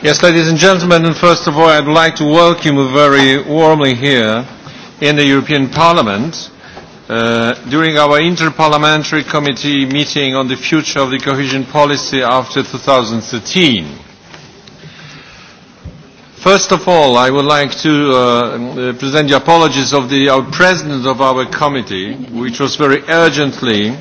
Yes, ladies and gentlemen, and first of all, I'd like to welcome you very warmly here in the European Parliament uh, during our Interparliamentary Committee meeting on the future of the cohesion policy after 2013. First of all, I would like to uh, present the apologies of the our president of our committee, which was very urgently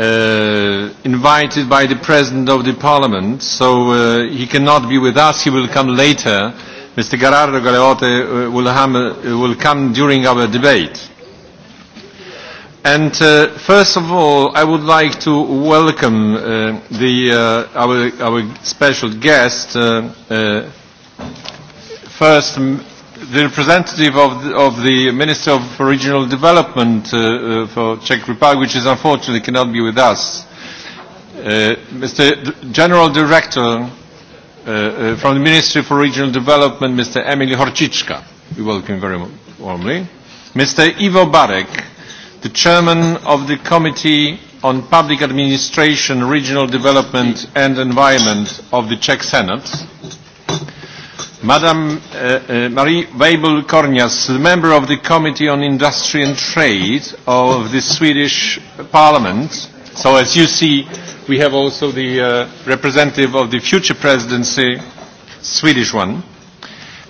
uh, invited by the President of the Parliament, so uh, he cannot be with us. He will come later. Mr. Gerardo Galeote uh, will, ham, uh, will come during our debate. And uh, first of all, I would like to welcome uh, the, uh, our, our special guest, uh, uh, first the representative of the, of the Minister of Regional Development uh, uh, for Czech Republic, which is unfortunately cannot be with us. Uh, Mr. D General Director uh, uh, from the Ministry for Regional Development, Mr. Emil Horciczka, we welcome him very warmly. Mr. Ivo Barek, the Chairman of the Committee on Public Administration, Regional Development and Environment of the Czech Senate. Madam uh, uh, Marie Weibel Kornias, member of the Committee on Industry and Trade of the Swedish Parliament. So as you see, we have also the uh, representative of the future presidency, Swedish one.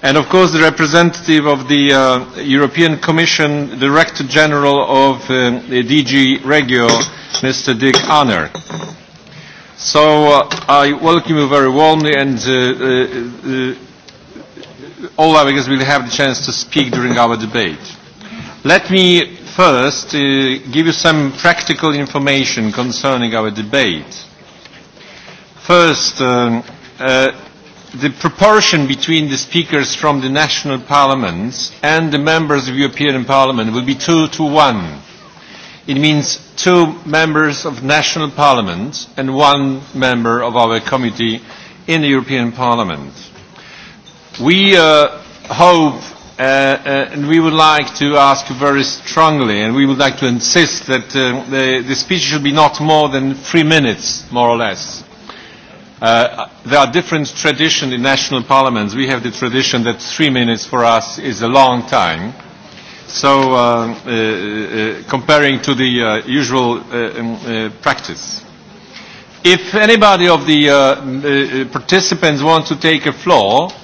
And of course the representative of the uh, European Commission, Director General of uh, the DG Regio, Mr. Dick Arner. So uh, I welcome you very warmly and uh, uh, uh, all our speakers will have the chance to speak during our debate. Let me first uh, give you some practical information concerning our debate. First, um, uh, the proportion between the speakers from the national parliaments and the members of the European Parliament will be two to one. It means two members of national parliaments and one member of our committee in the European Parliament We uh, hope uh, uh, and we would like to ask very strongly and we would like to insist that uh, the, the speech should be not more than three minutes, more or less. Uh, there are different traditions in national parliaments. We have the tradition that three minutes for us is a long time. So, uh, uh, uh, comparing to the uh, usual uh, um, uh, practice. If anybody of the uh, uh, participants want to take a floor, uh,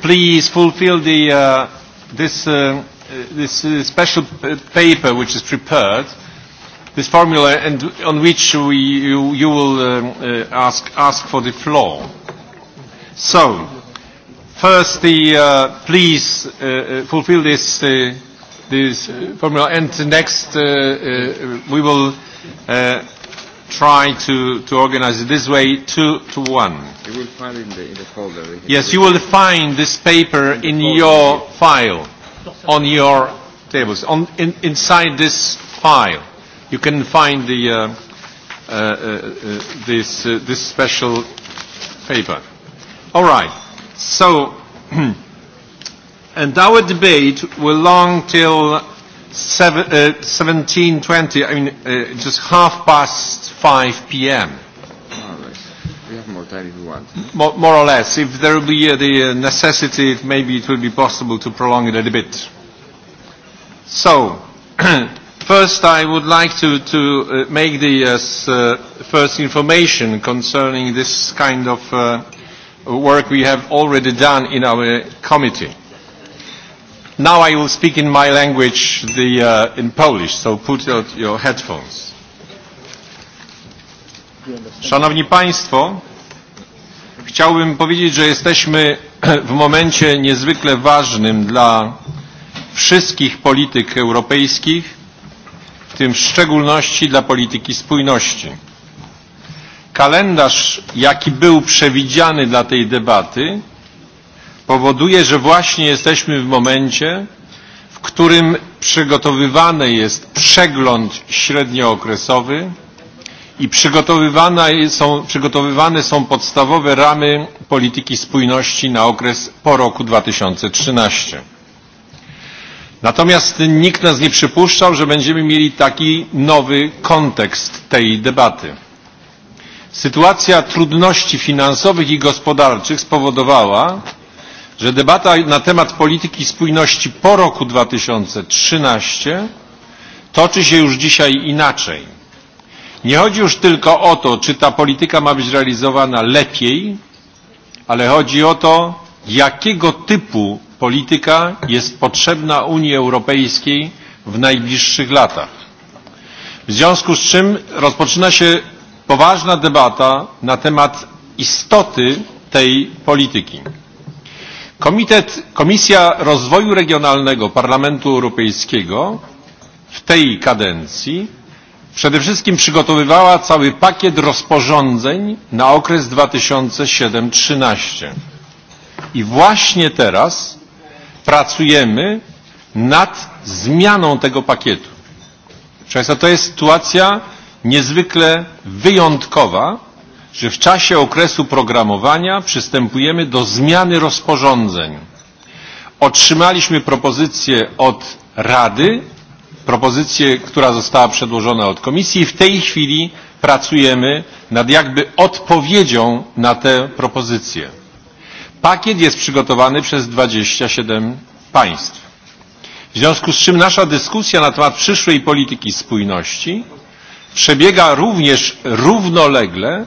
please fulfill the, uh, this, uh, this uh, special uh, paper which is prepared, this formula and on which we, you, you will um, uh, ask, ask for the floor. So, first, the, uh, please uh, uh fulfill this, uh, this uh, formula, and next uh, uh, we will uh, try to, to organize it this way, two to one. You will find in the, in the folder. In yes, you will find this paper in, in your file, on your tables, on, in, inside this file. You can find the, uh, uh, uh, uh this, uh, this special paper. All right. So, and our debate will long till seven, uh, 17.20, I mean, uh, just half past 5 p.m. We have more time if you want. More, more or less. If there will be uh, the uh, necessity, it, maybe it will be possible to prolong it a bit. So, first I would like to, to uh, make the uh, uh, first information concerning this kind of uh, work we have already done in our committee. Now I will speak in my language, the, uh, in Polish, so put out your headphones. Szanowni Państwo, chciałbym powiedzieć, że jesteśmy w momencie niezwykle ważnym dla wszystkich polityk europejskich, w tym w szczególności dla polityki spójności. Kalendarz, jaki był przewidziany dla tej debaty, powoduje, że właśnie jesteśmy w momencie, w którym przygotowywany jest przegląd średniookresowy i przygotowywane są, przygotowywane są podstawowe ramy polityki spójności na okres po roku 2013. Natomiast nikt nas nie przypuszczał, że będziemy mieli taki nowy kontekst tej debaty. Sytuacja trudności finansowych i gospodarczych spowodowała, że debata na temat polityki spójności po roku 2013 toczy się już dzisiaj inaczej Nie chodzi już tylko o to, czy ta polityka ma być realizowana lepiej, ale chodzi o to, jakiego typu polityka jest potrzebna Unii Europejskiej w najbliższych latach. W związku z czym rozpoczyna się poważna debata na temat istoty tej polityki. Komitet, Komisja Rozwoju Regionalnego Parlamentu Europejskiego w tej kadencji przede wszystkim przygotowywała cały pakiet rozporządzeń na okres 2007-2013. I właśnie teraz pracujemy nad zmianą tego pakietu. Proszę Państwa, to jest sytuacja niezwykle wyjątkowa, że w czasie okresu programowania przystępujemy do zmiany rozporządzeń. Otrzymaliśmy propozycję od Rady propozycję, która została przedłożona od Komisji i w tej chwili pracujemy nad jakby odpowiedzią na tę propozycję. Pakiet jest przygotowany przez 27 państw. W związku z czym nasza dyskusja na temat przyszłej polityki spójności przebiega również równolegle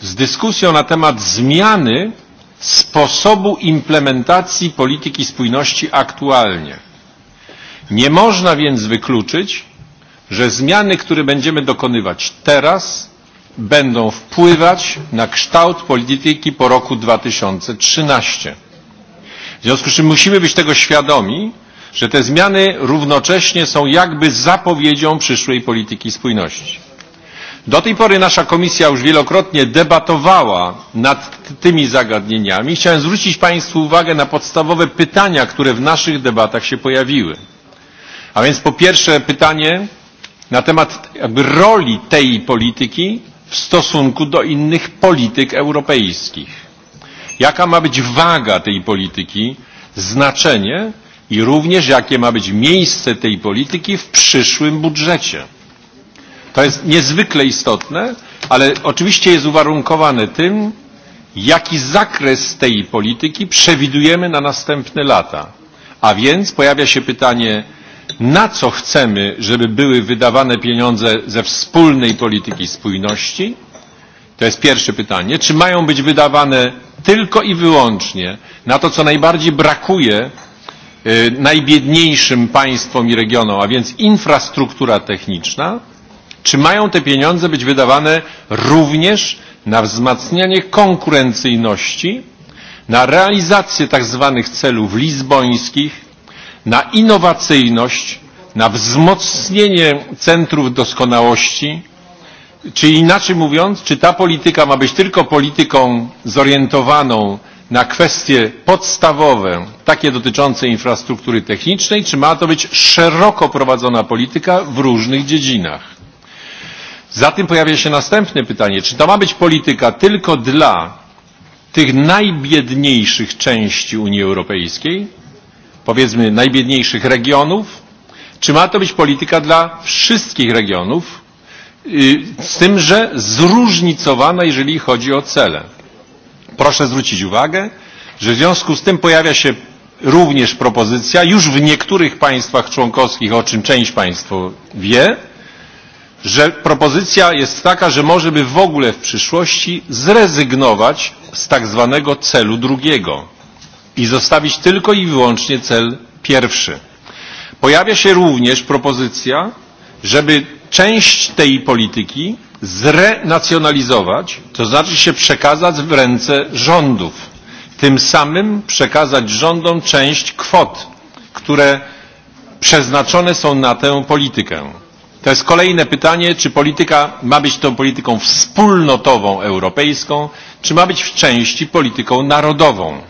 z dyskusją na temat zmiany sposobu implementacji polityki spójności aktualnie. Nie można więc wykluczyć, że zmiany, które będziemy dokonywać teraz, będą wpływać na kształt polityki po roku 2013. W związku z czym musimy być tego świadomi, że te zmiany równocześnie są jakby zapowiedzią przyszłej polityki spójności. Do tej pory nasza komisja już wielokrotnie debatowała nad tymi zagadnieniami. Chciałem zwrócić Państwu uwagę na podstawowe pytania, które w naszych debatach się pojawiły. A więc po pierwsze pytanie na temat jakby roli tej polityki w stosunku do innych polityk europejskich. Jaka ma być waga tej polityki, znaczenie i również jakie ma być miejsce tej polityki w przyszłym budżecie. To jest niezwykle istotne, ale oczywiście jest uwarunkowane tym, jaki zakres tej polityki przewidujemy na następne lata. A więc pojawia się pytanie, na co chcemy, żeby były wydawane pieniądze ze wspólnej polityki spójności? To jest pierwsze pytanie. Czy mają być wydawane tylko i wyłącznie na to, co najbardziej brakuje y, najbiedniejszym państwom i regionom, a więc infrastruktura techniczna? Czy mają te pieniądze być wydawane również na wzmacnianie konkurencyjności, na realizację tak zwanych celów lizbońskich, na innowacyjność, na wzmocnienie centrów doskonałości, czy inaczej mówiąc, czy ta polityka ma być tylko polityką zorientowaną na kwestie podstawowe, takie dotyczące infrastruktury technicznej, czy ma to być szeroko prowadzona polityka w różnych dziedzinach? Za tym pojawia się następne pytanie, czy to ma być polityka tylko dla tych najbiedniejszych części Unii Europejskiej, powiedzmy najbiedniejszych regionów, czy ma to być polityka dla wszystkich regionów, z tym, że zróżnicowana, jeżeli chodzi o cele. Proszę zwrócić uwagę, że w związku z tym pojawia się również propozycja już w niektórych państwach członkowskich, o czym część państwo wie, że propozycja jest taka, że może by w ogóle w przyszłości zrezygnować z tak zwanego celu drugiego i zostawić tylko i wyłącznie cel pierwszy. Pojawia się również propozycja, żeby część tej polityki zrenacjonalizować, to znaczy się przekazać w ręce rządów. Tym samym przekazać rządom część kwot, które przeznaczone są na tę politykę. To jest kolejne pytanie, czy polityka ma być tą polityką wspólnotową europejską, czy ma być w części polityką narodową.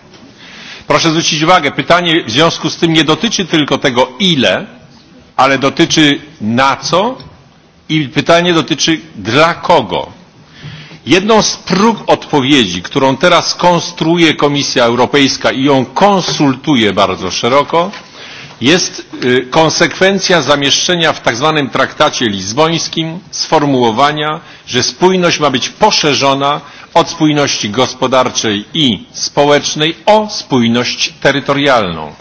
Proszę zwrócić uwagę, pytanie w związku z tym nie dotyczy tylko tego ile, ale dotyczy na co i pytanie dotyczy dla kogo. Jedną z próg odpowiedzi, którą teraz konstruuje Komisja Europejska i ją konsultuje bardzo szeroko, jest y, konsekwencja zamieszczenia w tzw. traktacie lizbońskim sformułowania, że spójność ma być poszerzona od spójności gospodarczej i społecznej o spójność terytorialną.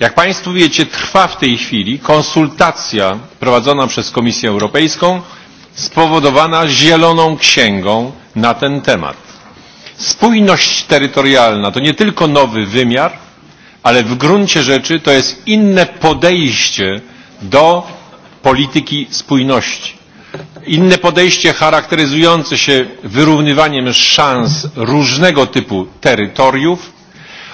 Jak Państwo wiecie, trwa w tej chwili konsultacja prowadzona przez Komisję Europejską spowodowana zieloną księgą na ten temat. Spójność terytorialna to nie tylko nowy wymiar, ale w gruncie rzeczy to jest inne podejście do polityki spójności. Inne podejście charakteryzujące się wyrównywaniem szans różnego typu terytoriów.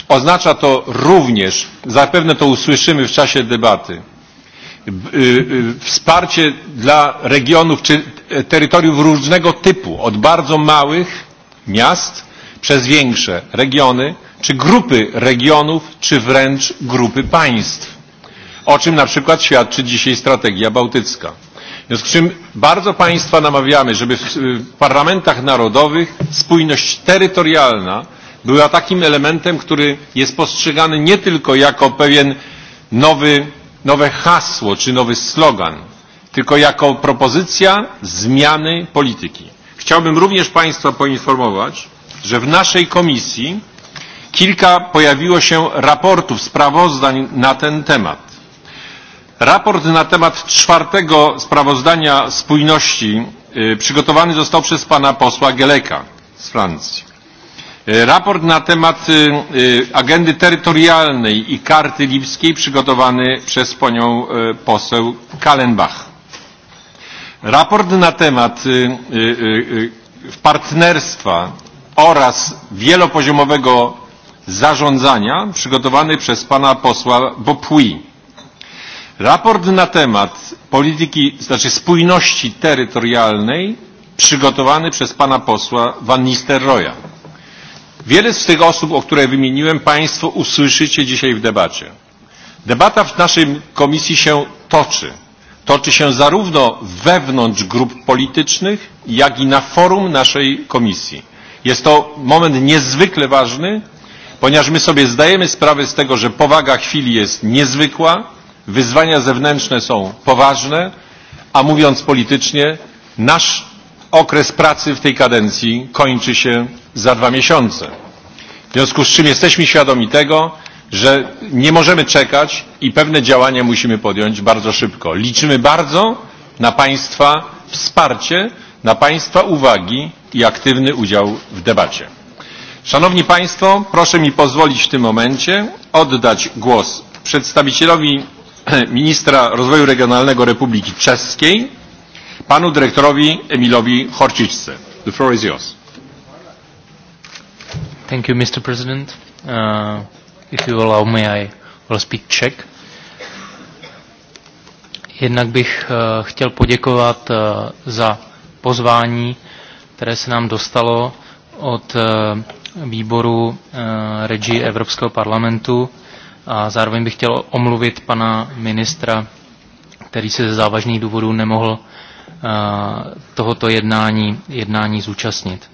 Oznacza to również, zapewne to usłyszymy w czasie debaty, wsparcie dla regionów czy terytoriów różnego typu, od bardzo małych miast przez większe regiony, czy grupy regionów, czy wręcz grupy państw, o czym na przykład świadczy dzisiaj strategia bałtycka. W związku z czym bardzo Państwa namawiamy, żeby w parlamentach narodowych spójność terytorialna była takim elementem, który jest postrzegany nie tylko jako pewien nowy, nowe hasło czy nowy slogan, tylko jako propozycja zmiany polityki. Chciałbym również Państwa poinformować, że w naszej komisji Kilka pojawiło się raportów, sprawozdań na ten temat. Raport na temat czwartego sprawozdania spójności przygotowany został przez pana posła Geleka z Francji. Raport na temat agendy terytorialnej i karty lipskiej przygotowany przez panią poseł Kallenbach. Raport na temat partnerstwa oraz wielopoziomowego zarządzania przygotowany przez pana posła Bopui. Raport na temat polityki, znaczy spójności terytorialnej przygotowany przez pana posła Van Nistelrooya. Wiele z tych osób, o które wymieniłem, państwo usłyszycie dzisiaj w debacie. Debata w naszej komisji się toczy. Toczy się zarówno wewnątrz grup politycznych, jak i na forum naszej komisji. Jest to moment niezwykle ważny, ponieważ my sobie zdajemy sprawę z tego, że powaga chwili jest niezwykła, wyzwania zewnętrzne są poważne, a mówiąc politycznie, nasz okres pracy w tej kadencji kończy się za dwa miesiące. W związku z czym jesteśmy świadomi tego, że nie możemy czekać i pewne działania musimy podjąć bardzo szybko. Liczymy bardzo na Państwa wsparcie, na Państwa uwagi i aktywny udział w debacie. Szanowni Państwo, proszę mi pozwolić w tym momencie oddać głos przedstawicielowi ministra rozwoju regionalnego Republiki Czeskiej, panu dyrektorowi Emilowi Horciczce. The floor is yours. Thank you, Mr. President. Uh, if you allow me, I will speak Czech. Jednak bych uh, chtěl poděkovat uh, za pozvání, které se nám dostalo od uh, výboru eh, regi Evropského parlamentu a zároveň bych chtěl omluvit pana ministra, který se ze závažných důvodů nemohl eh, tohoto jednání, jednání zúčastnit.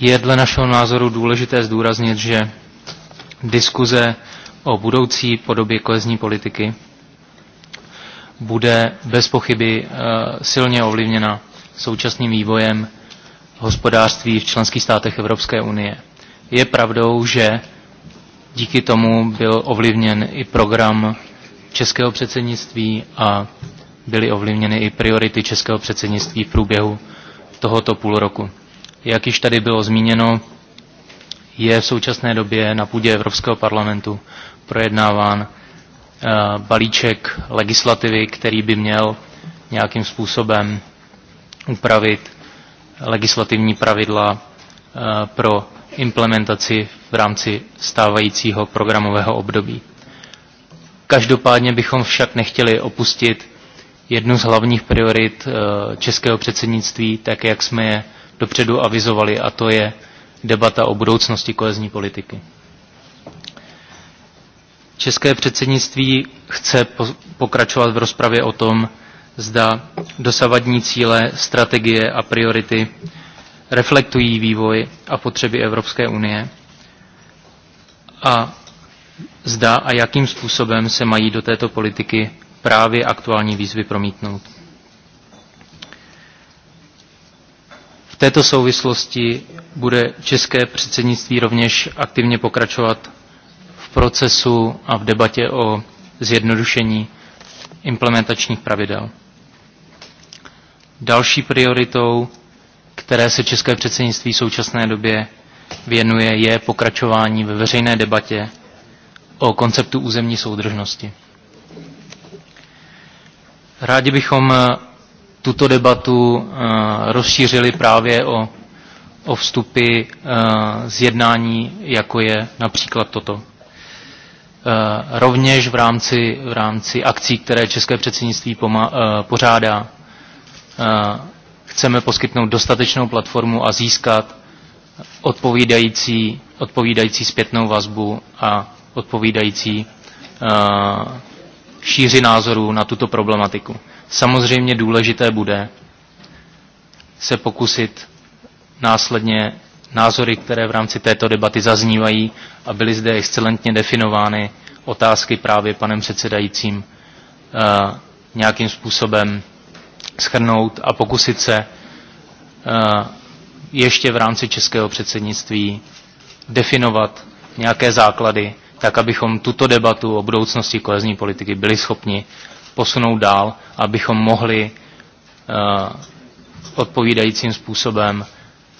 Je dle našeho názoru důležité zdůraznit, že diskuze o budoucí podobě kohezní politiky bude bez pochyby eh, silně ovlivněna současným vývojem hospodářství v členských státech Evropské unie. Je pravdou, že díky tomu byl ovlivněn i program českého předsednictví a byly ovlivněny i priority českého předsednictví v průběhu tohoto půl roku. Jak již tady bylo zmíněno, je v současné době na půdě Evropského parlamentu projednáván eh, balíček legislativy, který by měl nějakým způsobem upravit legislativní pravidla eh, pro implementaci v rámci stávajícího programového období. Každopádně bychom však nechtěli opustit jednu z hlavních priorit eh, českého předsednictví, tak jak jsme je dopředu avizovali, a to je debata o budoucnosti kohezní politiky. České předsednictví chce pokračovat v rozpravě o tom, zda dosavadní cíle, strategie a priority reflektují vývoj a potřeby Evropské unie a zda a jakým způsobem se mají do této politiky právě aktuální výzvy promítnout. V této souvislosti bude české předsednictví rovněž aktivně pokračovat v procesu a v debatě o zjednodušení implementačních pravidel. Další prioritou, které se české předsednictví v současné době věnuje, je pokračování ve veřejné debatě o konceptu územní soudržnosti. Rádi bychom eh, tuto debatu eh, rozšířili právě o, o vstupy eh, z jednání, jako je například toto. Rovněž v rámci, v rámci akcí, které České předsednictví poma, pořádá, Eh, chceme poskytnout dostatečnou platformu a získat odpovídající, odpovídající zpětnou vazbu a odpovídající eh, šíři názorů na tuto problematiku. Samozřejmě důležité bude se pokusit následně názory, které v rámci této debaty zaznívají a byly zde excelentně definovány otázky právě panem předsedajícím, eh, nějakým způsobem schrnout a pokusit se eh, ještě v rámci českého předsednictví definovat nějaké základy, tak abychom tuto debatu o budoucnosti kohezní politiky byli schopni posunout dál, abychom mohli uh, odpovídajícím způsobem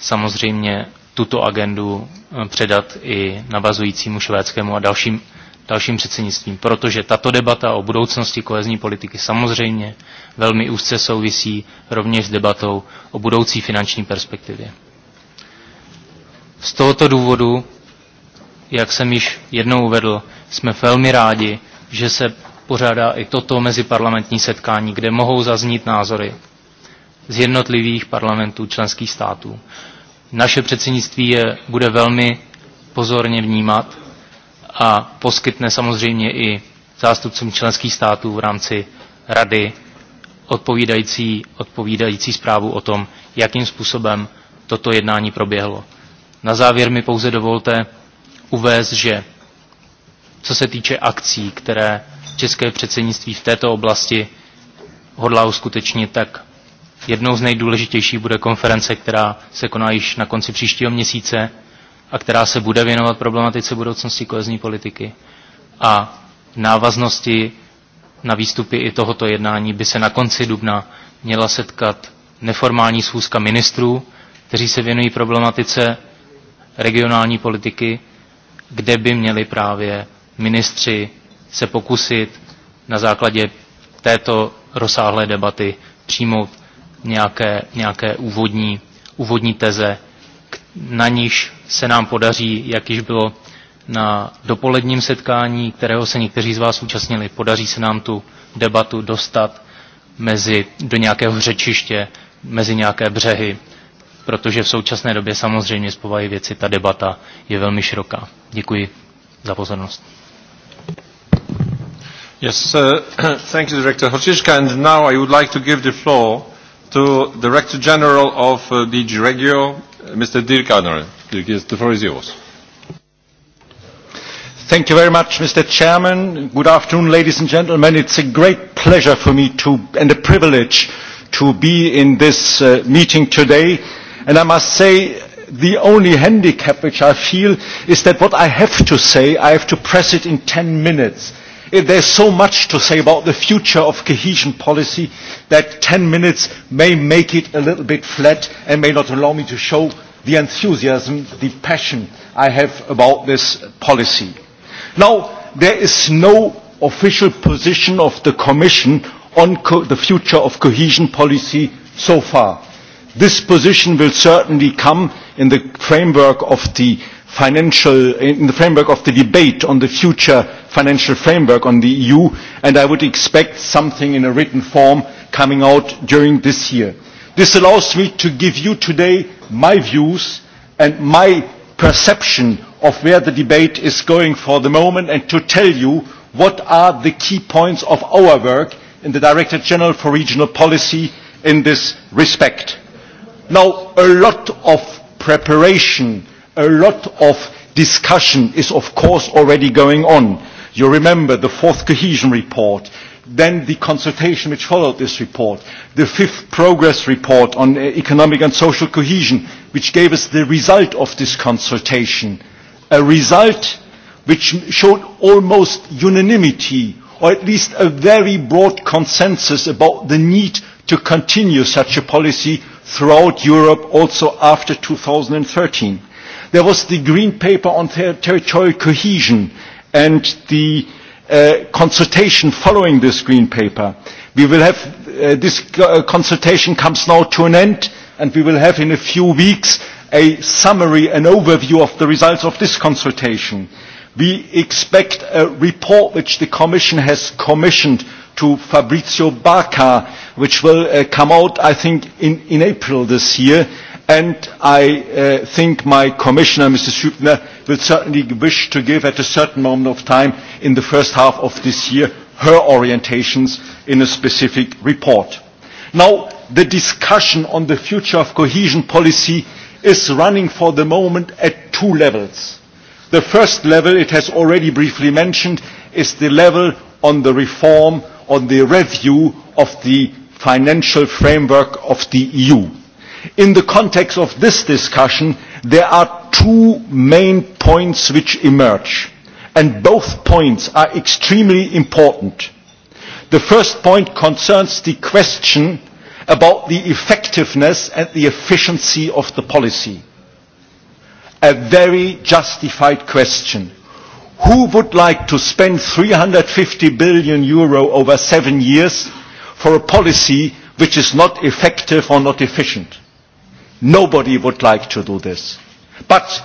samozřejmě tuto agendu uh, předat i navazujícímu švédskému a dalším dalším předsednictvím, protože tato debata o budoucnosti kohezní politiky samozřejmě velmi úzce souvisí rovněž s debatou o budoucí finanční perspektivě. Z tohoto důvodu, jak jsem již jednou uvedl, jsme velmi rádi, že se pořádá i toto meziparlamentní setkání, kde mohou zaznít názory z jednotlivých parlamentů členských států. Naše předsednictví je bude velmi pozorně vnímat a poskytne samozřejmě i zástupcům členských států v rámci rady odpovídající, odpovídající zprávu o tom, jakým způsobem toto jednání proběhlo. Na závěr mi pouze dovolte uvést, že co se týče akcí, které české předsednictví v této oblasti hodlá uskutečnit, tak jednou z nejdůležitějších bude konference, která se koná již na konci příštího měsíce a která se bude věnovat problematice budoucnosti kohezní politiky. A v návaznosti na výstupy i tohoto jednání by se na konci dubna měla setkat neformální schůzka ministrů, kteří se věnují problematice regionální politiky, kde by měli právě ministři se pokusit na základě této rozsáhlé debaty přijmout nějaké, nějaké úvodní, úvodní teze na níž se nám podaří, jak již bylo na dopoledním setkání, kterého se někteří z vás účastnili, podaří se nám tu debatu dostat mezi, do nějakého řečiště, mezi nějaké břehy, protože v současné době samozřejmě z povahy věci ta debata je velmi široká. Děkuji za pozornost. Yes, uh, thank you, Director Horčiška. And now I would like to give the floor to the Director General of uh, DG Regio, Mr. Dirk Adner, Dirk, yes, the floor is yours. Thank you very much, Mr. Chairman. Good afternoon, ladies and gentlemen. It's a great pleasure for me to, and a privilege to be in this uh, meeting today. And I must say, the only handicap which I feel is that what I have to say, I have to press it in 10 minutes There's so much to say about the future of cohesion policy that 10 minutes may make it a little bit flat and may not allow me to show the enthusiasm, the passion I have about this policy. Now, there is no official position of the Commission on co the future of cohesion policy so far. This position will certainly come in the framework of the uh, financial, in the framework of the debate on the future financial framework on the EU, and I would expect something in a written form coming out during this year. This allows me to give you today my views and my perception of where the debate is going for the moment and to tell you what are the key points of our work in the Director General for Regional Policy in this respect. Now, a lot of preparation a lot of discussion is of course already going on. You remember the fourth cohesion report, then the consultation which followed this report, the fifth progress report on uh, economic and social cohesion, which gave us the result of this consultation, a result which showed almost unanimity, or at least a very broad consensus about the need to continue such a policy throughout Europe also after 2013 There was the green paper on ter territorial cohesion and the uh, consultation following this green paper. We will have, uh, this uh, consultation comes now to an end and we will have in a few weeks a summary, an overview of the results of this consultation. We expect a report which the Commission has commissioned to Fabrizio Barca, which will uh, come out, I think, in, in April this year, and I uh, think my commissioner, Mr. Subner, will certainly wish to give at a certain moment of time in the first half of this year her orientations in a specific report. Now, the discussion on the future of cohesion policy is running for the moment at two levels. The first level, it has already briefly mentioned, is the level on the reform, on the review of the financial framework of the EU In the context of this discussion, there are two main points which emerge, and both points are extremely important. The first point concerns the question about the effectiveness and the efficiency of the policy. A very justified question. Who would like to spend 350 billion euro over seven years for a policy which is not effective or not efficient? Nobody would like to do this. But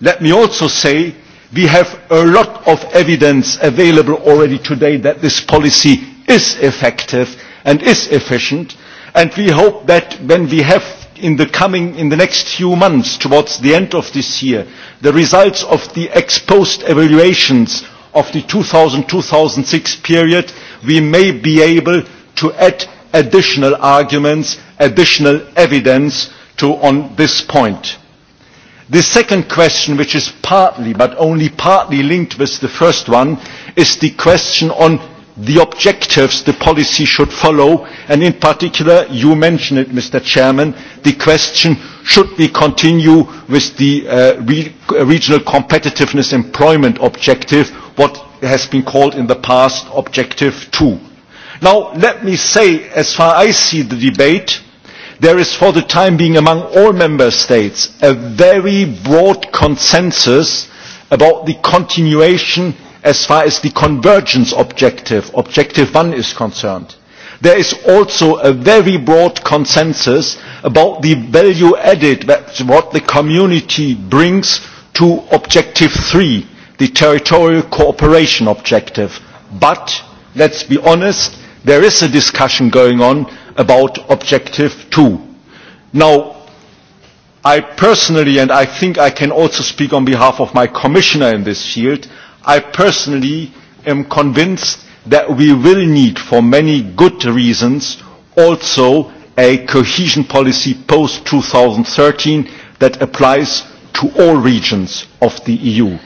let me also say we have a lot of evidence available already today that this policy is effective and is efficient and we hope that when we have in the coming in the next few months towards the end of this year the results of the ex post evaluations of the 2000-2006 period we may be able to add additional arguments additional evidence to on this point. The second question, which is partly but only partly linked with the first one, is the question on the objectives the policy should follow, and in particular, you mentioned it, Mr. Chairman, the question, should we continue with the uh, re regional competitiveness employment objective, what has been called in the past Objective 2? Now, let me say, as far as I see the debate, there is for the time being among all member states a very broad consensus about the continuation as far as the convergence objective, objective one is concerned. There is also a very broad consensus about the value added, that's what the community brings to objective three, the territorial cooperation objective. But, let's be honest, there is a discussion going on about objective two. Now, I personally, and I think I can also speak on behalf of my commissioner in this field, I personally am convinced that we will need, for many good reasons, also a cohesion policy post-2013 that applies to all regions of the EU.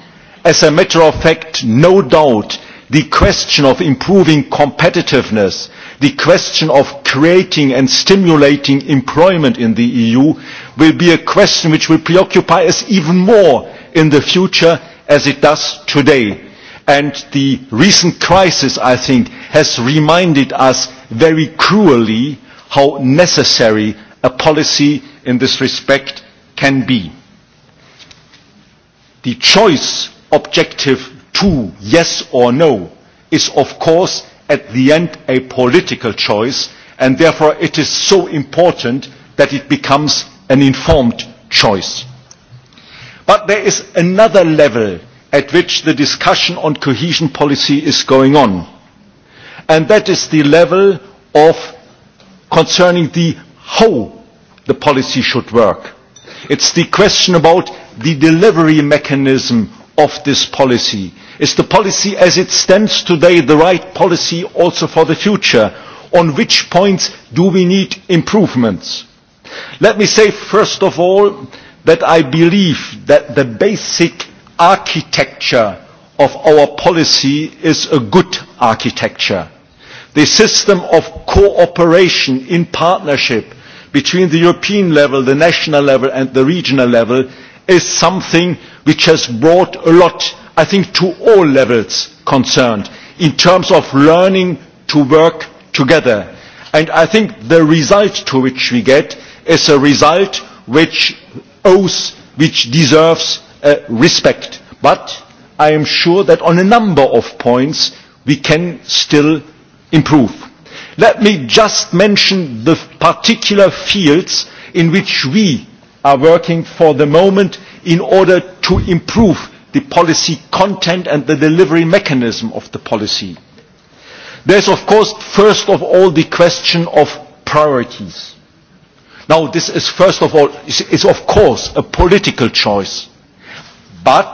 As a matter of fact, no doubt the question of improving competitiveness, the question of creating and stimulating employment in the EU will be a question which will preoccupy us even more in the future as it does today. And the recent crisis, I think, has reminded us very cruelly how necessary a policy in this respect can be. The choice objective two, yes or no, is of course at the end a political choice and therefore it is so important that it becomes an informed choice. But there is another level at which the discussion on cohesion policy is going on. And that is the level of concerning the how the policy should work. It's the question about the delivery mechanism of this policy? Is the policy as it stands today the right policy also for the future? On which points do we need improvements? Let me say first of all that I believe that the basic architecture of our policy is a good architecture. The system of cooperation in partnership between the European level, the national level and the regional level is something which has brought a lot, I think, to all levels concerned in terms of learning to work together. And I think the result to which we get is a result which owes, which deserves uh, respect. But I am sure that on a number of points we can still improve. Let me just mention the particular fields in which we are working for the moment in order to improve the policy content and the delivery mechanism of the policy. There's, of course, first of all, the question of priorities. Now, this is first of all, is, is of course a political choice, but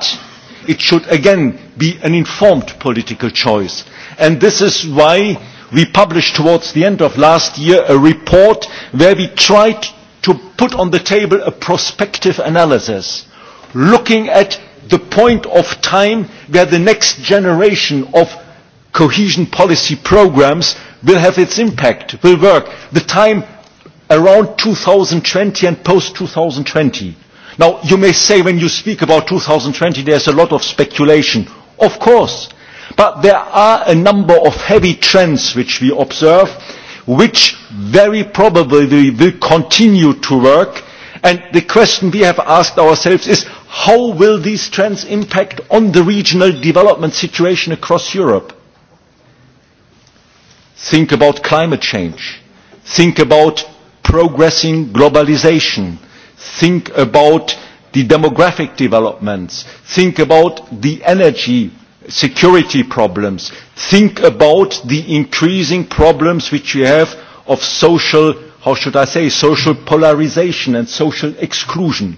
it should again be an informed political choice. And this is why we published towards the end of last year a report where we tried to put on the table a prospective analysis looking at the point of time where the next generation of cohesion policy programs will have its impact, will work, the time around 2020 and post-2020. Now, you may say when you speak about 2020, there's a lot of speculation. Of course. But there are a number of heavy trends which we observe, which very probably will continue to work And the question we have asked ourselves is, how will these trends impact on the regional development situation across Europe? Think about climate change. Think about progressing globalization. Think about the demographic developments. Think about the energy security problems. Think about the increasing problems which you have of social how should I say, social polarization and social exclusion.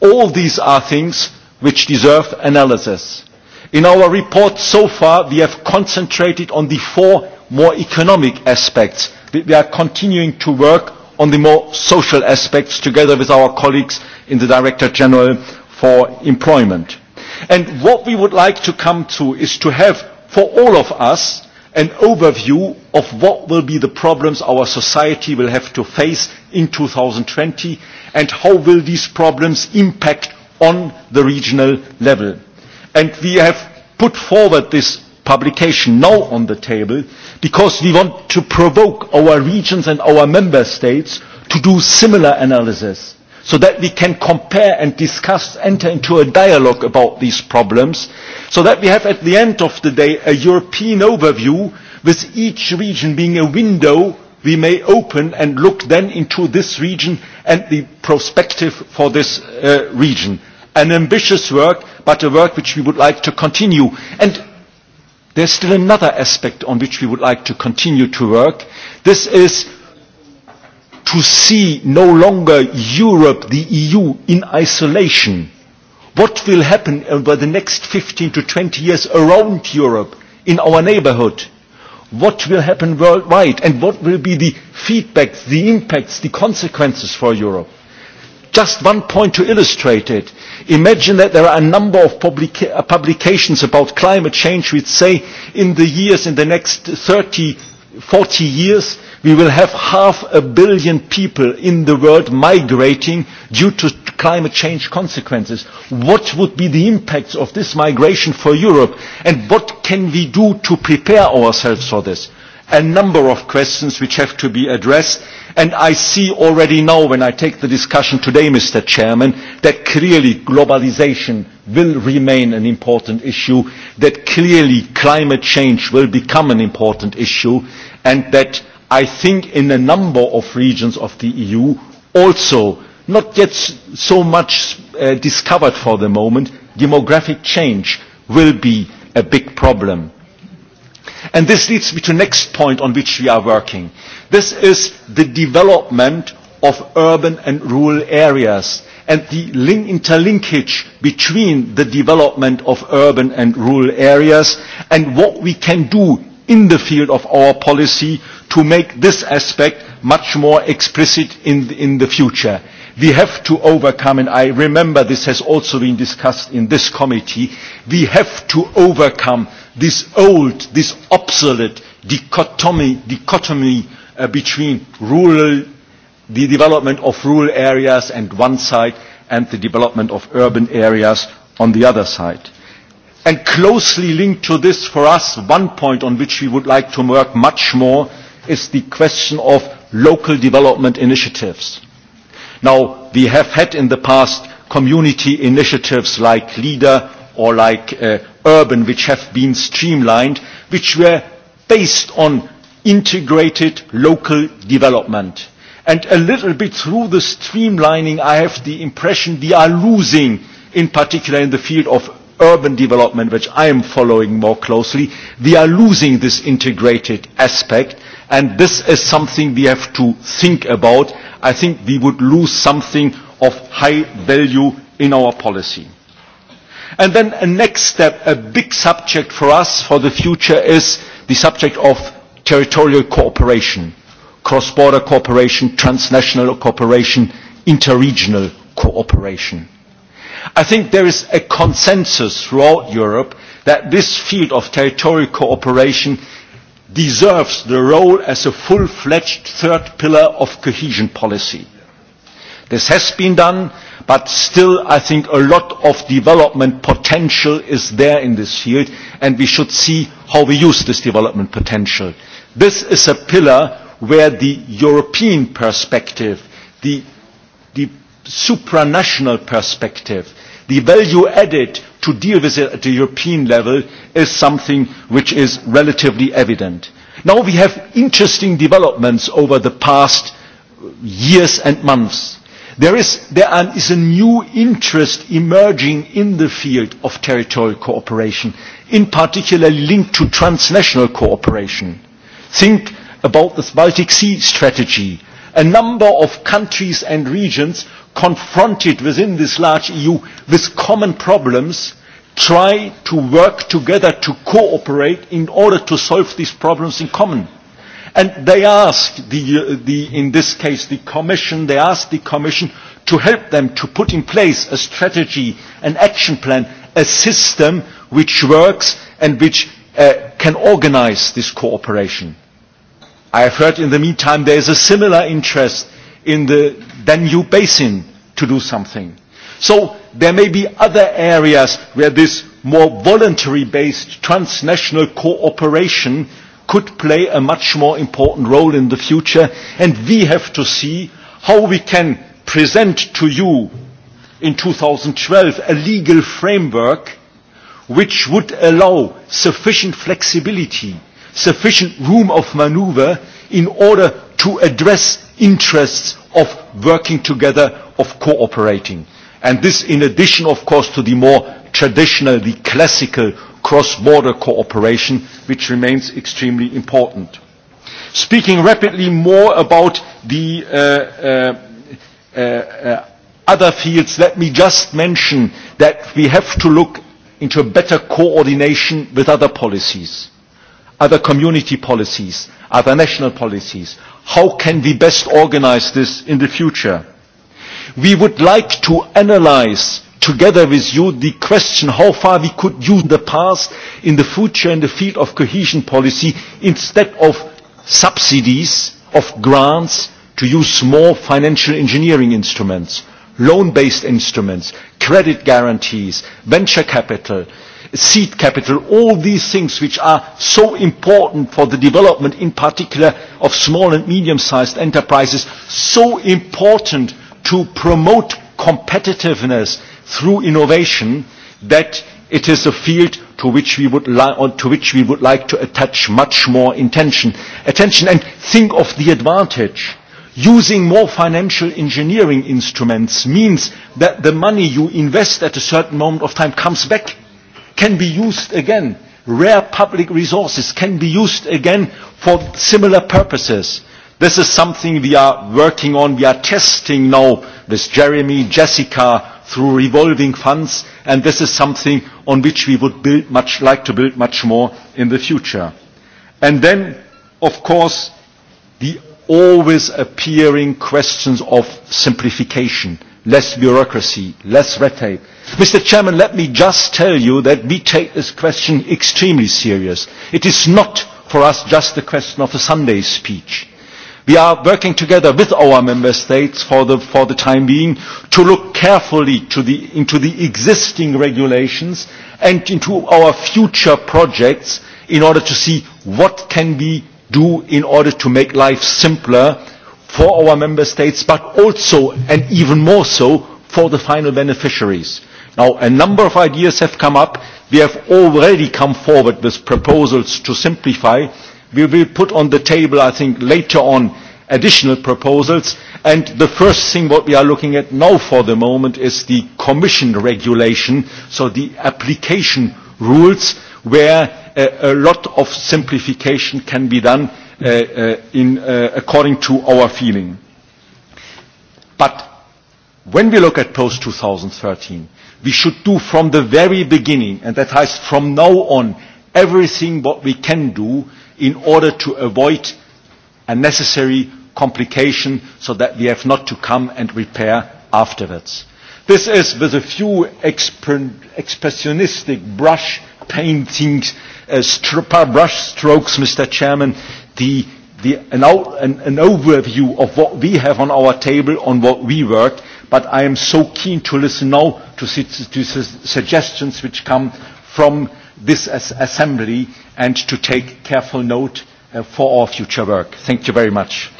All these are things which deserve analysis. In our report so far, we have concentrated on the four more economic aspects. We are continuing to work on the more social aspects together with our colleagues in the Director General for Employment. And what we would like to come to is to have for all of us an overview of what will be the problems our society will have to face in 2020 and how will these problems impact on the regional level. And we have put forward this publication now on the table because we want to provoke our regions and our member states to do similar analysis so that we can compare and discuss, enter into a dialogue about these problems, so that we have at the end of the day a European overview with each region being a window we may open and look then into this region and the prospective for this uh, region. An ambitious work, but a work which we would like to continue. And there's still another aspect on which we would like to continue to work. This is to see no longer Europe, the EU, in isolation. What will happen over the next 15 to 20 years around Europe, in our neighborhood? What will happen worldwide? And what will be the feedback, the impacts, the consequences for Europe? Just one point to illustrate it. Imagine that there are a number of publica uh, publications about climate change which say in the years, in the next 30, 40 years, We will have half a billion people in the world migrating due to climate change consequences. What would be the impacts of this migration for Europe? And what can we do to prepare ourselves for this? a number of questions which have to be addressed. And I see already now, when I take the discussion today, Mr. Chairman, that clearly globalization will remain an important issue, that clearly climate change will become an important issue, and that I think in a number of regions of the EU also not yet so much uh, discovered for the moment, demographic change will be a big problem. And this leads me to next point on which we are working. This is the development of urban and rural areas and the link, interlinkage between the development of urban and rural areas and what we can do in the field of our policy to make this aspect much more explicit in, in the future. We have to overcome, and I remember this has also been discussed in this committee, we have to overcome this old, this obsolete dichotomy, dichotomy uh, between rural, the development of rural areas and one side, and the development of urban areas on the other side. And closely linked to this for us, one point on which we would like to work much more is the question of local development initiatives. Now, we have had in the past community initiatives like LEADER or like uh, Urban, which have been streamlined, which were based on integrated local development. And a little bit through the streamlining, I have the impression we are losing, in particular in the field of urban development, which I am following more closely, we are losing this integrated aspect, and this is something we have to think about. I think we would lose something of high value in our policy. And then a next step, a big subject for us for the future is the subject of territorial cooperation, cross-border cooperation, transnational cooperation, interregional cooperation I think there is a consensus throughout Europe that this field of territorial cooperation deserves the role as a full-fledged third pillar of cohesion policy. This has been done, but still I think a lot of development potential is there in this field, and we should see how we use this development potential. This is a pillar where the European perspective, the, the supranational perspective, the value added to deal with it at the European level is something which is relatively evident. Now we have interesting developments over the past years and months. There is, there is a new interest emerging in the field of territorial cooperation, in particular linked to transnational cooperation. Think about the Baltic Sea strategy. A number of countries and regions confronted within this large EU with common problems, try to work together to cooperate in order to solve these problems in common. And they ask, the, uh, the, in this case, the Commission, they ask the Commission to help them to put in place a strategy, an action plan, a system which works and which uh, can organize this cooperation. I have heard in the meantime there is a similar interest in the Danube basin to do something. So there may be other areas where this more voluntary-based transnational cooperation could play a much more important role in the future, and we have to see how we can present to you in 2012 a legal framework which would allow sufficient flexibility, sufficient room of maneuver in order to address interests of working together, of cooperating. And this in addition, of course, to the more traditional, the classical cross-border cooperation, which remains extremely important. Speaking rapidly more about the uh, uh, uh, other fields, let me just mention that we have to look into a better coordination with other policies other community policies, other national policies. How can we best organize this in the future? We would like to analyze together with you the question how far we could use the past in the future in the field of cohesion policy instead of subsidies, of grants, to use more financial engineering instruments, loan-based instruments, credit guarantees, venture capital, uh, seed capital, all these things which are so important for the development in particular of small and medium-sized enterprises, so important to promote competitiveness through innovation that it is a field to which we would, li- or to which we would like to attach much more intention. attention and think of the advantage. Using more financial engineering instruments means that the money you invest at a certain moment of time comes back can be used again. Rare public resources can be used again for similar purposes. This is something we are working on. We are testing now with Jeremy, Jessica, through revolving funds, and this is something on which we would build much, like to build much more in the future. And then, of course, the always appearing questions of simplification less bureaucracy, less red tape. Mr. Chairman, let me just tell you that we take this question extremely serious. It is not for us just the question of a Sunday speech. We are working together with our member states for the, for the time being to look carefully to the, into the existing regulations and into our future projects in order to see what can we do in order to make life simpler for our member states, but also and even more so for the final beneficiaries. Now, a number of ideas have come up. We have already come forward with proposals to simplify. We will put on the table, I think, later on additional proposals. And the first thing what we are looking at now for the moment is the Commission regulation, so the application rules where a, a lot of simplification can be done uh, uh, in, uh, according to our feeling. But when we look at post-2013, we should do from the very beginning, and that is from now on, everything what we can do in order to avoid unnecessary complication so that we have not to come and repair afterwards. This is with a few expressionistic brush paintings, uh, stru brush strokes, Mr. Chairman, the, the, an, an, an overview of what we have on our table, on what we worked, but I am so keen to listen now to, to suggestions which come from this as assembly and to take careful note uh, for our future work. Thank you very much.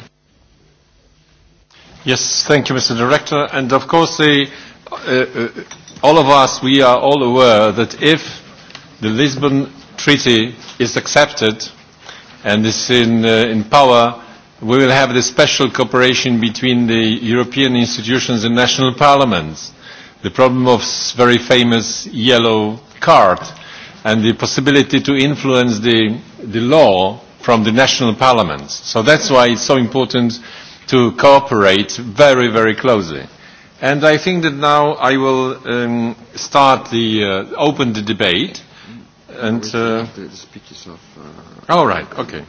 Yes, thank you, Mr. Director. And of course, the, uh, uh, all of us, we are all aware that if the Lisbon Treaty is accepted, and is in, uh, in power, we will have the special cooperation between the European institutions and national parliaments, the problem of very famous yellow card, and the possibility to influence the, the law from the national parliaments. So that's why it's so important to cooperate very, very closely. And I think that now I will um, start the, uh, open the debate And uh, uh, all right, okay.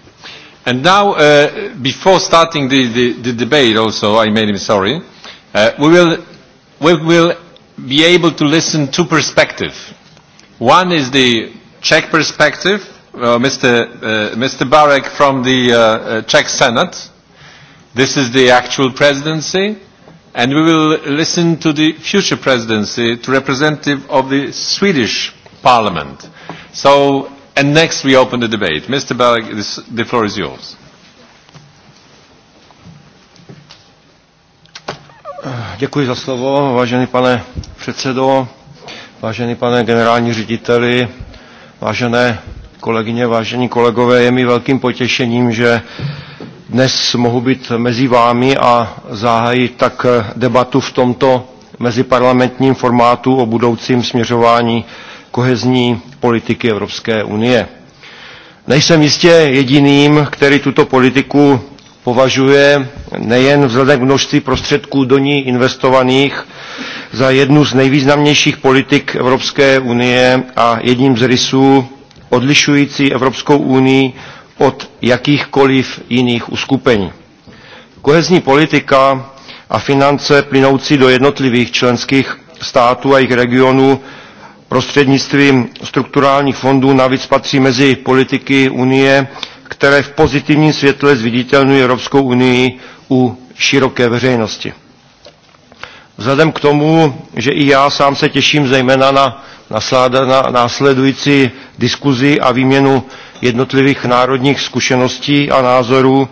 And now, uh, before starting the, the, the debate, also I made him sorry. Uh, we will we will be able to listen to perspective. One is the Czech perspective, uh, Mr. Uh, Mr. Barek from the uh, uh, Czech Senate. This is the actual presidency, and we will listen to the future presidency, to representative of the Swedish Parliament. So, and next we open the debate. Mr. Berg, this, the floor is yours. Děkuji za slovo, vážený pane předsedo, vážený pane generální řediteli, vážené kolegyně, vážení kolegové, je mi velkým potěšením, že dnes mohu být mezi vámi a zahájit tak debatu v tomto meziparlamentním formátu o budoucím směřování kohezní politiky Evropské unie. Nejsem jistě jediným, který tuto politiku považuje nejen vzhledem k množství prostředků do ní investovaných za jednu z nejvýznamnějších politik Evropské unie a jedním z rysů odlišující Evropskou unii od jakýchkoliv jiných uskupení. Kohezní politika a finance plynoucí do jednotlivých členských států a jejich regionů prostřednictvím strukturálních fondů navíc patří mezi politiky Unie, které v pozitivním světle zviditelňují Evropskou unii u široké veřejnosti. Vzhledem k tomu, že i já sám se těším zejména na, na následující diskuzi a výměnu jednotlivých národních zkušeností a názorů,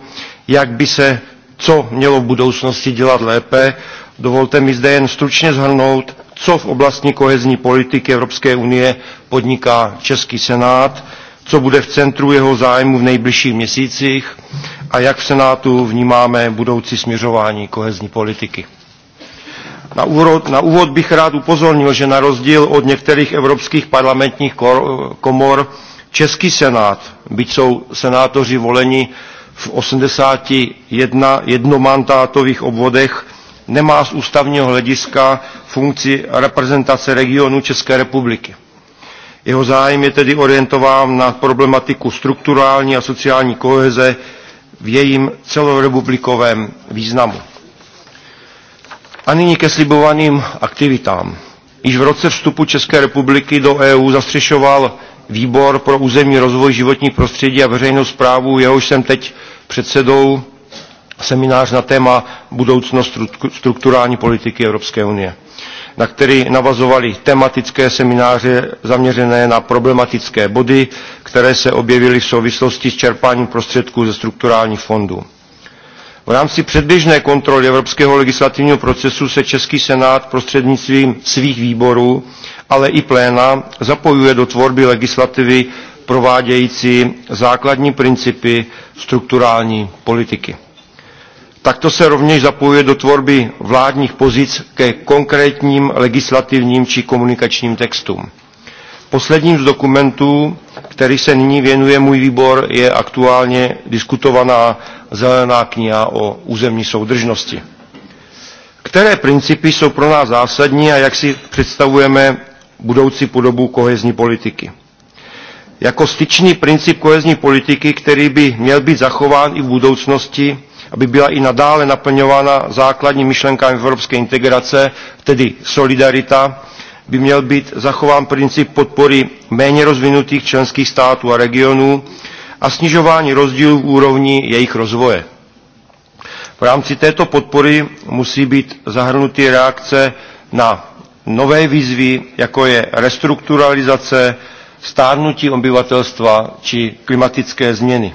jak by se co mělo v budoucnosti dělat lépe, dovolte mi zde jen stručně zhrnout co v oblasti kohezní politiky Evropské unie podniká Český senát, co bude v centru jeho zájmu v nejbližších měsících a jak v Senátu vnímáme budoucí směřování kohezní politiky. Na úvod, na úvod bych rád upozornil, že na rozdíl od některých evropských parlamentních komor Český senát, byť jsou senátoři voleni v 81 jednomandátových obvodech, nemá z ústavního hlediska funkci reprezentace regionu České republiky. Jeho zájem je tedy orientován na problematiku strukturální a sociální koheze v jejím celorepublikovém významu. A nyní ke slibovaným aktivitám. Již v roce vstupu České republiky do EU zastřešoval výbor pro územní rozvoj životní prostředí a veřejnou zprávu, jehož jsem teď předsedou seminář na téma budoucnost strukturální politiky Evropské unie, na který navazovaly tematické semináře zaměřené na problematické body, které se objevily v souvislosti s čerpáním prostředků ze strukturálních fondů. V rámci předběžné kontroly evropského legislativního procesu se Český senát prostřednictvím svých výborů, ale i pléna zapojuje do tvorby legislativy provádějící základní principy strukturální politiky. Takto se rovněž zapojuje do tvorby vládních pozic ke konkrétním legislativním či komunikačním textům. Posledním z dokumentů, který se nyní věnuje můj výbor, je aktuálně diskutovaná zelená kniha o územní soudržnosti. Které principy jsou pro nás zásadní a jak si představujeme budoucí podobu kohezní politiky? Jako styčný princip kohezní politiky, který by měl být zachován i v budoucnosti, aby byla i nadále naplňována základní myšlenkami evropské integrace, tedy solidarita, by měl být zachován princip podpory méně rozvinutých členských států a regionů a snižování rozdílů v úrovni jejich rozvoje. V rámci této podpory musí být zahrnuty reakce na nové výzvy, jako je restrukturalizace, stárnutí obyvatelstva či klimatické změny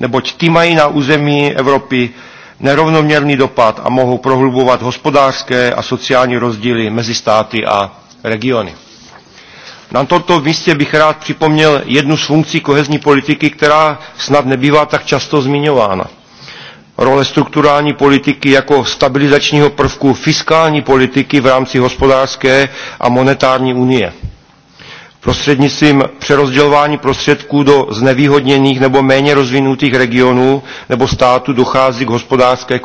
neboť ty mají na území Evropy nerovnoměrný dopad a mohou prohlubovat hospodářské a sociální rozdíly mezi státy a regiony. Na tomto místě bych rád připomněl jednu z funkcí kohezní politiky, která snad nebývá tak často zmiňována. Role strukturální politiky jako stabilizačního prvku fiskální politiky v rámci hospodářské a monetární unie prostřednictvím přerozdělování prostředků do znevýhodněných nebo méně rozvinutých regionů nebo států dochází k hospodářské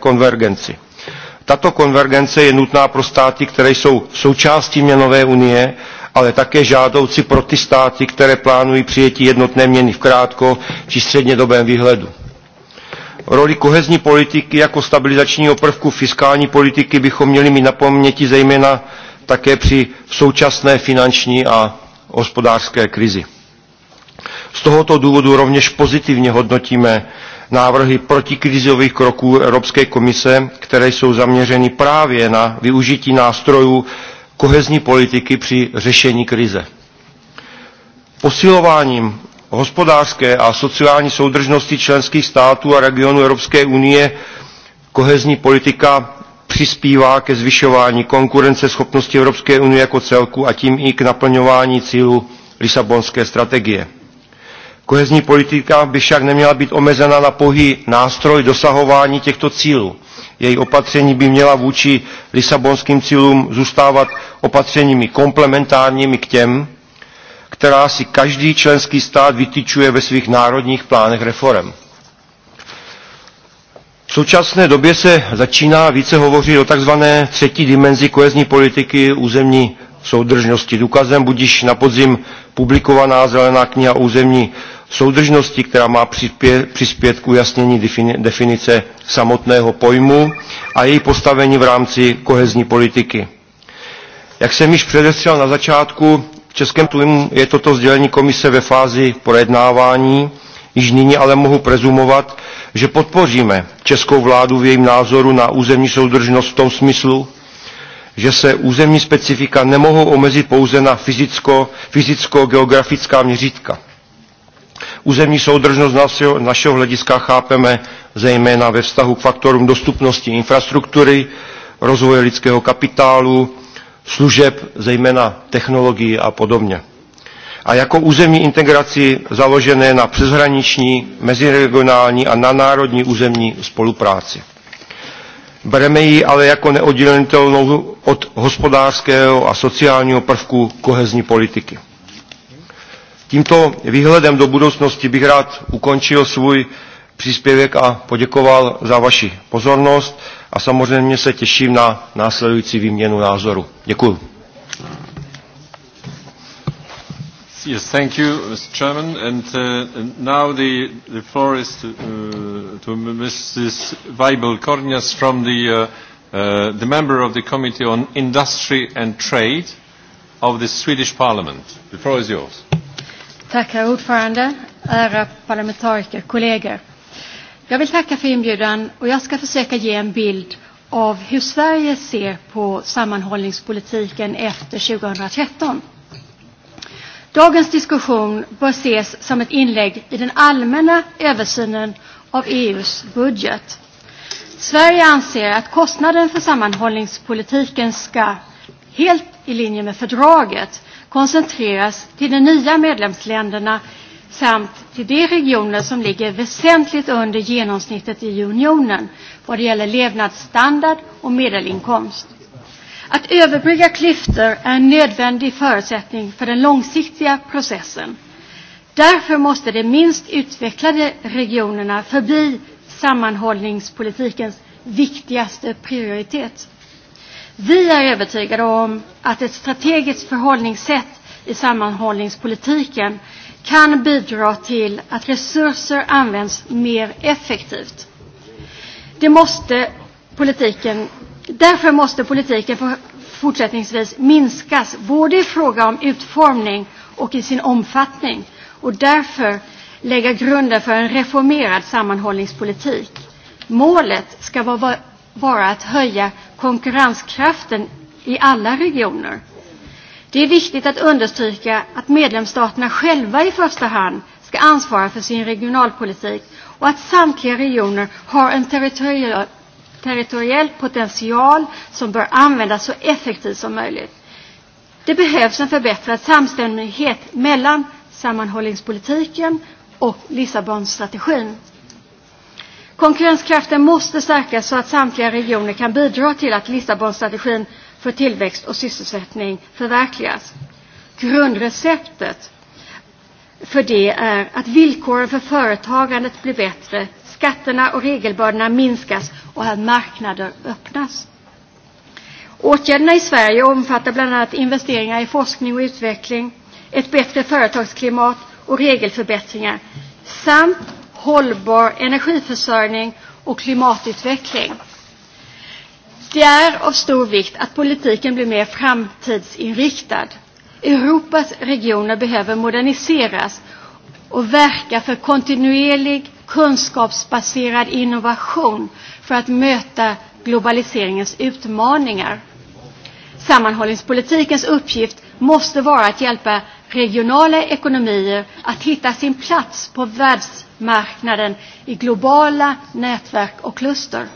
konvergenci. Tato konvergence je nutná pro státy, které jsou součástí měnové unie, ale také žádoucí pro ty státy, které plánují přijetí jednotné měny v krátko či střednědobém výhledu. Roli kohezní politiky jako stabilizačního prvku fiskální politiky bychom měli mít na paměti zejména také při současné finanční a hospodářské krizi. Z tohoto důvodu rovněž pozitivně hodnotíme návrhy protikrizových kroků Evropské komise, které jsou zaměřeny právě na využití nástrojů kohezní politiky při řešení krize. Posilováním hospodářské a sociální soudržnosti členských států a regionů Evropské unie kohezní politika přispívá ke zvyšování konkurenceschopnosti Evropské unie jako celku a tím i k naplňování cílů Lisabonské strategie. Kohezní politika by však neměla být omezena na pohý nástroj dosahování těchto cílů. Její opatření by měla vůči lisabonským cílům zůstávat opatřeními komplementárními k těm, která si každý členský stát vytyčuje ve svých národních plánech reform. V současné době se začíná více hovořit o takzvané třetí dimenzi kohezní politiky územní soudržnosti. Důkazem budíš na podzim publikovaná zelená kniha o územní soudržnosti, která má přispět, přispět k ujasnění definice samotného pojmu a její postavení v rámci kohezní politiky. Jak jsem již předestřel na začátku, v Českém tujmu je toto sdělení komise ve fázi projednávání Již nyní ale mohu prezumovat, že podpoříme českou vládu v jejím názoru na územní soudržnost v tom smyslu, že se územní specifika nemohou omezit pouze na fyzicko, fyzicko-geografická měřítka. Územní soudržnost našeho, našeho hlediska chápeme zejména ve vztahu k faktorům dostupnosti infrastruktury, rozvoje lidského kapitálu, služeb, zejména technologií a podobně a jako územní integraci založené na přeshraniční, meziregionální a nanárodní územní spolupráci. Bereme ji ale jako neoddělitelnou od hospodářského a sociálního prvku kohezní politiky. Tímto výhledem do budoucnosti bych rád ukončil svůj příspěvek a poděkoval za vaši pozornost a samozřejmě se těším na následující výměnu názoru. Děkuji. Yes, thank you, Mr. Chairman. And, uh, and now the, the floor is to, uh, to Mrs. Weibel Kornias from the, uh, uh, the member of the Committee on Industry and Trade of the Swedish Parliament. The floor is yours. Tack, herr ordförande, ära parlamentariker, kollegor. Jag vill tacka för inbjudan och jag ska försöka ge en bild av hur Sverige ser på sammanhållningspolitiken efter 2013. Dagens diskussion bör ses som ett inlägg i den allmänna översynen av EUs budget. Sverige anser att kostnaden för sammanhållningspolitiken ska, helt i linje med fördraget, koncentreras till de nya medlemsländerna samt till de regioner som ligger väsentligt under genomsnittet i unionen vad det gäller levnadsstandard och medelinkomst. Att överbrygga klyftor är en nödvändig förutsättning för den långsiktiga processen. Därför måste de minst utvecklade regionerna förbli sammanhållningspolitikens viktigaste prioritet. Vi är övertygade om att ett strategiskt förhållningssätt i sammanhållningspolitiken kan bidra till att resurser används mer effektivt. Det måste politiken Därför måste politiken fortsättningsvis minskas både i fråga om utformning och i sin omfattning och därför lägga grunden för en reformerad sammanhållningspolitik. Målet ska vara, vara att höja konkurrenskraften i alla regioner. Det är viktigt att understryka att medlemsstaterna själva i första hand ska ansvara för sin regionalpolitik och att samtliga regioner har en territoriell territoriell potential som bör användas så effektivt som möjligt. Det behövs en förbättrad samstämmighet mellan sammanhållningspolitiken och Lissabonstrategin. Konkurrenskraften måste stärkas så att samtliga regioner kan bidra till att Lissabonstrategin för tillväxt och sysselsättning förverkligas. Grundreceptet för det är att villkoren för företagandet blir bättre Skatterna och regelbördorna minskas och att marknader öppnas. Åtgärderna i Sverige omfattar bl.a. investeringar i forskning och utveckling, ett bättre företagsklimat och regelförbättringar samt hållbar energiförsörjning och klimatutveckling. Det är av stor vikt att politiken blir mer framtidsinriktad. Europas regioner behöver moderniseras och verka för kontinuerlig kunskapsbaserad innovation för att möta globaliseringens utmaningar. Sammanhållningspolitikens uppgift måste vara att hjälpa regionala ekonomier att hitta sin plats på världsmarknaden i globala nätverk och kluster.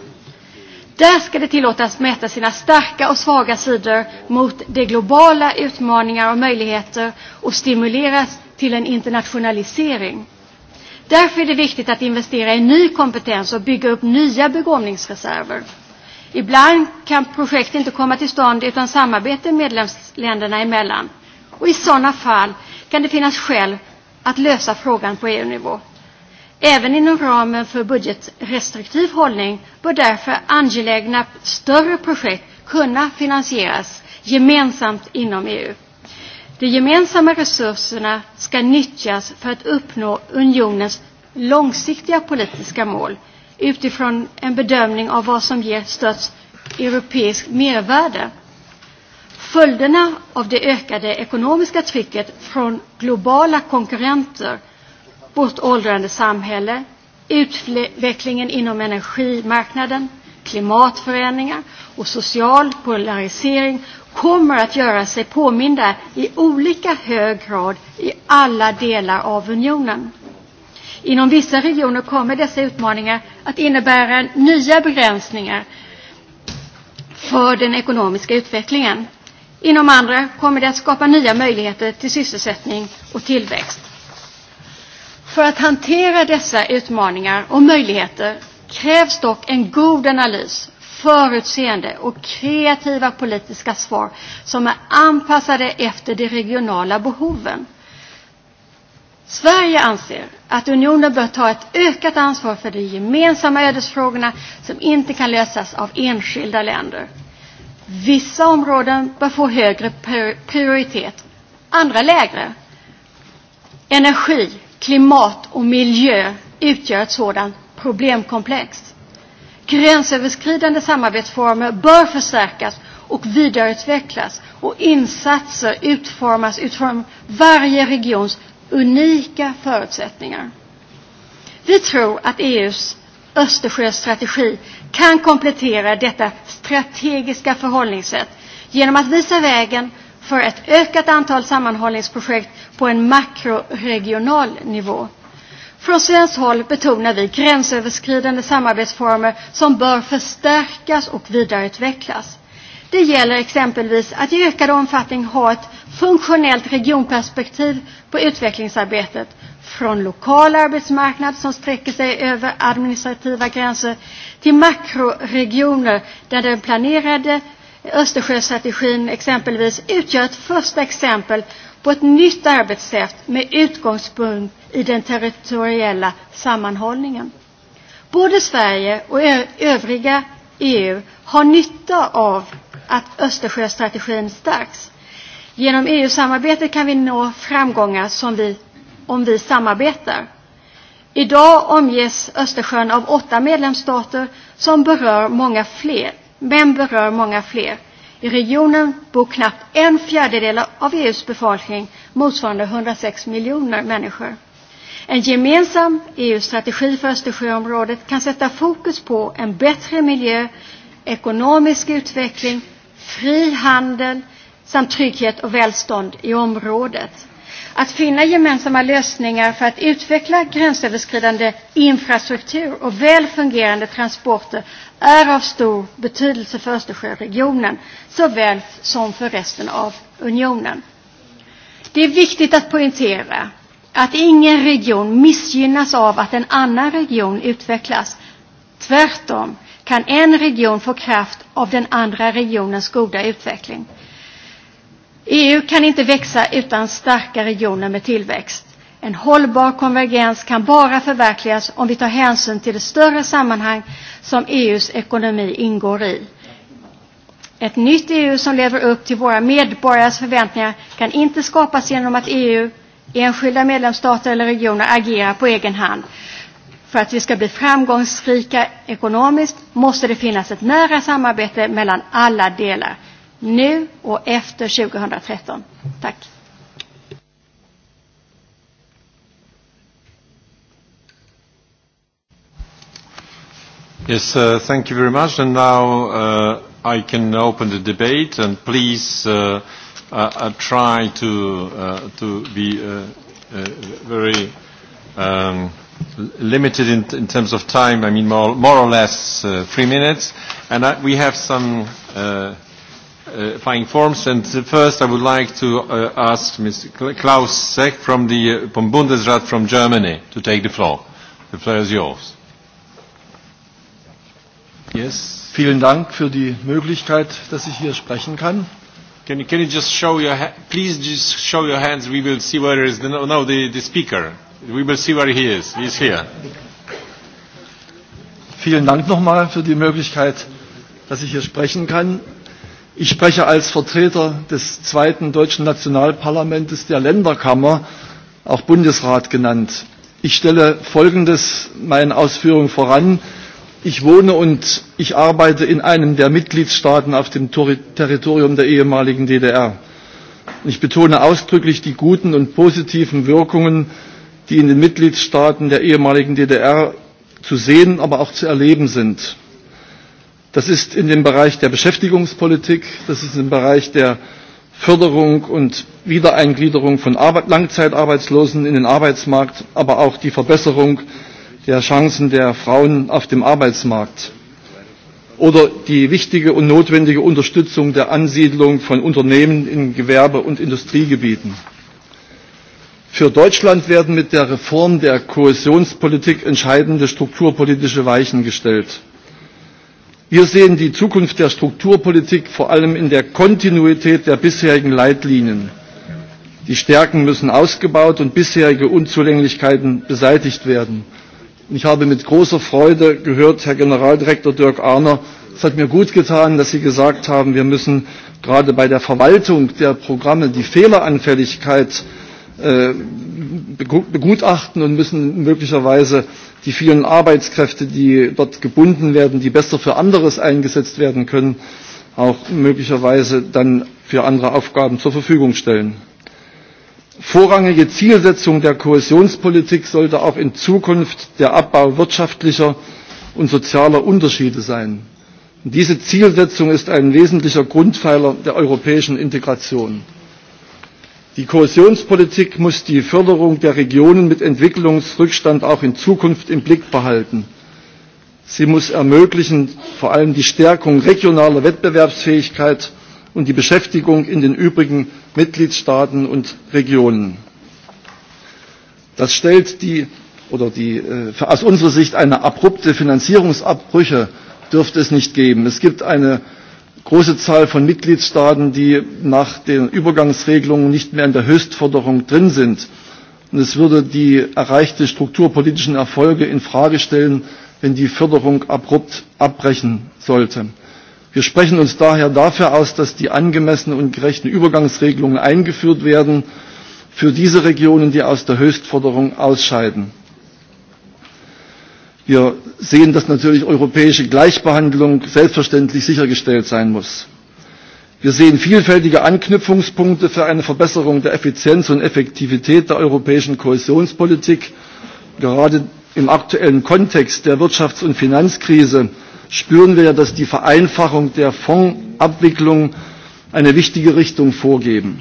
Där ska det tillåtas mäta sina starka och svaga sidor mot de globala utmaningar och möjligheter och stimuleras till en internationalisering. Därför är det viktigt att investera i ny kompetens och bygga upp nya begåvningsreserver. Ibland kan projekt inte komma till stånd utan samarbete medlemsländerna emellan. Och I sådana fall kan det finnas skäl att lösa frågan på EU-nivå. Även inom ramen för budgetrestriktiv hållning bör därför angelägna större projekt kunna finansieras gemensamt inom EU. De gemensamma resurserna ska nyttjas för att uppnå unionens långsiktiga politiska mål utifrån en bedömning av vad som ger störst europeiskt mervärde. Följderna av det ökade ekonomiska trycket från globala konkurrenter, vårt åldrande samhälle, utvecklingen inom energimarknaden, klimatförändringar och social polarisering kommer att göra sig påminda i olika hög grad i alla delar av unionen. Inom vissa regioner kommer dessa utmaningar att innebära nya begränsningar för den ekonomiska utvecklingen. Inom andra kommer det att skapa nya möjligheter till sysselsättning och tillväxt. För att hantera dessa utmaningar och möjligheter krävs dock en god analys förutseende och kreativa politiska svar som är anpassade efter de regionala behoven. Sverige anser att unionen bör ta ett ökat ansvar för de gemensamma ödesfrågorna som inte kan lösas av enskilda länder. Vissa områden bör få högre prioritet, andra lägre. Energi, klimat och miljö utgör ett sådant problemkomplex. Gränsöverskridande samarbetsformer bör förstärkas och vidareutvecklas och insatser utformas utifrån varje regions unika förutsättningar. Vi tror att EU:s Östersjöstrategi kan komplettera detta strategiska förhållningssätt genom att visa vägen för ett ökat antal sammanhållningsprojekt på en makroregional nivå. Från svenskt håll betonar vi gränsöverskridande samarbetsformer som bör förstärkas och vidareutvecklas. Det gäller exempelvis att i ökad omfattning ha ett funktionellt regionperspektiv på utvecklingsarbetet från lokal arbetsmarknad som sträcker sig över administrativa gränser till makroregioner där den planerade Östersjöstrategin exempelvis utgör ett första exempel på ett nytt arbetssätt med utgångspunkt i den territoriella sammanhållningen. Både Sverige och övriga EU har nytta av att Östersjöstrategin stärks. Genom EU-samarbetet kan vi nå framgångar som vi, om vi samarbetar. I dag omges Östersjön av åtta medlemsstater som berör många fler, men berör många fler i regionen bor knappt en fjärdedel av EUs befolkning, motsvarande 106 miljoner människor. En gemensam EU-strategi för Östersjöområdet kan sätta fokus på en bättre miljö, ekonomisk utveckling, fri handel samt trygghet och välstånd i området att finna gemensamma lösningar för att utveckla gränsöverskridande infrastruktur och väl fungerande transporter är av stor betydelse för Östersjöregionen såväl som för resten av unionen. Det är viktigt att poängtera att ingen region missgynnas av att en annan region utvecklas. Tvärtom kan en region få kraft av den andra regionens goda utveckling. EU kan inte växa utan starka regioner med tillväxt. En hållbar konvergens kan bara förverkligas om vi tar hänsyn till det större sammanhang som EUs ekonomi ingår i. Ett nytt EU som lever upp till våra medborgares förväntningar kan inte skapas genom att EU, enskilda medlemsstater eller regioner agerar på egen hand. För att vi ska bli framgångsrika ekonomiskt måste det finnas ett nära samarbete mellan alla delar nu och efter 2013. Tack. Yes, uh, thank you very much. And now uh, I can open the debate. And please uh, uh, uh, try to uh, to be uh, uh, very um, limited in, in terms of time. I mean, more, more or less uh, three minutes. And I, we have some. Uh, uh, fine forms. And first, I would like to uh, ask Mr. Klaus Seck from the uh, from Bundesrat from Germany to take the floor. The floor is yours. Yes. Vielen Dank für die Möglichkeit, dass ich hier sprechen kann. Can you, can you just show your ha- please just show your hands? We will see where is the no, no the, the speaker. We will see where he is. He's here. Vielen Dank nochmal für die Möglichkeit, dass ich hier sprechen kann. Ich spreche als Vertreter des zweiten deutschen Nationalparlamentes der Länderkammer, auch Bundesrat genannt. Ich stelle Folgendes meinen Ausführungen voran. Ich wohne und ich arbeite in einem der Mitgliedstaaten auf dem Territorium der ehemaligen DDR. Und ich betone ausdrücklich die guten und positiven Wirkungen, die in den Mitgliedstaaten der ehemaligen DDR zu sehen, aber auch zu erleben sind. Das ist in dem Bereich der Beschäftigungspolitik, das ist im Bereich der Förderung und Wiedereingliederung von Arbeit, Langzeitarbeitslosen in den Arbeitsmarkt, aber auch die Verbesserung der Chancen der Frauen auf dem Arbeitsmarkt oder die wichtige und notwendige Unterstützung der Ansiedlung von Unternehmen in Gewerbe- und Industriegebieten. Für Deutschland werden mit der Reform der Kohäsionspolitik entscheidende strukturpolitische Weichen gestellt wir sehen die zukunft der strukturpolitik vor allem in der kontinuität der bisherigen leitlinien. die stärken müssen ausgebaut und bisherige unzulänglichkeiten beseitigt werden. ich habe mit großer freude gehört herr generaldirektor dirk arner es hat mir gut getan dass sie gesagt haben wir müssen gerade bei der verwaltung der programme die fehleranfälligkeit Äh, begutachten und müssen möglicherweise die vielen Arbeitskräfte, die dort gebunden werden, die besser für anderes eingesetzt werden können, auch möglicherweise dann für andere Aufgaben zur Verfügung stellen. Vorrangige Zielsetzung der Kohäsionspolitik sollte auch in Zukunft der Abbau wirtschaftlicher und sozialer Unterschiede sein. Und diese Zielsetzung ist ein wesentlicher Grundpfeiler der europäischen Integration die kohäsionspolitik muss die förderung der regionen mit entwicklungsrückstand auch in zukunft im blick behalten. sie muss ermöglichen vor allem die stärkung regionaler wettbewerbsfähigkeit und die beschäftigung in den übrigen mitgliedstaaten und regionen. das stellt die oder die, äh, aus unserer Sicht eine abrupte Finanzierungsabbrüche dürfte es nicht geben. Es gibt eine große Zahl von Mitgliedstaaten, die nach den Übergangsregelungen nicht mehr in der Höchstförderung drin sind. Und es würde die erreichte strukturpolitischen Erfolge in Frage stellen, wenn die Förderung abrupt abbrechen sollte. Wir sprechen uns daher dafür aus, dass die angemessenen und gerechten Übergangsregelungen eingeführt werden für diese Regionen, die aus der Höchstförderung ausscheiden. Wir sehen, dass natürlich europäische Gleichbehandlung selbstverständlich sichergestellt sein muss. Wir sehen vielfältige Anknüpfungspunkte für eine Verbesserung der Effizienz und Effektivität der europäischen Kohäsionspolitik. Gerade im aktuellen Kontext der Wirtschafts- und Finanzkrise spüren wir ja, dass die Vereinfachung der Fondsabwicklung eine wichtige Richtung vorgeben.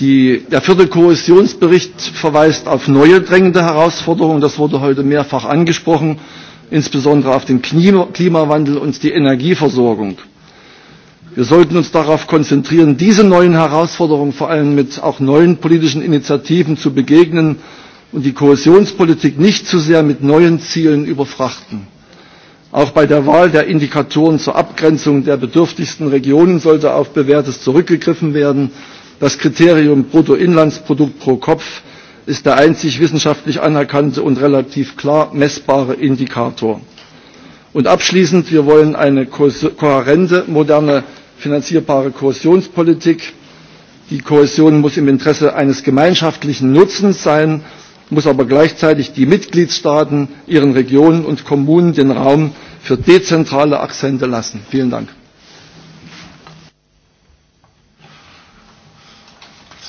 Die, der vierte Kohäsionsbericht verweist auf neue drängende Herausforderungen. Das wurde heute mehrfach angesprochen, insbesondere auf den Klima Klimawandel und die Energieversorgung. Wir sollten uns darauf konzentrieren, diese neuen Herausforderungen vor allem mit auch neuen politischen Initiativen zu begegnen und die Kohäsionspolitik nicht zu sehr mit neuen Zielen überfrachten. Auch bei der Wahl der Indikatoren zur Abgrenzung der bedürftigsten Regionen sollte auf bewährtes zurückgegriffen werden das kriterium bruttoinlandsprodukt pro kopf ist der einzig wissenschaftlich anerkannte und relativ klar messbare indikator. und abschließend wir wollen eine kohärente moderne finanzierbare kohäsionspolitik. die kohäsion muss im interesse eines gemeinschaftlichen nutzens sein muss aber gleichzeitig die mitgliedstaaten ihren regionen und kommunen den raum für dezentrale akzente lassen. vielen dank.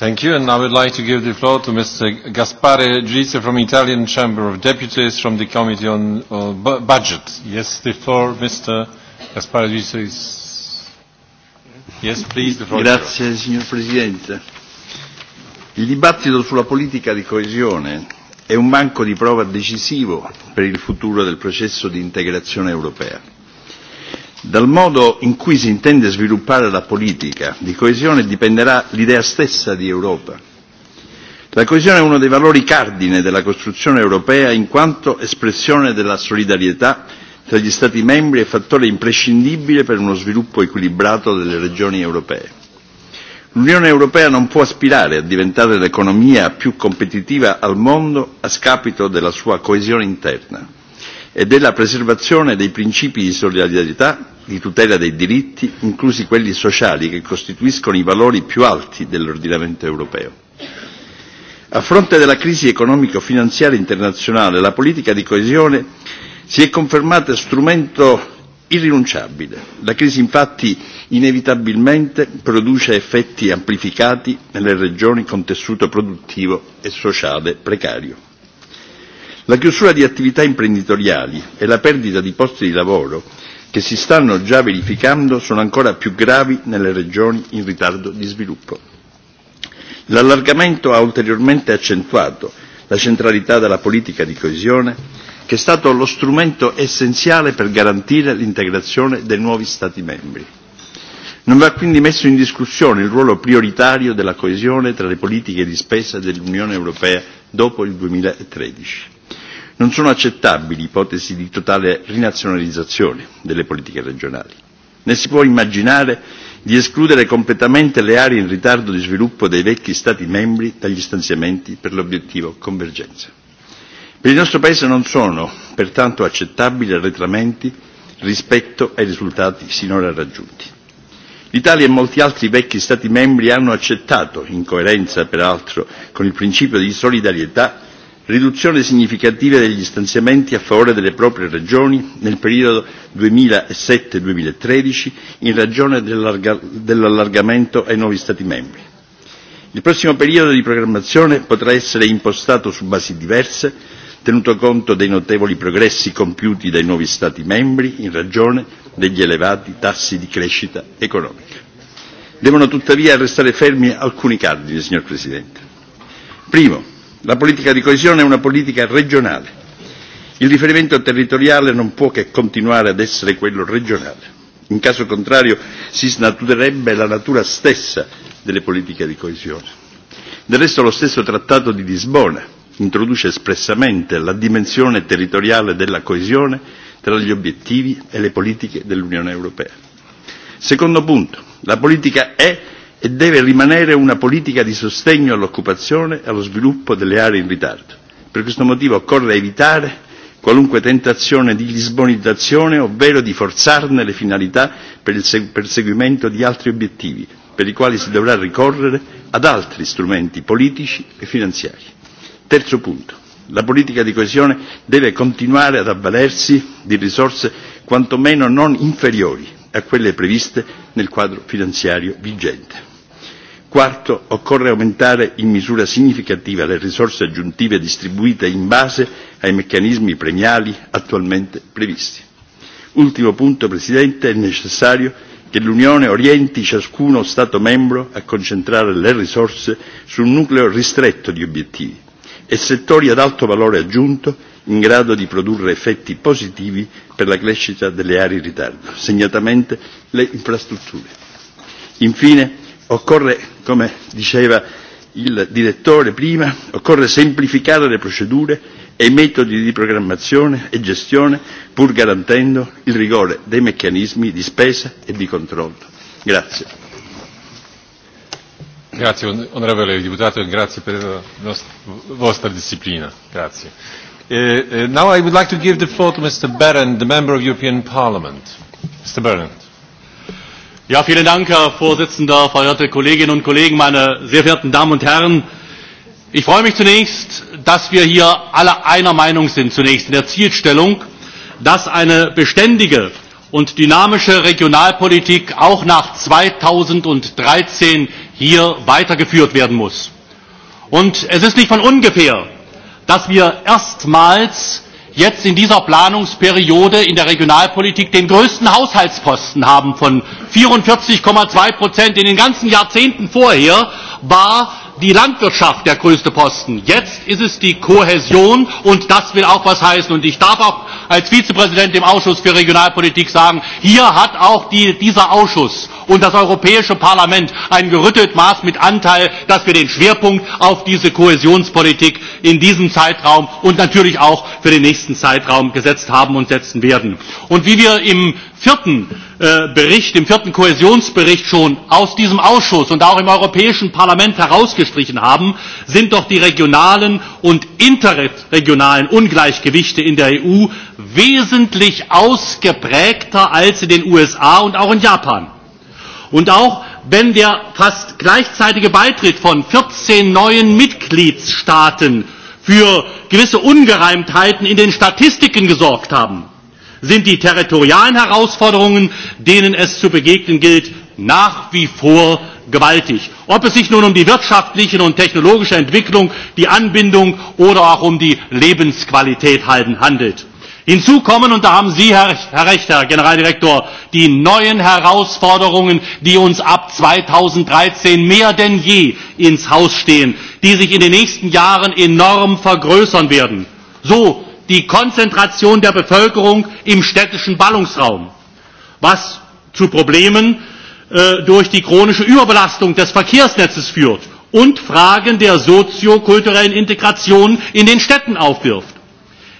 Thank you, and I would like to give the floor to Mr. Gaspare Gize from Italian Chamber of Deputies from the Committee on uh, B Budget. Yes, the floor, Mr. Gaspare Gize is... Yes, please, the floor. Grazie, signor Presidente. Il dibattito sulla politica di coesione è un banco di prova decisivo per il futuro del processo di integrazione europea Dal modo in cui si intende sviluppare la politica di coesione dipenderà l'idea stessa di Europa. La coesione è uno dei valori cardine della costruzione europea in quanto espressione della solidarietà tra gli Stati membri e fattore imprescindibile per uno sviluppo equilibrato delle regioni europee. L'Unione Europea non può aspirare a diventare l'economia più competitiva al mondo a scapito della sua coesione interna e della preservazione dei principi di solidarietà, di tutela dei diritti, inclusi quelli sociali, che costituiscono i valori più alti dell'ordinamento europeo. A fronte della crisi economico-finanziaria internazionale, la politica di coesione si è confermata strumento irrinunciabile. La crisi infatti inevitabilmente produce effetti amplificati nelle regioni con tessuto produttivo e sociale precario. La chiusura di attività imprenditoriali e la perdita di posti di lavoro che si stanno già verificando sono ancora più gravi nelle regioni in ritardo di sviluppo. L'allargamento ha ulteriormente accentuato la centralità della politica di coesione, che è stato lo strumento essenziale per garantire l'integrazione dei nuovi Stati membri. Non va quindi messo in discussione il ruolo prioritario della coesione tra le politiche di spesa dell'Unione europea dopo il 2013 Non sono accettabili ipotesi di totale rinazionalizzazione delle politiche regionali, né si può immaginare di escludere completamente le aree in ritardo di sviluppo dei vecchi Stati membri dagli stanziamenti per l'obiettivo convergenza. Per il nostro Paese non sono pertanto accettabili arretramenti rispetto ai risultati sinora raggiunti. L'Italia e molti altri vecchi Stati membri hanno accettato, in coerenza peraltro con il principio di solidarietà, riduzione significativa degli stanziamenti a favore delle proprie regioni nel periodo 2007-2013 in ragione dell'allargamento ai nuovi Stati membri. Il prossimo periodo di programmazione potrà essere impostato su basi diverse, tenuto conto dei notevoli progressi compiuti dai nuovi Stati membri in ragione degli elevati tassi di crescita economica. Devono tuttavia restare fermi alcuni cardini, signor Presidente. Primo, La politica di coesione è una politica regionale. Il riferimento territoriale non può che continuare ad essere quello regionale. In caso contrario si snaturerebbe la natura stessa delle politiche di coesione. Del resto lo stesso Trattato di Lisbona introduce espressamente la dimensione territoriale della coesione tra gli obiettivi e le politiche dell'Unione Europea. Secondo punto, la politica è e deve rimanere una politica di sostegno all'occupazione e allo sviluppo delle aree in ritardo. Per questo motivo occorre evitare qualunque tentazione di lisbonizzazione, ovvero di forzarne le finalità per il perseguimento di altri obiettivi, per i quali si dovrà ricorrere ad altri strumenti politici e finanziari. Terzo punto. La politica di coesione deve continuare ad avvalersi di risorse quantomeno non inferiori a quelle previste nel quadro finanziario vigente. Quarto, occorre aumentare in misura significativa le risorse aggiuntive distribuite in base ai meccanismi premiali attualmente previsti. Ultimo punto, Presidente, è necessario che l'Unione orienti ciascuno Stato membro a concentrare le risorse su un nucleo ristretto di obiettivi e settori ad alto valore aggiunto in grado di produrre effetti positivi per la crescita delle aree in ritardo, segnatamente le infrastrutture. Infine, Occorre, come diceva il direttore prima, occorre semplificare le procedure e i metodi di programmazione e gestione pur garantendo il rigore dei meccanismi di spesa e di controllo. Grazie. Grazie onorevole deputato and e grazie per la nostra, vostra disciplina. Grazie. Uh, uh, now I would like to give the floor to Mr. Berend, the member of European Parliament. Mr. Berend. Ja, vielen Dank, Herr Vorsitzender, verehrte Kolleginnen und Kollegen, meine sehr verehrten Damen und Herren. Ich freue mich zunächst, dass wir hier alle einer Meinung sind, zunächst in der Zielstellung, dass eine beständige und dynamische Regionalpolitik auch nach 2013 hier weitergeführt werden muss. Und es ist nicht von ungefähr, dass wir erstmals jetzt in dieser Planungsperiode in der Regionalpolitik den größten Haushaltsposten haben von 44,2 Prozent in den ganzen Jahrzehnten vorher war die Landwirtschaft der größte Posten. Jetzt ist es die Kohäsion und das will auch was heißen. Und ich darf auch als Vizepräsident im Ausschuss für Regionalpolitik sagen, hier hat auch die, dieser Ausschuss und das Europäische Parlament ein gerüttelt Maß mit Anteil, dass wir den Schwerpunkt auf diese Kohäsionspolitik in diesem Zeitraum und natürlich auch für den nächsten Zeitraum gesetzt haben und setzen werden. Und wie wir im vierten Äh, Bericht, im vierten Kohäsionsbericht schon aus diesem Ausschuss und auch im Europäischen Parlament herausgestrichen haben, sind doch die regionalen und interregionalen Ungleichgewichte in der EU wesentlich ausgeprägter als in den USA und auch in Japan. Und auch wenn der fast gleichzeitige Beitritt von 14 neuen Mitgliedstaaten für gewisse Ungereimtheiten in den Statistiken gesorgt haben, sind die territorialen Herausforderungen, denen es zu begegnen gilt, nach wie vor gewaltig. Ob es sich nun um die wirtschaftliche und technologische Entwicklung, die Anbindung oder auch um die Lebensqualität handelt. Hinzu kommen, und da haben Sie, Herr, Herr Recht, Herr Generaldirektor, die neuen Herausforderungen, die uns ab 2013 mehr denn je ins Haus stehen, die sich in den nächsten Jahren enorm vergrößern werden. So die Konzentration der Bevölkerung im städtischen Ballungsraum, was zu Problemen äh, durch die chronische Überbelastung des Verkehrsnetzes führt und Fragen der soziokulturellen Integration in den Städten aufwirft.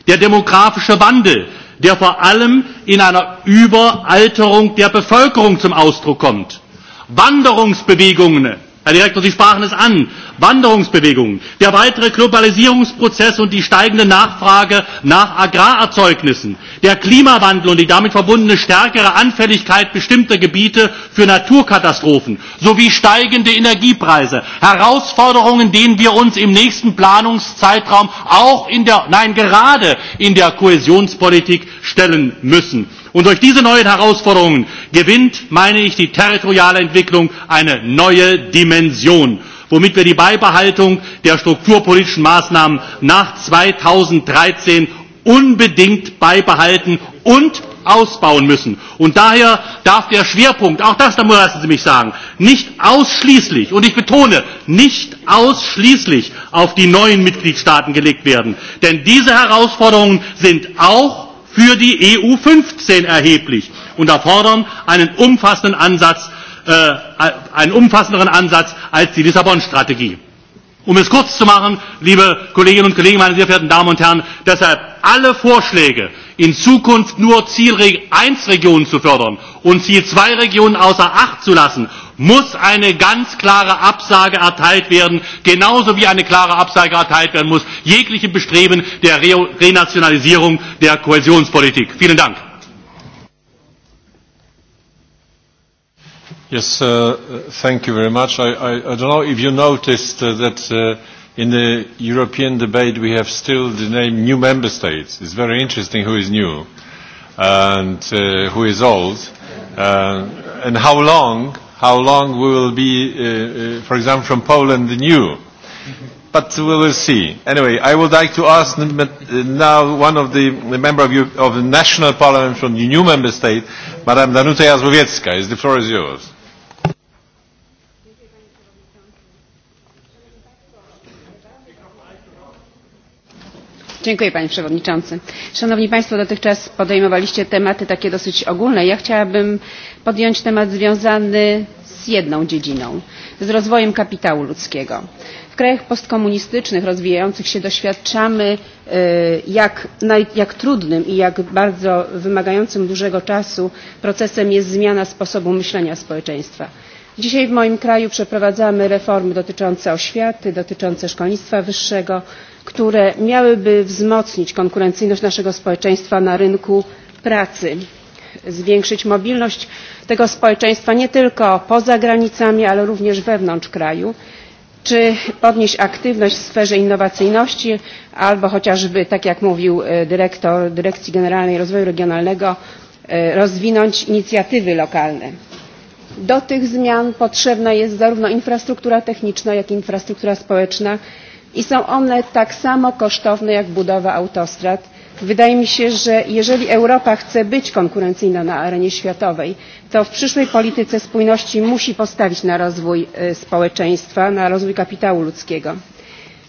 Der demografische Wandel, der vor allem in einer Überalterung der Bevölkerung zum Ausdruck kommt. Wanderungsbewegungen Herr Direktor, Sie sprachen es an. Wanderungsbewegungen, der weitere Globalisierungsprozess und die steigende Nachfrage nach Agrarerzeugnissen, der Klimawandel und die damit verbundene stärkere Anfälligkeit bestimmter Gebiete für Naturkatastrophen sowie steigende Energiepreise. Herausforderungen, denen wir uns im nächsten Planungszeitraum auch in der, nein, gerade in der Kohäsionspolitik stellen müssen. Und durch diese neuen Herausforderungen gewinnt, meine ich, die territoriale Entwicklung eine neue Dimension, womit wir die Beibehaltung der strukturpolitischen Maßnahmen nach 2013 unbedingt beibehalten und ausbauen müssen. Und daher darf der Schwerpunkt, auch das, da lassen Sie mich sagen, nicht ausschließlich, und ich betone, nicht ausschließlich auf die neuen Mitgliedstaaten gelegt werden. Denn diese Herausforderungen sind auch für die EU 15 erheblich und erfordern einen umfassenden Ansatz, äh, einen umfassenderen Ansatz als die Lissabon-Strategie. Um es kurz zu machen, liebe Kolleginnen und Kollegen, meine sehr verehrten Damen und Herren, deshalb alle Vorschläge, in Zukunft nur Ziel 1 Regionen zu fördern und Ziel 2 Regionen außer Acht zu lassen, muss eine ganz klare Absage erteilt werden, genauso wie eine klare Absage erteilt werden muss, jegliche Bestreben der Re Renationalisierung der Kohäsionspolitik. Vielen Dank. Yes, uh, thank you very much. I, I, I don't know if you noticed uh, that uh, in the European debate we have still the name new member states. It's very interesting who is new and uh, who is old uh, and how long, how long we will be, uh, uh, for example, from Poland new. But we will see. Anyway, I would like to ask uh, now one of the, the member of, you, of the national parliament from the new member state, Madame Danuta Jazłowiecka. The floor is yours. Dziękuję panie przewodniczący. Szanowni państwo, dotychczas podejmowaliście tematy takie dosyć ogólne. Ja chciałabym podjąć temat związany z jedną dziedziną, z rozwojem kapitału ludzkiego. W krajach postkomunistycznych rozwijających się doświadczamy jak, jak trudnym i jak bardzo wymagającym dużego czasu procesem jest zmiana sposobu myślenia społeczeństwa dzisiaj w moim kraju przeprowadzamy reformy dotyczące oświaty dotyczące szkolnictwa wyższego które miałyby wzmocnić konkurencyjność naszego społeczeństwa na rynku pracy zwiększyć mobilność tego społeczeństwa nie tylko poza granicami ale również wewnątrz kraju czy podnieść aktywność w sferze innowacyjności albo chociażby tak jak mówił e, dyrektor dyrekcji generalnej rozwoju regionalnego e, rozwinąć inicjatywy lokalne. do tych zmian potrzebna jest zarówno infrastruktura techniczna jak i infrastruktura społeczna i są one tak samo kosztowne jak budowa autostrad. wydaje mi się że jeżeli europa chce być konkurencyjna na arenie światowej to w przyszłej polityce spójności musi postawić na rozwój społeczeństwa na rozwój kapitału ludzkiego.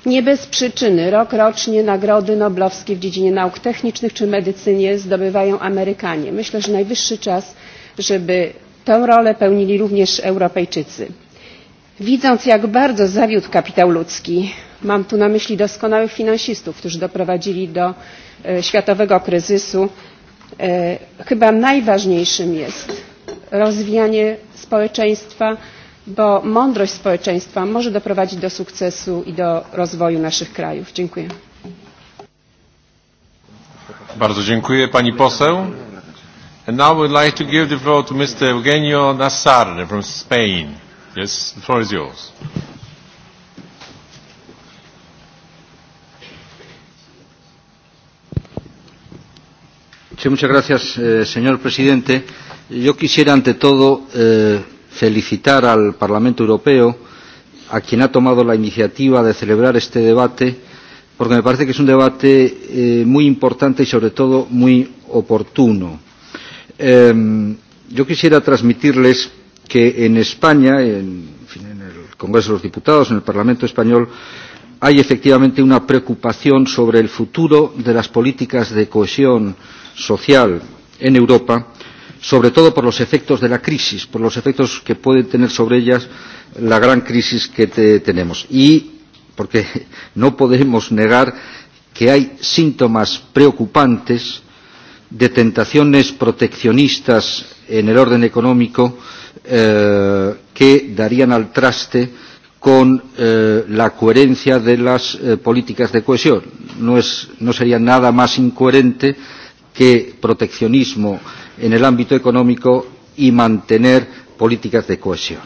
nie bez przyczyny rokrocznie nagrody noblowskie w dziedzinie nauk technicznych czy medycyny zdobywają amerykanie. myślę że najwyższy czas żeby tę rolę pełnili również europejczycy. widząc jak bardzo zawiódł kapitał ludzki mam tu na myśli doskonałych finansistów którzy doprowadzili do e, światowego kryzysu e, chyba najważniejszym jest rozwijanie społeczeństwa bo mądrość społeczeństwa może doprowadzić do sukcesu i do rozwoju naszych krajów. dziękuję. bardzo dziękuję pani poseł. And now I would like to give the floor to Mr. Eugenio Nassar from Spain. Yes, the floor is yours. Sí, muchas gracias, eh, señor presidente. Yo quisiera, ante todo, eh, felicitar al Parlamento Europeo, a quien ha tomado la iniciativa de celebrar este debate, porque me parece que es un debate eh, muy importante y, sobre todo, muy oportuno. Eh, yo quisiera transmitirles que en España, en, en el Congreso de los Diputados, en el Parlamento Español, eh, hay efectivamente una preocupación sobre el futuro de las políticas de cohesión social en Europa, sobre todo por los efectos de la crisis, por los efectos que pueden tener sobre ellas la gran crisis que te tenemos. Y porque no podemos negar que hay síntomas preocupantes de tentaciones proteccionistas en el orden económico eh, que darían al traste eh, con eh, la coherencia de las eh, políticas de cohesión. No, es, no sería nada más incoherente que proteccionismo en el ámbito económico y mantener políticas de cohesión.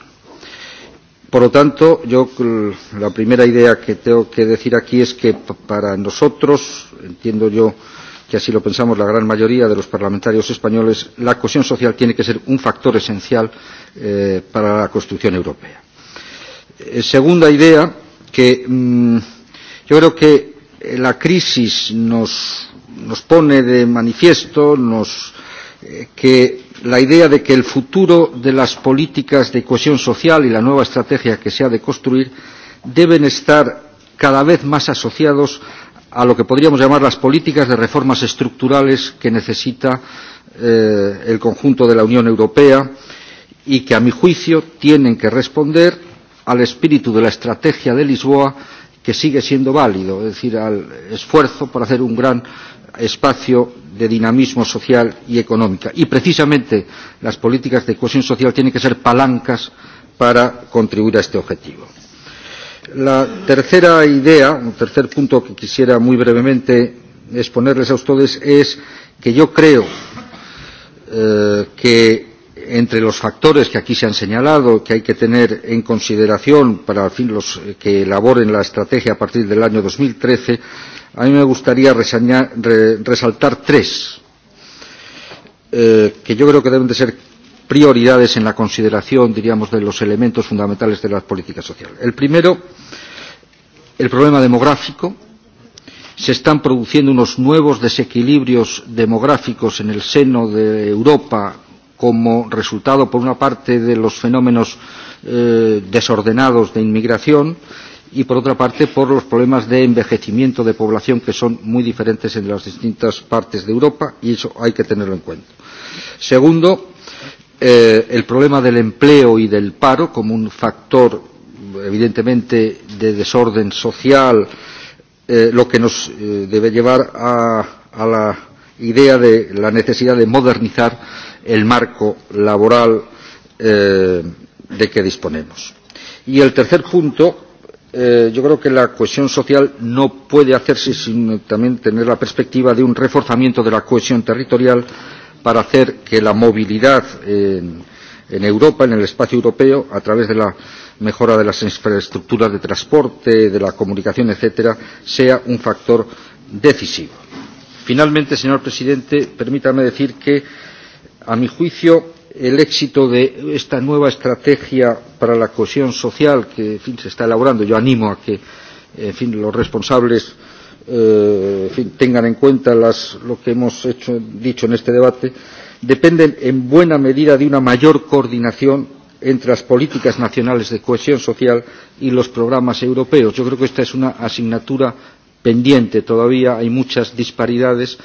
Por lo tanto, yo mm, la primera idea que tengo que decir aquí es que para nosotros, entiendo yo que así lo pensamos la gran mayoría de los parlamentarios españoles, la cohesión social tiene que ser un factor esencial eh, para la construcción europea Eh, segunda idea, que mmm, yo creo que eh, la crisis nos, nos pone de manifiesto nos, eh, que la idea de que el futuro de las políticas de cohesión social y la nueva estrategia que se ha de construir deben estar cada vez más asociados a lo que podríamos llamar las políticas de reformas estructurales que necesita eh, el conjunto de la Unión Europea y que, a mi juicio, tienen que responder al espíritu de la estrategia de Lisboa que sigue siendo válido, es decir, al esfuerzo por hacer un gran espacio de dinamismo social y económica. Y precisamente las políticas de cohesión social tienen que ser palancas para contribuir a este objetivo. La tercera idea, un tercer punto que quisiera muy brevemente exponerles a ustedes es que yo creo eh, que entre los factores que aquí se han señalado, que hay que tener en consideración para fin, los eh, que elaboren la estrategia a partir del año 2013, a mí me gustaría resañar, re, resaltar tres eh, que yo creo que deben de ser prioridades en la consideración, diríamos, de los elementos fundamentales de las políticas sociales. El primero, el problema demográfico. Se están produciendo unos nuevos desequilibrios demográficos en el seno de Europa como resultado, por una parte, de los fenómenos eh, desordenados de inmigración y, por otra parte, por los problemas de envejecimiento de población que son muy diferentes en las distintas partes de Europa y eso hay que tenerlo en cuenta. Segundo, eh, el problema del empleo y del paro como un factor, evidentemente, de desorden social, eh, lo que nos eh, debe llevar a, a la idea de la necesidad de modernizar el marco laboral eh, de que disponemos. Y el tercer punto, eh, yo creo que la cohesión social no puede hacerse sin también tener la perspectiva de un reforzamiento de la cohesión territorial para hacer que la movilidad en, en Europa, en el espacio europeo, a través de la mejora de las infraestructuras de transporte, de la comunicación, etcétera, sea un factor decisivo. Finalmente, señor presidente, permítame decir que a mi juicio, el éxito de esta nueva estrategia para la cohesión social que en fin, se está elaborando. Yo animo a que en fin, los responsables eh, en fin, tengan en cuenta las, lo que hemos hecho, dicho en este debate. Dependen en buena medida de una mayor coordinación entre las políticas nacionales de cohesión social y los programas europeos. Yo creo que esta es una asignatura pendiente todavía. Hay muchas disparidades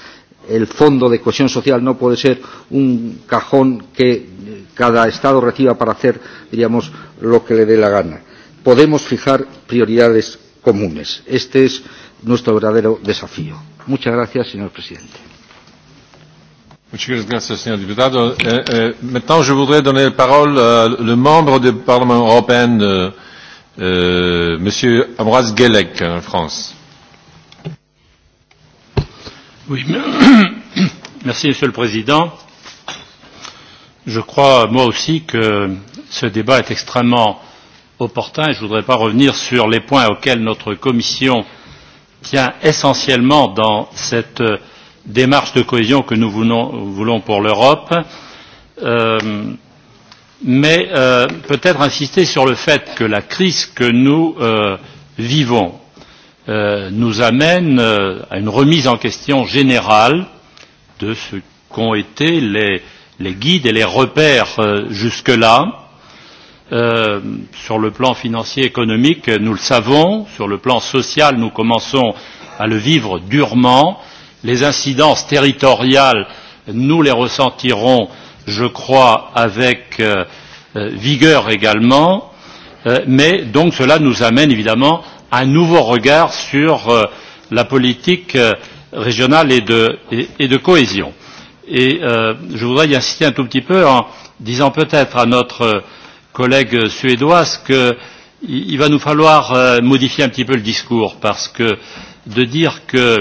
el fondo de cohesión social no puede ser un cajón que eh, cada Estado reciba para hacer, diríamos, lo que le dé la gana. Podemos fijar prioridades comunes. Este es nuestro verdadero desafío. Muchas gracias, señor presidente. Muchas gracias, señor diputado. Eh, eh, maintenant, je voudrais donner la parole à euh, le membre du Parlement européen, euh, euh, Monsieur Ambroise Guélec, en France. Oui, merci Monsieur le Président. Je crois, moi aussi, que ce débat est extrêmement opportun et je ne voudrais pas revenir sur les points auxquels notre Commission tient essentiellement dans cette euh, démarche de cohésion que nous voulons, voulons pour l'Europe. Euh, mais euh, peut-être insister sur le fait que la crise que nous euh, vivons euh, nous amène euh, à une remise en question générale de ce qu'ont été les, les guides et les repères euh, jusque là. Euh, sur le plan financier et économique, nous le savons, sur le plan social, nous commençons à le vivre durement. Les incidences territoriales, nous les ressentirons, je crois, avec euh, euh, vigueur également, euh, mais donc cela nous amène évidemment un nouveau regard sur euh, la politique euh, régionale et de, et, et de cohésion. Et euh, je voudrais y insister un tout petit peu en disant peut-être à notre euh, collègue suédoise qu'il va nous falloir euh, modifier un petit peu le discours parce que de dire que euh,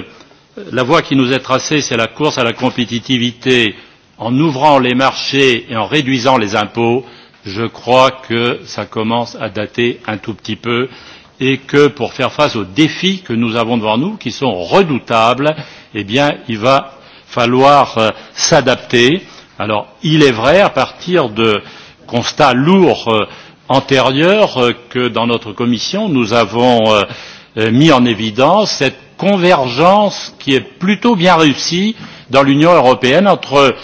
la voie qui nous est tracée, c'est la course à la compétitivité en ouvrant les marchés et en réduisant les impôts, je crois que ça commence à dater un tout petit peu et que pour faire face aux défis que nous avons devant nous, qui sont redoutables, eh bien, il va falloir euh, s'adapter. Alors, il est vrai, à partir de constats lourds euh, antérieurs, euh, que dans notre commission, nous avons euh, euh mis en évidence cette convergence qui est plutôt bien réussie dans l'Union européenne entre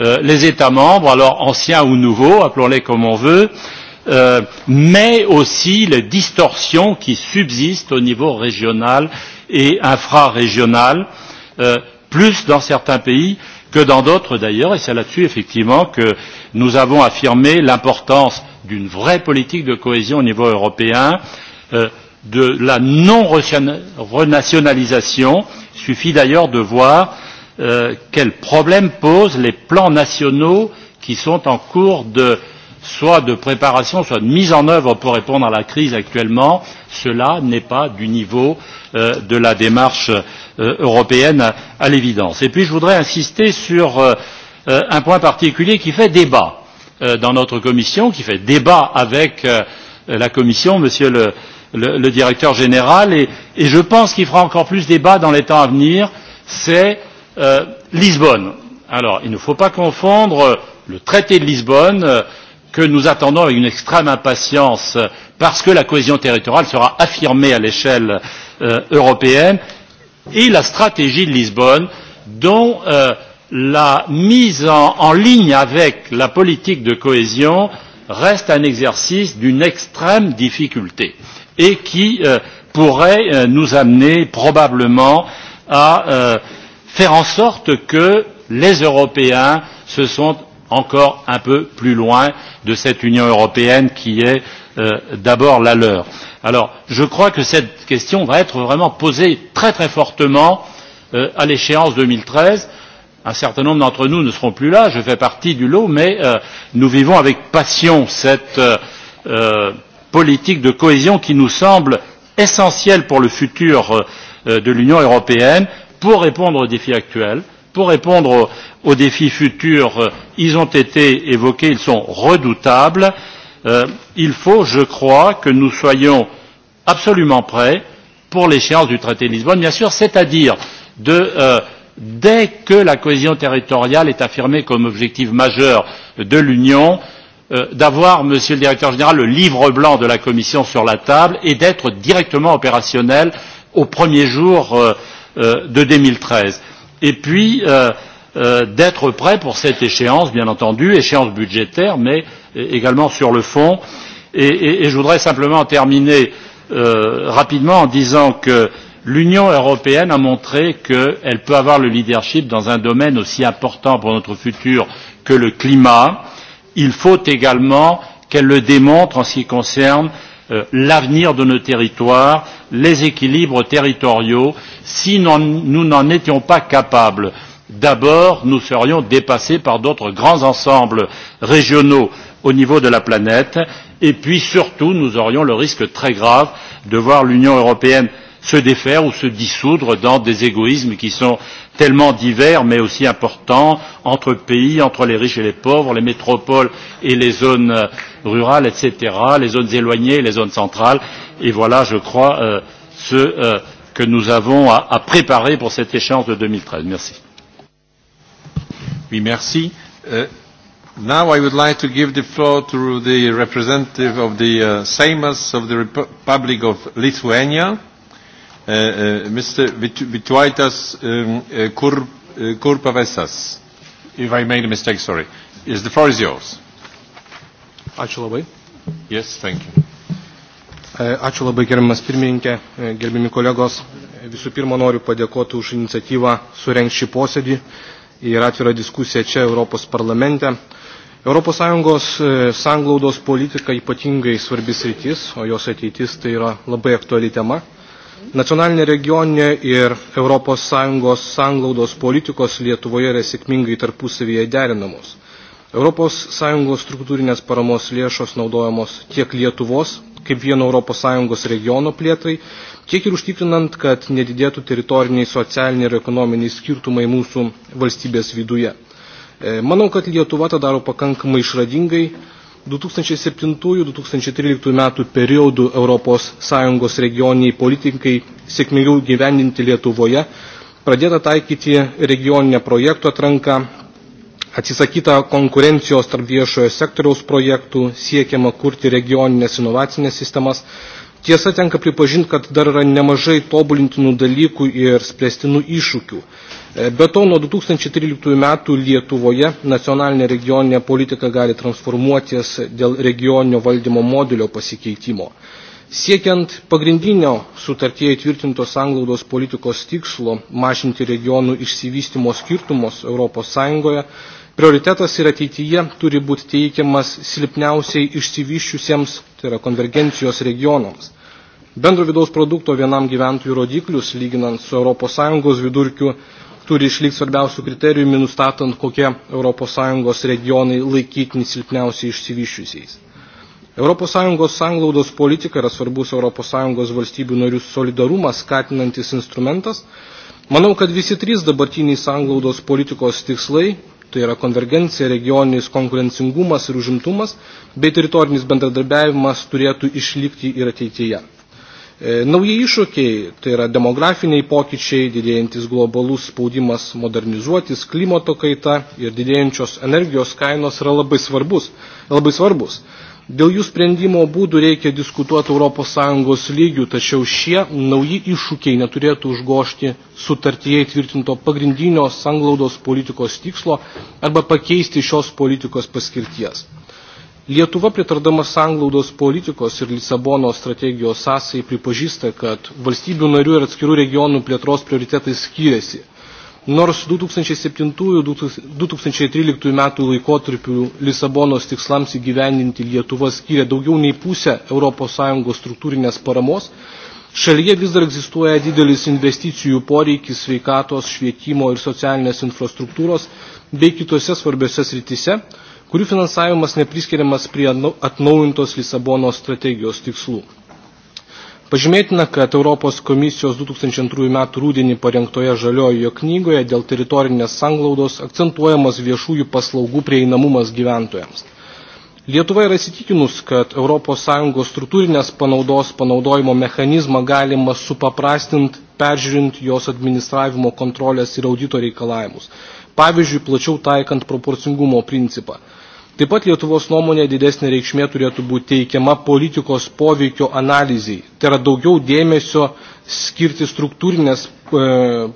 euh, les États membres, alors anciens ou nouveaux, appelons-les comme on veut, euh, euh, mais aussi les distorsions qui subsistent au niveau régional et infrarégional, euh, plus dans certains pays que dans d'autres d'ailleurs, et c'est là-dessus effectivement que nous avons affirmé l'importance d'une vraie politique de cohésion au niveau européen, euh, de la non renationalisation. Il suffit d'ailleurs de voir euh, quels problèmes posent les plans nationaux qui sont en cours de soit de préparation, soit de mise en œuvre pour répondre à la crise actuellement, cela n'est pas du niveau euh, de la démarche euh, européenne à, à l'évidence. Et puis je voudrais insister sur euh, un point particulier qui fait débat euh, dans notre commission, qui fait débat avec euh, la commission, monsieur le, le, le directeur général, et, et je pense qu'il fera encore plus débat dans les temps à venir, c'est euh, Lisbonne. Alors, il ne faut pas confondre euh, le traité de Lisbonne, euh, que nous attendons avec une extrême impatience parce que la cohésion territoriale sera affirmée à l'échelle euh, européenne et la stratégie de Lisbonne dont euh, la mise en, en ligne avec la politique de cohésion reste un exercice d'une extrême difficulté et qui euh, pourrait euh, nous amener probablement à euh, faire en sorte que les Européens se sentent encore un peu plus loin de cette Union européenne qui est euh, d'abord la leur. Alors, je crois que cette question va être vraiment posée très très fortement euh, à l'échéance 2013. Un certain nombre d'entre nous ne seront plus là, je fais partie du lot, mais euh, nous vivons avec passion cette euh, euh, politique de cohésion qui nous semble essentielle pour le futur euh, euh de l'Union européenne pour répondre aux défis actuels, pour répondre aux aux défis futurs euh, ils ont été évoqués ils sont redoutables euh, il faut je crois que nous soyons absolument prêts pour l'échéance du traité de lisbonne bien sûr c'est à dire de euh, dès que la cohésion territoriale est affirmée comme objectif majeur de l'union euh, d'avoir monsieur le directeur général le livre blanc de la commission sur la table et d'être directement opérationnel au premier jour euh, euh, de deux mille treize et puis euh, euh, d'être prêt pour cette échéance, bien entendu, échéance budgétaire, mais également sur le fond. Et, et, et je voudrais simplement terminer euh, rapidement en disant que l'Union européenne a montré qu'elle peut avoir le leadership dans un domaine aussi important pour notre futur que le climat. Il faut également qu'elle le démontre en ce qui concerne euh, l'avenir de nos territoires, les équilibres territoriaux. Si non, nous n'en étions pas capables, euh, d'abord nous serions dépassés par d'autres grands ensembles régionaux au niveau de la planète et puis surtout nous aurions le risque très grave de voir l'union européenne se défaire ou se dissoudre dans des égoïsmes qui sont tellement divers mais aussi importants entre pays, entre les riches et les pauvres, les métropoles et les zones rurales, etc., les zones éloignées et les zones centrales. Et voilà, je crois, euh, ce euh, que nous avons à, à préparer pour cette échéance de 2013. Merci. Oui, merci. Uh, now I would like to give the floor to the representative of the uh, Seimas of the Republic of Lithuania, uh, uh, Mr. Vit Vituaitas um, uh, Kur uh, Kurpavesas. If I made a mistake, sorry. Yes, the floor is yours. Ačiū labai. Yes, thank you. E, ačiū labai gerbiamas pirmininkė, e, gerbiami kolegos. E, visų pirma, noriu padėkoti už iniciatyvą surengti šį posėdį ir atvirą diskusiją čia Europos parlamente. Europos Sąjungos e, sanglaudos politika ypatingai svarbis rytis, o jos ateitis tai yra labai aktuali tema. Nacionalinė regioninė ir Europos Sąjungos sanglaudos politikos Lietuvoje yra sėkmingai tarpusavyje derinamos. Europos Sąjungos struktūrinės paramos lėšos naudojamos tiek Lietuvos kaip vieno Europos Sąjungos regiono plėtrai, tiek ir užtikrinant, kad nedidėtų teritoriniai, socialiniai ir ekonominiai skirtumai mūsų valstybės viduje. E, manau, kad Lietuva tą daro pakankamai išradingai. 2007-2013 metų periodų ES regioniniai politikai sėkmingiau gyvendinti Lietuvoje pradėta taikyti regioninę projektų atranką, atsisakyta konkurencijos tarp viešojo sektoriaus projektų, siekiama kurti regioninės inovacinės sistemas, Tiesa, tenka pripažinti, kad dar yra nemažai tobulintinų dalykų ir spręstinų iššūkių. E, be to, nuo 2013 metų Lietuvoje nacionalinė regioninė politika gali transformuotis dėl regioninio valdymo modelio pasikeitimo. Siekiant pagrindinio sutartyje įtvirtintos sanglaudos politikos tikslo mažinti regionų išsivystimo skirtumus ES, Prioritetas ir ateityje turi būti teikiamas silpniausiai išsivyščiusiems, tai yra konvergencijos regionams. Bendro vidaus produkto vienam gyventojų rodiklius, lyginant su ES vidurkiu, turi išlikti svarbiausių kriterijų, nustatant, kokie ES regionai laikytini silpniausiai išsivyščiusiais. ES sanglaudos politika yra svarbus ES valstybių narių solidarumas skatinantis instrumentas. Manau, kad visi trys dabartiniai sanglaudos politikos tikslai tai yra konvergencija, regioninis konkurencingumas ir užimtumas, bei teritorinis bendradarbiavimas turėtų išlikti ir ateityje. E, nauji iššūkiai, tai yra demografiniai pokyčiai, didėjantis globalus spaudimas modernizuotis, klimato kaita ir didėjančios energijos kainos yra labai svarbus. Labai svarbus. Dėl jų sprendimo būdų reikia diskutuoti ES lygių, tačiau šie nauji iššūkiai neturėtų užgošti sutartyje įtvirtinto pagrindinio sanglaudos politikos tikslo arba pakeisti šios politikos paskirties. Lietuva pritardama sanglaudos politikos ir Lisabono strategijos sąsai pripažįsta, kad valstybių narių ir atskirų regionų plėtros prioritetai skiriasi Nors 2007-2013 metų laikotarpių Lisabonos tikslams įgyvendinti Lietuva skyrė daugiau nei pusę ES struktūrinės paramos, šalyje vis dar egzistuoja didelis investicijų poreikis sveikatos, švietimo ir socialinės infrastruktūros bei kitose svarbiose srityse, kurių finansavimas nepriskiriamas prie atnaujintos Lisabonos strategijos tikslų. Pažymėtina, kad Europos komisijos 2002 metų rūdienį parengtoje žaliojo knygoje dėl teritorinės sanglaudos akcentuojamas viešųjų paslaugų prieinamumas gyventojams. Lietuva yra įsitikinus, kad ES struktūrinės panaudos panaudojimo mechanizmą galima supaprastinti, peržiūrint jos administravimo kontrolės ir audito reikalavimus. Pavyzdžiui, plačiau taikant proporcingumo principą – Taip pat Lietuvos nuomonė didesnė reikšmė turėtų būti teikiama politikos poveikio analizai. Tai yra daugiau dėmesio skirti struktūrinės e,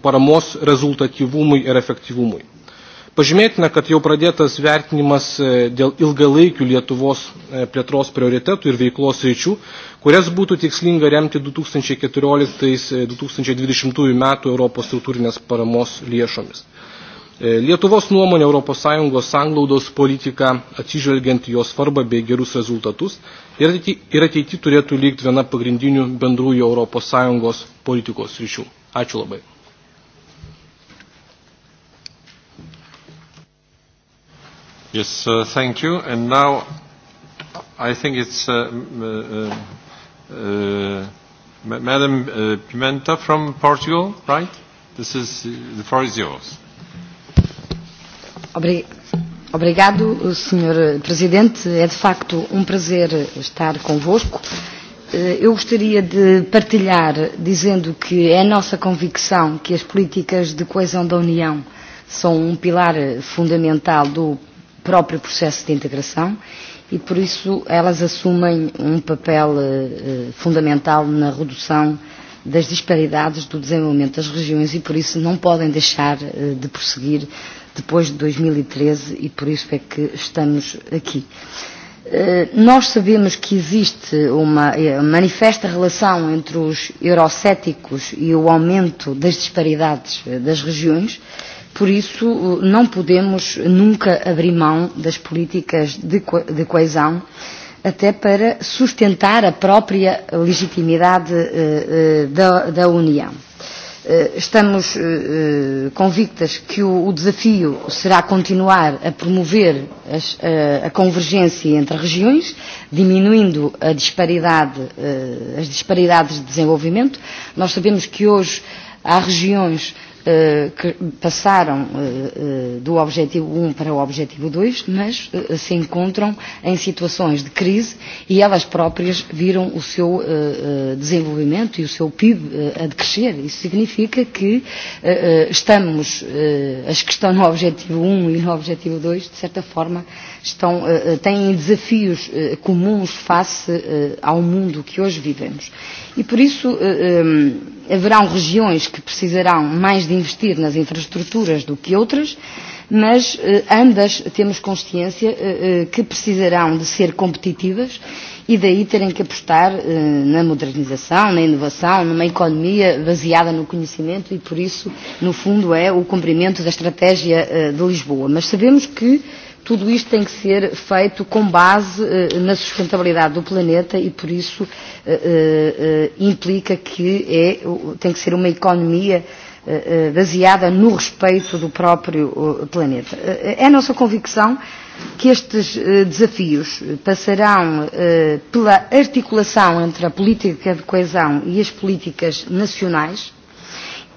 paramos rezultatyvumui ir efektyvumui. Pažymėtina, kad jau pradėtas vertinimas e, dėl ilgalaikių Lietuvos e, plėtros prioritetų ir veiklos reičių, kurias būtų tikslinga remti 2014-2020 metų Europos struktūrinės paramos lėšomis. E, Lietuvos nuomonė ES sanglaudos politika, atsižvelgiant jos svarbą bei gerus rezultatus, ir ateity turėtų lygti viena pagrindinių bendrųjų ES politikos ryšių. Ačiū labai. Yes, uh, thank you. And now I think it's uh, uh, uh, uh Madam uh, Pimenta from Portugal, right? This is, the floor is yours. Obrig... Obrigado, Sr. Presidente. É de facto um prazer estar convosco. Eh, eu gostaria de partilhar dizendo que é nossa convicção que as políticas de coesão da União são um pilar fundamental do próprio processo de integração e, por isso, elas assumem um papel eh, fundamental na redução das disparidades do desenvolvimento das regiões e, por isso, não podem deixar eh, de prosseguir depois de 2013 e, e por isso é que estamos aqui. Eh, nós sabemos que existe uma eh, manifesta relação entre os eurocéticos e o aumento das disparidades eh, das regiões, por isso não podemos nunca abrir mão das políticas de, co de coesão, até para sustentar a própria legitimidade eh, da, da União. Eh, Eh, estamos eh, eh, convictas que o desafio será continuar a promover a convergência entre regiões, diminuindo a disparidade, as disparidades de desenvolvimento. Nós sabemos que hoje há regiões Eh, passaram eh, eh, do objetivo 1 um para o objetivo 2, mas se encontram em situações de crise e elas próprias viram o seu desenvolvimento e o seu PIB a decrescer. Isso significa que estamos, as que estão no objetivo 1 um e no objetivo 2, de certa forma, estão, têm desafios comuns face ao mundo que hoje vivemos. E por isso, haverão regiões que precisarão mais de investir nas infraestruturas do que outras, mas eh, ambas temos consciência eh, eh, que precisarão de ser competitivas e daí terem que apostar eh, na modernização, na inovação, numa economia baseada no conhecimento e por isso, no fundo, é o cumprimento da estratégia eh, de Lisboa. Mas sabemos que eh, tudo isto tem que ser feito com base eh, na sustentabilidade do planeta e, por isso, eh, eh, eh implica que é, tem que ser uma economia eh, eh baseada no respeito do próprio eh, planeta. Eh, é a nossa convicção que estes eh, desafios passarão eh, pela articulação entre a política de coesão e as políticas nacionais,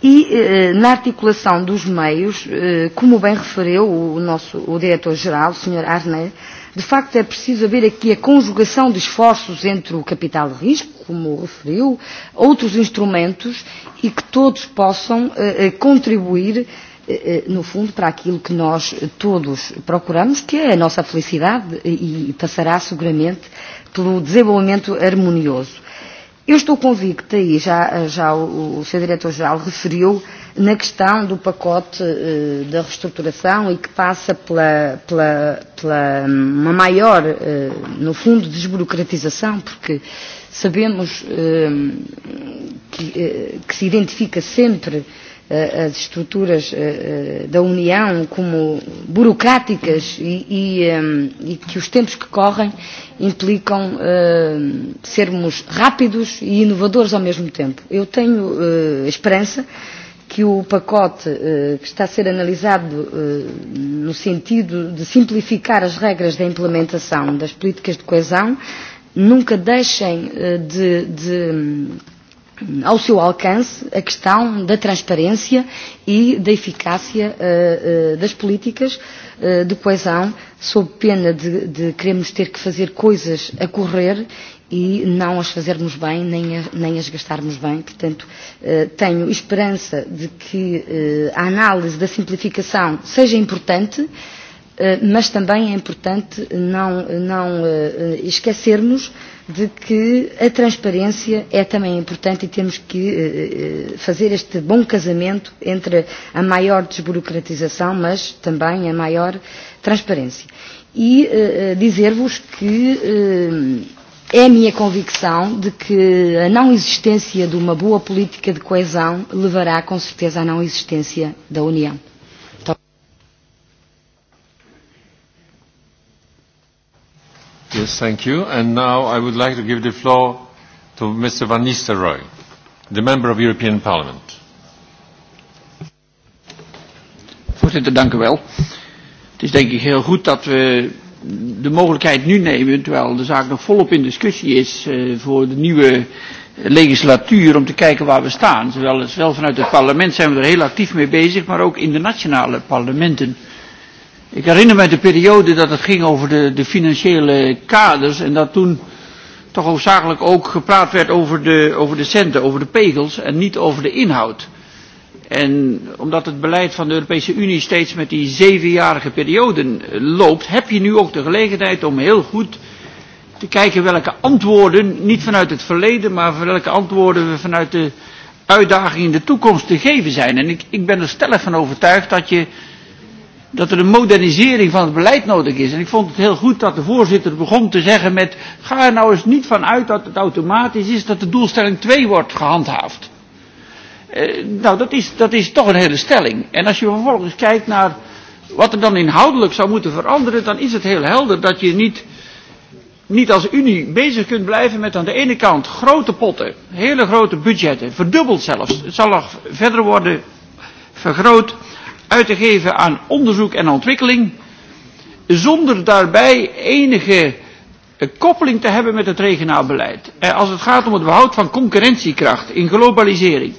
E eh, na articulação dos meios, eh, como bem referiu o nosso o diretor-geral, o Sr. Arnei, de facto é preciso haver aqui a conjugação de esforços entre o capital de risco, como referiu, outros instrumentos e que todos possam eh, eh contribuir eh, eh, no fundo, para aquilo que nós todos procuramos, que é a nossa felicidade e, e passará seguramente pelo desenvolvimento harmonioso. Eu estou convicta, e já, já o, o seu diretor-geral referiu, na questão do pacote eh, da reestruturação e que passa pela, pela, pela uma maior, eh, no fundo, desburocratização, porque sabemos eh, que, eh, que se identifica sempre eh, Eh, as estruturas eh, eh, da União como burocráticas e, e, e que os tempos que correm implicam uh, sermos rápidos e inovadores ao mesmo tempo. Eu tenho uh, esperança que o pacote uh, que está a ser analisado uh, no sentido de simplificar as regras da implementação das políticas de coesão nunca deixem uh, de, de ao seu alcance a questão da transparência e da eficácia uh, uh, das políticas uh, de coesão, sob pena de, de queremos ter que fazer coisas a correr e não as fazermos bem, nem, a, nem as gastarmos bem. Portanto, eh, tenho esperança de que eh, a análise da simplificação seja importante, eh, mas também é importante não, não eh, esquecermos eh, de que a transparência é também importante e temos que eh, eh, fazer este bom casamento entre a maior desburocratização, mas também a maior transparência. E eh, eh, dizer-vos que eh, é a minha convicção de que a não existência de uma boa política de coesão levará com certeza à não existência da União. Yes, thank you. And now I would like to give the floor to Mr. Van Nistelrooy, the member of European Parliament. Voorzitter, dank u wel. Het is denk ik heel goed dat we de mogelijkheid nu nemen, terwijl de zaak nog volop in discussie is uh, voor de nieuwe legislatuur, om te kijken waar we staan. Zowel, zowel vanuit het parlement zijn we er heel actief mee bezig, maar ook in de nationale parlementen. Uh, Ik herinner mij de periode dat het ging over de, de financiële kaders en dat toen toch hoofdzakelijk ook gepraat werd over de, over de centen, over de pegels en niet over de inhoud. En omdat het beleid van de Europese Unie steeds met die zevenjarige perioden loopt, heb je nu ook de gelegenheid om heel goed te kijken welke antwoorden, niet vanuit het verleden, maar welke antwoorden we vanuit de uitdaging in de toekomst te geven zijn. En ik, ik ben er stellig van overtuigd dat je dat er een modernisering van het beleid nodig is. En ik vond het heel goed dat de voorzitter begon te zeggen met... ga er nou eens niet van uit dat het automatisch is dat de doelstelling 2 wordt gehandhaafd. Eh, nou, dat is, dat is toch een hele stelling. En als je vervolgens kijkt naar wat er dan inhoudelijk zou moeten veranderen... dan is het heel helder dat je niet, niet als Unie bezig kunt blijven met aan de ene kant grote potten... hele grote budgetten, verdubbeld zelfs. Het zal nog verder worden vergroot uit te geven aan onderzoek en ontwikkeling, zonder daarbij enige eh, koppeling te hebben met het regionaal beleid. Eh, als het gaat om het behoud van concurrentiekracht in globalisering,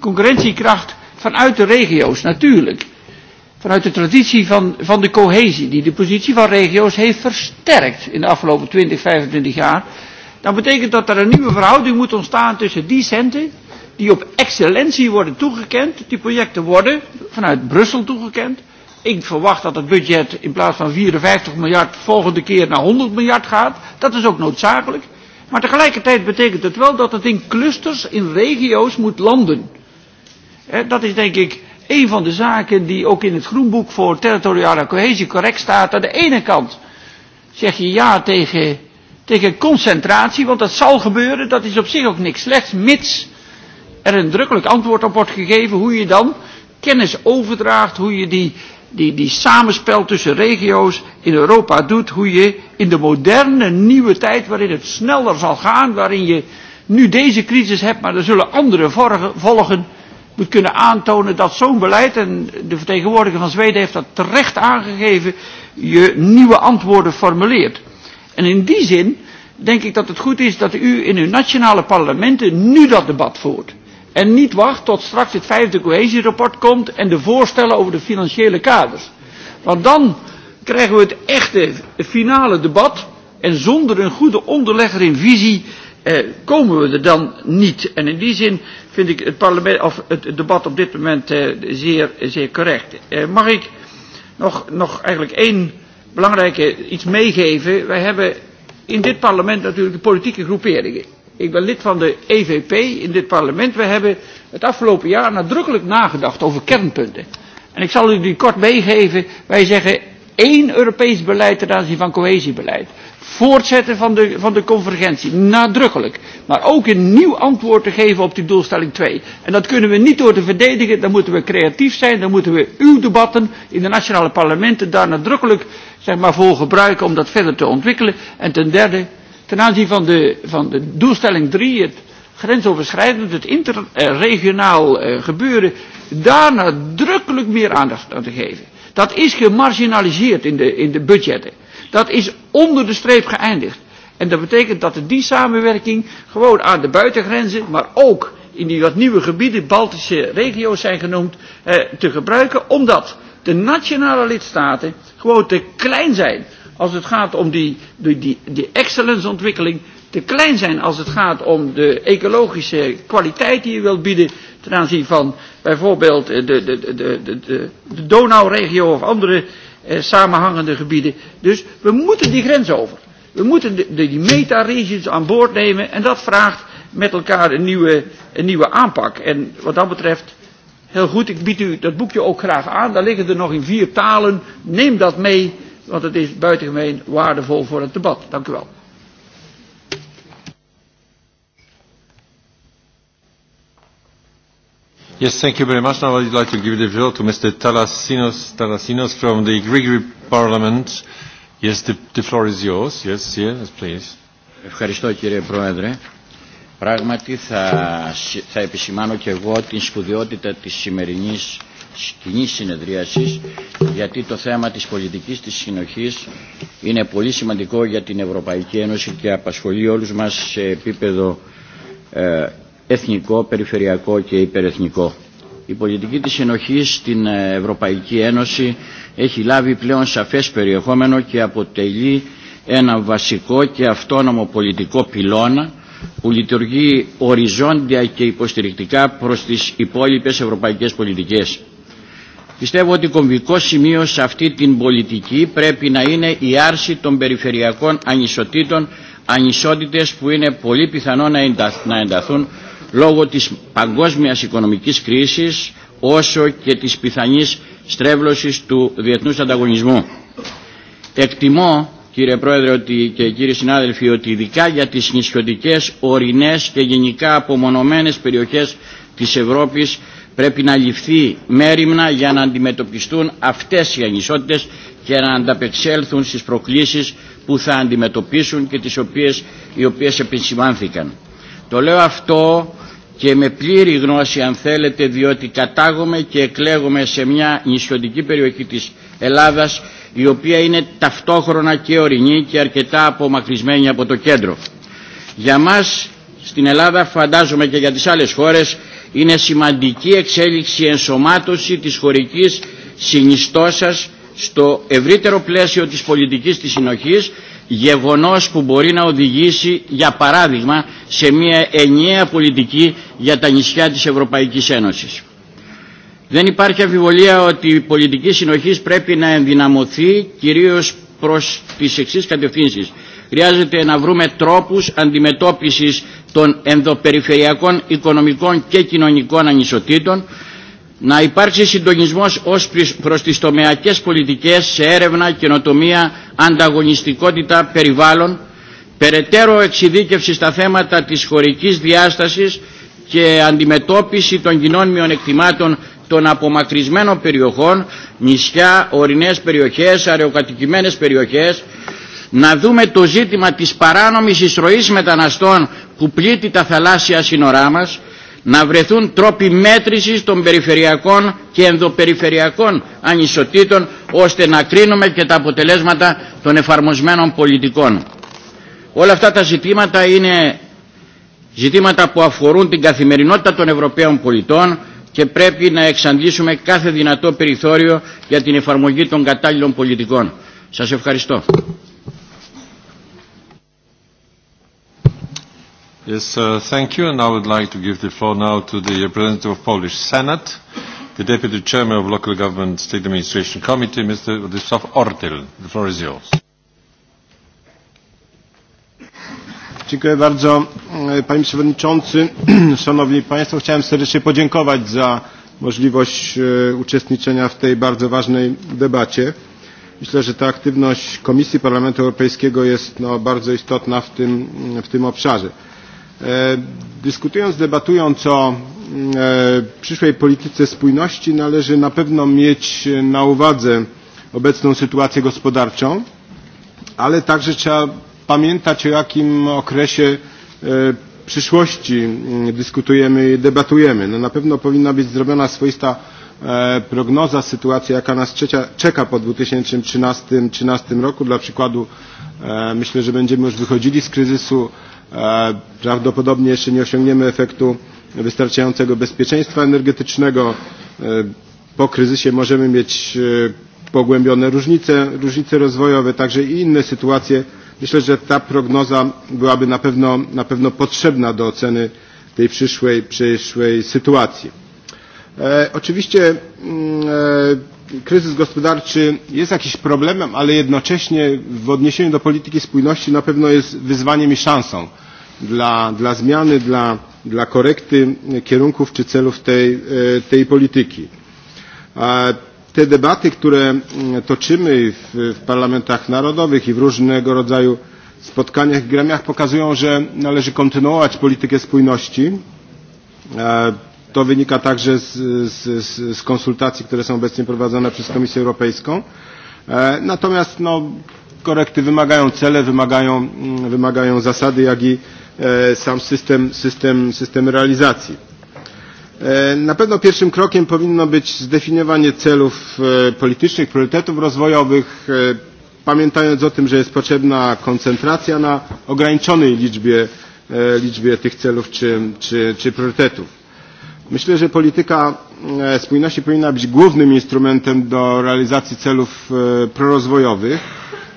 concurrentiekracht vanuit de regio's natuurlijk, vanuit de traditie van, van de cohesie, die de positie van regio's heeft versterkt in de afgelopen 20, 25 jaar, dan betekent dat er een nieuwe verhouding moet ontstaan tussen die centen die op excellentie worden toegekend. Die projecten worden vanuit Brussel toegekend. Ik verwacht dat het budget in plaats van 54 miljard volgende keer naar 100 miljard gaat. Dat is ook noodzakelijk. Maar tegelijkertijd betekent het wel dat het in clusters, in regio's moet landen. He, dat is denk ik een van de zaken die ook in het groenboek voor territoriale cohesie correct staat. Aan de ene kant zeg je ja tegen, tegen concentratie, want dat zal gebeuren. Dat is op zich ook niks slechts, mits er een drukkelijk antwoord op wordt gegeven hoe je dan kennis overdraagt, hoe je die, die, die samenspel tussen regio's in Europa doet, hoe je in de moderne nieuwe tijd waarin het sneller zal gaan, waarin je nu deze crisis hebt, maar er zullen andere volgen, moet kunnen aantonen dat zo'n beleid, en de vertegenwoordiger van Zweden heeft dat terecht aangegeven, je nieuwe antwoorden formuleert. En in die zin denk ik dat het goed is dat u in uw nationale parlementen nu dat debat voert. En niet wacht tot straks het vijfde cohesierapport komt en de voorstellen over de financiële kaders. Want dan krijgen we het echte finale debat. En zonder een goede onderlegger in visie eh, komen we er dan niet. En in die zin vind ik het, parlement, of het debat op dit moment eh, zeer, zeer correct. Eh, mag ik nog, nog eigenlijk één belangrijke iets meegeven? Wij hebben in dit parlement natuurlijk de politieke groeperingen. Ik ben lid van de EVP in dit parlement. We hebben het afgelopen jaar nadrukkelijk nagedacht over kernpunten. En ik zal u die kort meegeven. Wij zeggen één Europees beleid ten aanzien van cohesiebeleid. Voortzetten van de, van de convergentie, nadrukkelijk. Maar ook een nieuw antwoord te geven op die doelstelling 2. En dat kunnen we niet door te verdedigen, dan moeten we creatief zijn, dan moeten we uw debatten in de nationale parlementen daar nadrukkelijk zeg maar, voor gebruiken om dat verder te ontwikkelen. En ten derde, ten aanzien van de, van de doelstelling 3, het grensoverschrijdend, het interregionaal uh, uh, gebeuren, daar nadrukkelijk meer aandacht aan te geven. Dat is gemarginaliseerd in de, in de budgetten. Dat is onder de streep geëindigd. En dat betekent dat die samenwerking gewoon aan de buitengrenzen, maar ook in die wat nieuwe gebieden, Baltische regio's zijn genoemd, eh, te gebruiken, omdat de nationale lidstaten gewoon te klein zijn als het gaat om die, die, die, die excellence ontwikkeling te klein zijn als het gaat om de ecologische kwaliteit die je wilt bieden ten aanzien van bijvoorbeeld de, de, de, de, de, de Donauregio of andere eh, samenhangende gebieden. Dus we moeten die grens over. We moeten de, de, die meta-regions aan boord nemen en dat vraagt met elkaar een nieuwe, een nieuwe aanpak. En wat dat betreft, heel goed, ik bied u dat boekje ook graag aan. Daar liggen er nog in vier talen. Neem dat mee want het is buitengemeen waardevol voor het debat. Dank u wel. Yes, thank you very much. Now I'd like to give the floor to Mr. Talasinos, Talasinos from the Greek Parliament. Yes, the, the floor is yours. Yes, yes, please. Ευχαριστώ κύριε Πρόεδρε. Πράγματι θα, θα επισημάνω και εγώ την σπουδαιότητα της σημερινής κοινή συνεδρίασης γιατί το θέμα της πολιτικής της συνοχής είναι πολύ σημαντικό για την Ευρωπαϊκή Ένωση και απασχολεί όλους μας σε επίπεδο ε, εθνικό, περιφερειακό και υπερεθνικό. Η πολιτική της συνοχής στην Ευρωπαϊκή Ένωση έχει λάβει πλέον σαφές περιεχόμενο και αποτελεί ένα βασικό και αυτόνομο πολιτικό πυλώνα που λειτουργεί οριζόντια και υποστηρικτικά προς τις υπόλοιπες ευρωπαϊκές πολιτικές. Πιστεύω ότι κομβικό σημείο σε αυτή την πολιτική πρέπει να είναι η άρση των περιφερειακών ανισοτήτων, ανισότητες που είναι πολύ πιθανό να ενταθούν λόγω της παγκόσμιας οικονομικής κρίσης όσο και της πιθανής στρέβλωσης του διεθνούς ανταγωνισμού. Εκτιμώ, κύριε Πρόεδρε ότι, και κύριοι συνάδελφοι, ότι ειδικά για τις νησιωτικές, ορεινές και γενικά απομονωμένες περιοχές της Ευρώπης πρέπει να ληφθεί μέρημνα για να αντιμετωπιστούν αυτές οι ανισότητες και να ανταπεξέλθουν στις προκλήσεις που θα αντιμετωπίσουν και τις οποίες, οι οποίες επισημάνθηκαν. Το λέω αυτό και με πλήρη γνώση αν θέλετε διότι κατάγομαι και εκλέγομαι σε μια νησιωτική περιοχή της Ελλάδας η οποία είναι ταυτόχρονα και ορεινή και αρκετά απομακρυσμένη από το κέντρο. Για μας στην Ελλάδα φαντάζομαι και για τις άλλες χώρες είναι σημαντική εξέλιξη ενσωμάτωση της χωρικής συνιστώσας στο ευρύτερο πλαίσιο της πολιτικής της συνοχής, γεγονός που μπορεί να οδηγήσει, για παράδειγμα, σε μια ενιαία πολιτική για τα νησιά της Ευρωπαϊκής Ένωσης. Δεν υπάρχει αμφιβολία ότι η πολιτική συνοχής πρέπει να ενδυναμωθεί κυρίως προς τις εξής κατευθύνσεις χρειάζεται να βρούμε τρόπους αντιμετώπισης των ενδοπεριφερειακών οικονομικών και κοινωνικών ανισοτήτων, να υπάρξει συντονισμός ως προς τις τομεακές πολιτικές σε έρευνα, καινοτομία, ανταγωνιστικότητα, περιβάλλον, περαιτέρω εξειδίκευση στα θέματα της χωρικής διάστασης και αντιμετώπιση των κοινών μειονεκτημάτων των απομακρυσμένων περιοχών, νησιά, ορεινές περιοχές, αραιοκατοικημένες περιοχές, να δούμε το ζήτημα της παράνομης εισρωής μεταναστών που πλήττει τα θαλάσσια σύνορά μας, να βρεθούν τρόποι μέτρησης των περιφερειακών και ενδοπεριφερειακών ανισοτήτων ώστε να κρίνουμε και τα αποτελέσματα των εφαρμοσμένων πολιτικών. Όλα αυτά τα ζητήματα είναι ζητήματα που αφορούν την καθημερινότητα των Ευρωπαίων πολιτών και πρέπει να εξαντλήσουμε κάθε δυνατό περιθώριο για την εφαρμογή των κατάλληλων πολιτικών. Σας ευχαριστώ. Yes, uh, thank you, and I would like to give the floor now to the representative of Polish Senate, the Deputy Chairman of Local Government State Administration Committee, Mr. Władysław Ortyl. The floor is yours. Dziękuję bardzo, e, Panie Przewodniczący. Szanowni Państwo, chciałem serdecznie podziękować za możliwość e, uczestniczenia w tej bardzo ważnej debacie. Myślę, że ta aktywność Komisji Parlamentu Europejskiego jest no, bardzo istotna w tym, w tym obszarze. E, dyskutując, debatując o e, przyszłej polityce spójności należy na pewno mieć na uwadze obecną sytuację gospodarczą, ale także trzeba pamiętać o jakim okresie e, przyszłości dyskutujemy i debatujemy. No, na pewno powinna być zrobiona swoista prognoza sytuacji, jaka nas trzecia, czeka po 2013 roku. Dla przykładu myślę, że będziemy już wychodzili z kryzysu Prawdopodobnie jeszcze nie osiągniemy efektu wystarczającego bezpieczeństwa energetycznego. E, po kryzysie możemy mieć e, pogłębione różnice, różnice rozwojowe, także i inne sytuacje. Myślę, że ta prognoza byłaby na pewno, na pewno potrzebna do oceny tej przyszłej, przyszłej sytuacji. E, oczywiście mm, e, kryzys gospodarczy jest jakiś problemem, ale jednocześnie w odniesieniu do polityki spójności na pewno jest wyzwaniem i szansą dla, dla zmiany, dla, dla korekty kierunków czy celów tej, e, tej polityki. Te debaty, które toczymy w, w parlamentach narodowych i w różnego rodzaju spotkaniach i gremiach pokazują, że należy kontynuować politykę spójności. E, to wynika także z, z, z konsultacji, które są obecnie prowadzone przez Komisję Europejską. E, natomiast no, korekty wymagają cele, wymagają, wymagają zasady, jak i, E, sam system, system, system realizacji. E, na pewno pierwszym krokiem powinno być zdefiniowanie celów e, politycznych, priorytetów rozwojowych, pamiętając o tym, że jest potrzebna koncentracja na ograniczonej liczbie, liczbie tych celów czy, czy, czy priorytetów. Myślę, że polityka spójności powinna być głównym instrumentem do realizacji celów prorozwojowych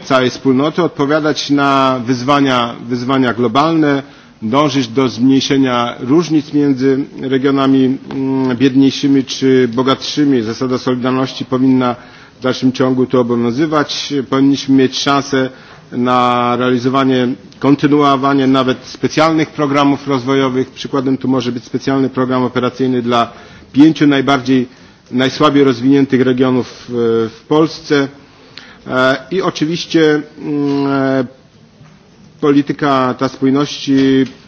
całej wspólnoty, odpowiadać na wyzwania, wyzwania globalne, dążyć do zmniejszenia różnic między regionami mm, biedniejszymi czy bogatszymi. Zasada solidarności powinna w dalszym ciągu tu obowiązywać. Powinniśmy mieć szansę na realizowanie, kontynuowanie nawet specjalnych programów rozwojowych. Przykładem tu może być specjalny program operacyjny dla pięciu najbardziej, najsłabiej rozwiniętych regionów w Polsce E, I oczywiście mm, e, polityka ta spójności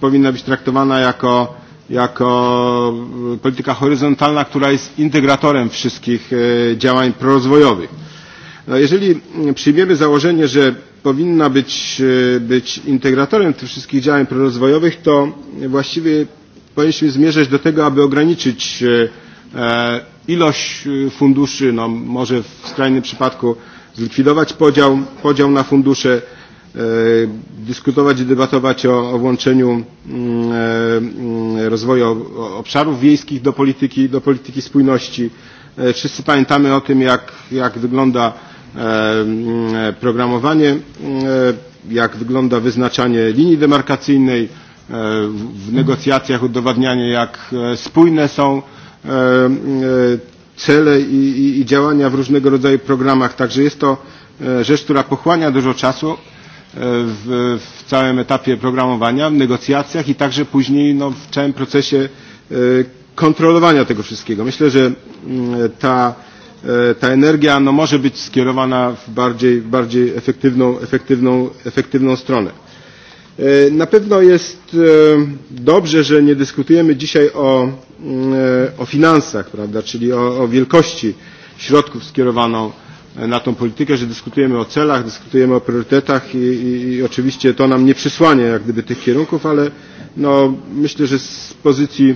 powinna być traktowana jako, jako e, polityka horyzontalna, która jest integratorem wszystkich działań prorozwojowych. No jeżeli przyjmiemy założenie, że powinna być, być integratorem tych wszystkich działań prorozwojowych, to właściwie powinniśmy zmierzać do tego, aby ograniczyć ilość funduszy, no może w skrajnym przypadku zlikwidować podział, podział na fundusze, e, dyskutować i debatować o, o włączeniu mm, e, mm, rozwoju obszarów wiejskich do polityki, do polityki spójności. E, wszyscy pamiętamy o tym, jak, jak wygląda mm, programowanie, jak wygląda wyznaczanie linii demarkacyjnej, w negocjacjach udowadnianie, jak spójne są cele i, i, i działania w różnego rodzaju programach. Także jest to e, rzecz, która pochłania dużo czasu e, w, w całym etapie programowania, w negocjacjach i także później no, w całym procesie e, kontrolowania tego wszystkiego. Myślę, że mm, ta, ta energia no, może być skierowana w bardziej, bardziej efektywną, efektywną, efektywną stronę. Na pewno jest dobrze, że nie dyskutujemy dzisiaj o E, o finansach, prawda, czyli o, o wielkości środków skierowano na tą politykę, że dyskutujemy o celach, dyskutujemy o priorytetach i, i, i oczywiście to nam nie przysłania jak gdyby tych kierunków, ale no, myślę, że z pozycji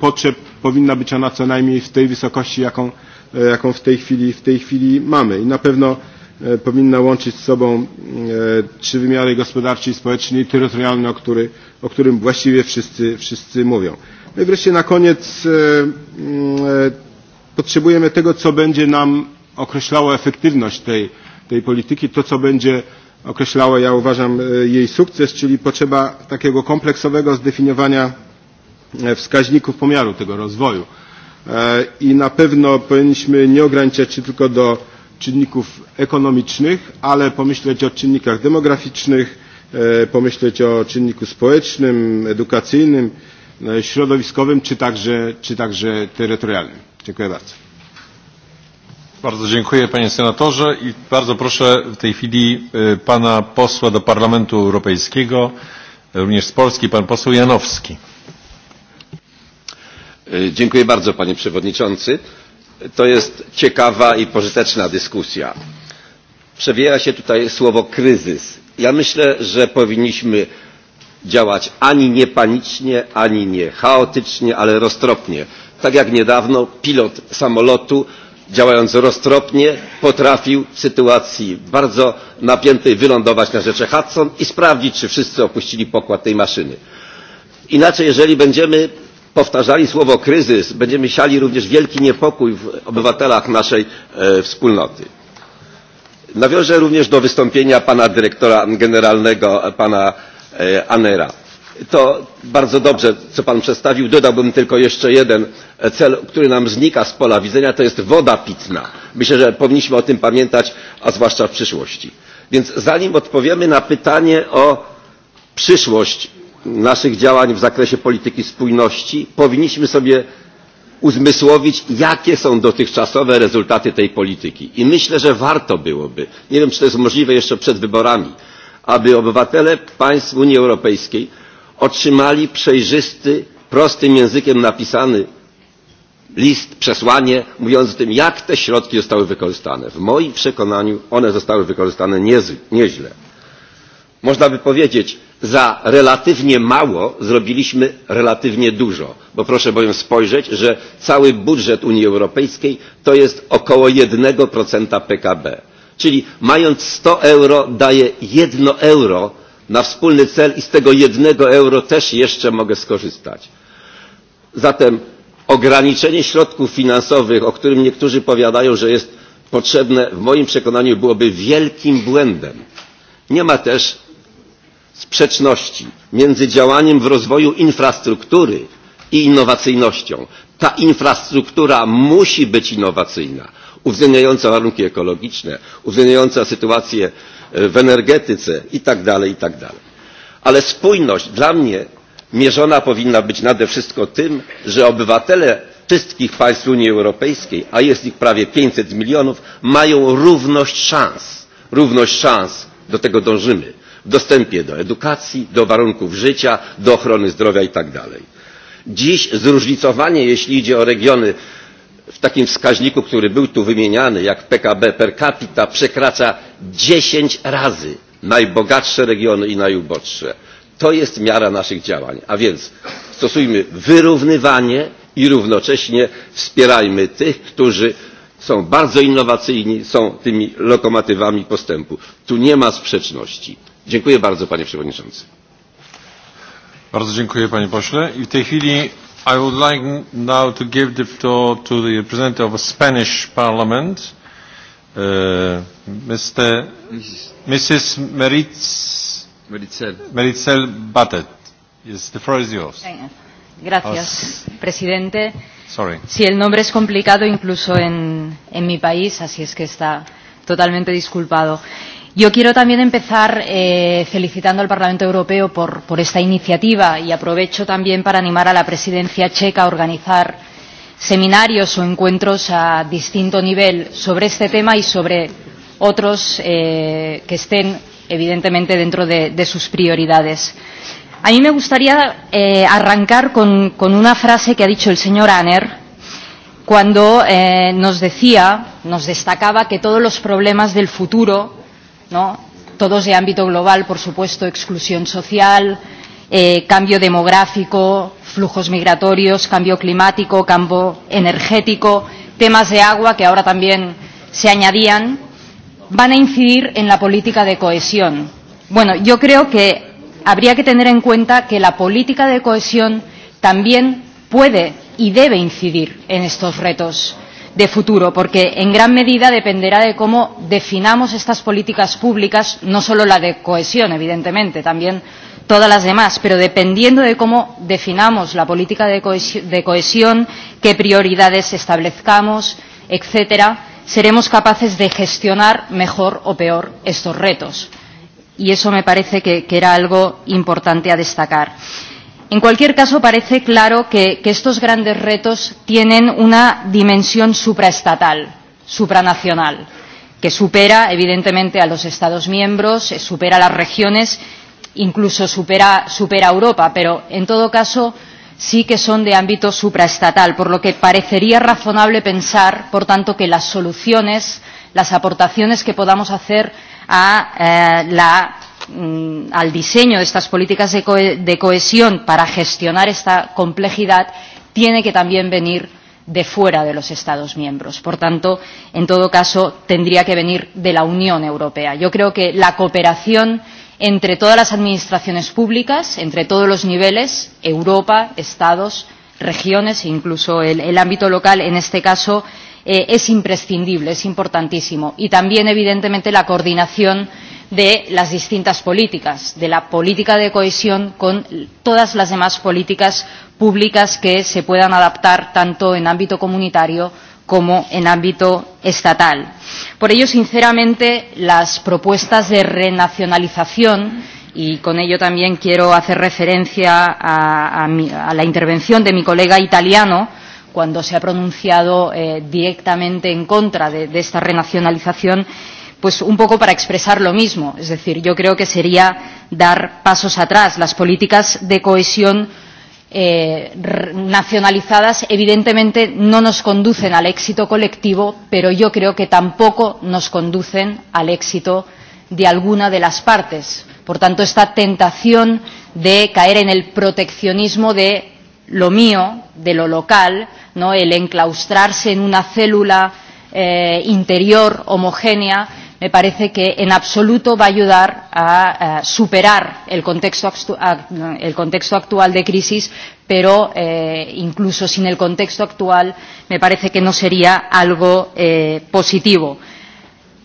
potrzeb powinna być ona co najmniej w tej wysokości, jaką, e, jaką w, tej chwili, w tej chwili mamy. I na pewno e, powinna łączyć z sobą trzy wymiary gospodarczy, społeczny i terytorialny, o, który, o którym właściwie wszyscy, wszyscy mówią. No i wreszcie na koniec e, e, potrzebujemy tego, co będzie nam określało efektywność tej, tej polityki, to co będzie określało, ja uważam, e, jej sukces, czyli potrzeba takiego kompleksowego zdefiniowania wskaźników pomiaru tego rozwoju. I na pewno powinniśmy nie ograniczać się tylko do czynników ekonomicznych, ale pomyśleć o czynnikach demograficznych, pomyśleć o czynniku społecznym, edukacyjnym, E, środowiskowym, czy także, czy także terytorialnym. Dziękuję bardzo. Bardzo dziękuję panie senatorze i bardzo proszę w tej chwili e, pana posła do Parlamentu Europejskiego, e, również z Polski, pan poseł Janowski. Dziękuję bardzo panie przewodniczący. To jest ciekawa i pożyteczna dyskusja. Przewiera się tutaj słowo kryzys. Ja myślę, że powinniśmy działać ani nie panicznie, ani nie chaotycznie, ale roztropnie. Tak jak niedawno pilot samolotu działając roztropnie potrafił w sytuacji bardzo napiętej wylądować na rzece Hudson i sprawdzić, czy wszyscy opuścili pokład tej maszyny. Inaczej, jeżeli będziemy powtarzali słowo kryzys, będziemy siali również wielki niepokój w obywatelach naszej e, wspólnoty. Nawiążę również do wystąpienia pana dyrektora generalnego, pana E, anera. to bardzo dobrze co pan przedstawił dodałbym tylko jeszcze jeden e, cel który nam znika z pola widzenia to jest woda pitna. myślę że powinniśmy o tym pamiętać a zwłaszcza w przyszłości. więc zanim odpowiemy na pytanie o przyszłość naszych działań w zakresie polityki spójności powinniśmy sobie uzmysłowić jakie są dotychczasowe rezultaty tej polityki i myślę że warto byłoby nie wiem czy to jest możliwe jeszcze przed wyborami aby obywatele państw Unii Europejskiej otrzymali przejrzysty, prostym językiem napisany list, przesłanie mówiące o tym, jak te środki zostały wykorzystane. W moim przekonaniu one zostały wykorzystane niezły, nieźle. Można by powiedzieć, za relatywnie mało zrobiliśmy relatywnie dużo, bo proszę bowiem spojrzeć, że cały budżet Unii Europejskiej to jest około 1% PKB Czyli mając 100 euro daję 1 euro na wspólny cel i z tego jednego euro też jeszcze mogę skorzystać. Zatem ograniczenie środków finansowych, o którym niektórzy powiadają, że jest potrzebne, w moim przekonaniu byłoby wielkim błędem. Nie ma też sprzeczności między działaniem w rozwoju infrastruktury i innowacyjnością. Ta infrastruktura musi być innowacyjna uwzględniająca warunki ekologiczne, uwzględniająca sytuację e, w energetyce itd. itd. Ale spójność dla mnie mierzona powinna być nade wszystko tym, że obywatele wszystkich państw Unii Europejskiej, a jest ich prawie 500 milionów, mają równość szans. Równość szans, do tego dążymy, w dostępie do edukacji, do warunków życia, do ochrony zdrowia itd. Dziś zróżnicowanie, jeśli idzie o regiony takim wskaźniku, który był tu wymieniany, jak PKB per capita, przekracza 10 razy najbogatsze regiony i najuboższe. To jest miara naszych działań. A więc stosujmy wyrównywanie i równocześnie wspierajmy tych, którzy są bardzo innowacyjni, są tymi lokomotywami postępu. Tu nie ma sprzeczności. Dziękuję bardzo, panie przewodniczący. Bardzo dziękuję, panie pośle. I w tej chwili I would like now to give the floor to the representative of the Spanish Parliament, uh, Mr. Mrs. Meritz, Meritzel. Meritzel Batet. Yes, the floor is yours. Gracias, Os. presidente. Sorry. Sí, el nombre es complicado incluso en, en mi país, así es que está totalmente disculpado. Eh, Yo quiero también empezar eh, felicitando al Parlamento Europeo por, por esta iniciativa y aprovecho también para animar a la presidencia checa a organizar seminarios o encuentros a distinto nivel sobre este tema y sobre otros eh, que estén evidentemente dentro de, de sus prioridades. A mí me gustaría eh, arrancar con, con una frase que ha dicho el señor Anner, cuando eh, nos decía, nos destacaba que todos los problemas del futuro ¿no? todos de ámbito global, por supuesto, exclusión social, eh, cambio demográfico, flujos migratorios, cambio climático, cambio energético, temas de agua que ahora también se añadían, van a incidir en la política de cohesión. Bueno, yo creo que habría que tener en cuenta que la política de cohesión también puede y debe incidir en estos retos de futuro porque en gran medida dependerá de cómo definamos estas políticas públicas no solo la de cohesión evidentemente también todas las demás pero dependiendo de cómo definamos la política de cohesión, de cohesión qué prioridades establezcamos etcétera seremos capaces de gestionar mejor o peor estos retos y eso me parece que, que era algo importante a destacar. Eh, En cualquier caso, parece claro que, que estos grandes retos tienen una dimensión supraestatal, supranacional, que supera, evidentemente, a los Estados miembros, eh, supera a las regiones, incluso supera, supera a Europa, pero, en todo caso, sí que son de ámbito supraestatal, por lo que parecería razonable pensar, por tanto, que las soluciones, las aportaciones que podamos hacer a eh, la mm, al diseño de estas políticas de, cohe de cohesión para gestionar esta complejidad tiene que también venir de fuera de los Estados miembros. Por tanto, en todo caso, tendría que venir de la Unión Europea. Yo creo que la cooperación entre todas las administraciones públicas, entre todos los niveles, Europa, Estados, regiones e incluso el, el ámbito local, en este caso, eh, es imprescindible, es importantísimo. Y también, evidentemente, la coordinación eh, de las distintas políticas, de la política de cohesión con todas las demás políticas públicas que se puedan adaptar tanto en ámbito comunitario como en ámbito estatal. Por ello, sinceramente, las propuestas de renacionalización y con ello también quiero hacer referencia a, a, mi, a la intervención de mi colega italiano cuando se ha pronunciado eh, directamente en contra de, de esta renacionalización pues un poco para expresar lo mismo. Es decir, yo creo que sería dar pasos atrás. Las políticas de cohesión eh, nacionalizadas evidentemente no nos conducen al éxito colectivo, pero yo creo que tampoco nos conducen al éxito de alguna de las partes. Por tanto, esta tentación de caer en el proteccionismo de lo mío, de lo local, ¿no? el enclaustrarse en una célula eh, interior homogénea, me parece que en absoluto va a ayudar a, a eh, superar el contexto, a, el contexto actual de crisis, pero eh, incluso sin el contexto actual me parece que no sería algo eh, positivo.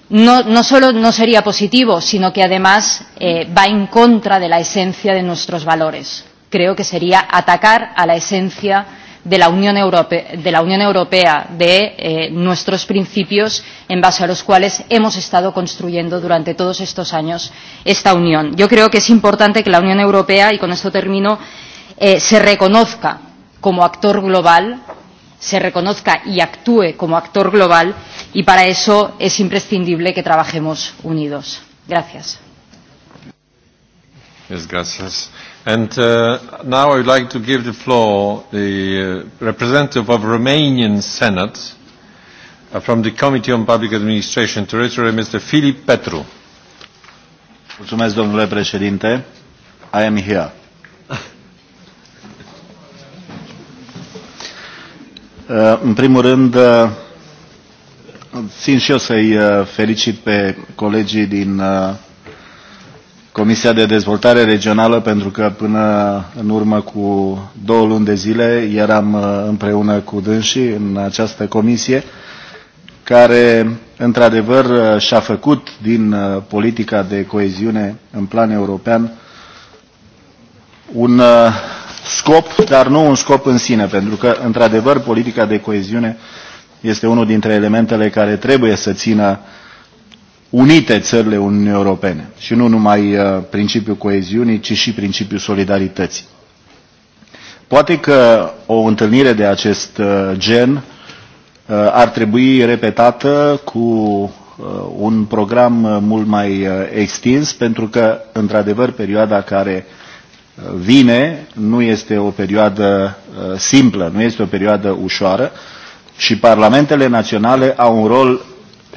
No, no solo no sería positivo, sino que además eh, va en contra de la esencia de nuestros valores. Creo que sería atacar a la esencia de la Unión Europea, de, la Unión Europea, de eh, nuestros principios en base a los cuales hemos estado construyendo durante todos estos años esta Unión. Yo creo que es importante que la Unión Europea, y con esto termino, eh, se reconozca como actor global, se reconozca y actúe como actor global, y para eso es imprescindible que trabajemos unidos. Gracias. Yes, gracias. And uh, now I would like to give the floor the uh, representative of Romanian Senate uh, from the Committee on Public Administration Territory, Mr. Filip Petru. Mulțumesc, domnule președinte. I am here. Uh, în primul rând, uh, țin și eu să-i uh, felicit pe colegii din Comisia de Dezvoltare Regională pentru că până în urmă cu două luni de zile eram uh, împreună cu dânsii în această comisie care într-adevăr uh, și-a făcut din uh, politica de coeziune în plan european un scop, dar nu un scop în sine, pentru că într-adevăr politica de coeziune este unul dintre elementele care trebuie să țină uh, unite țările Uniunii Europene și nu numai uh, principiul coeziunii, ci și principiul solidarității. Poate că o întâlnire de acest uh, gen uh, ar trebui repetată cu un program mult mai extins, pentru că, într-adevăr, perioada care vine nu este o perioadă simplă, nu este o perioadă ușoară și parlamentele naționale au un rol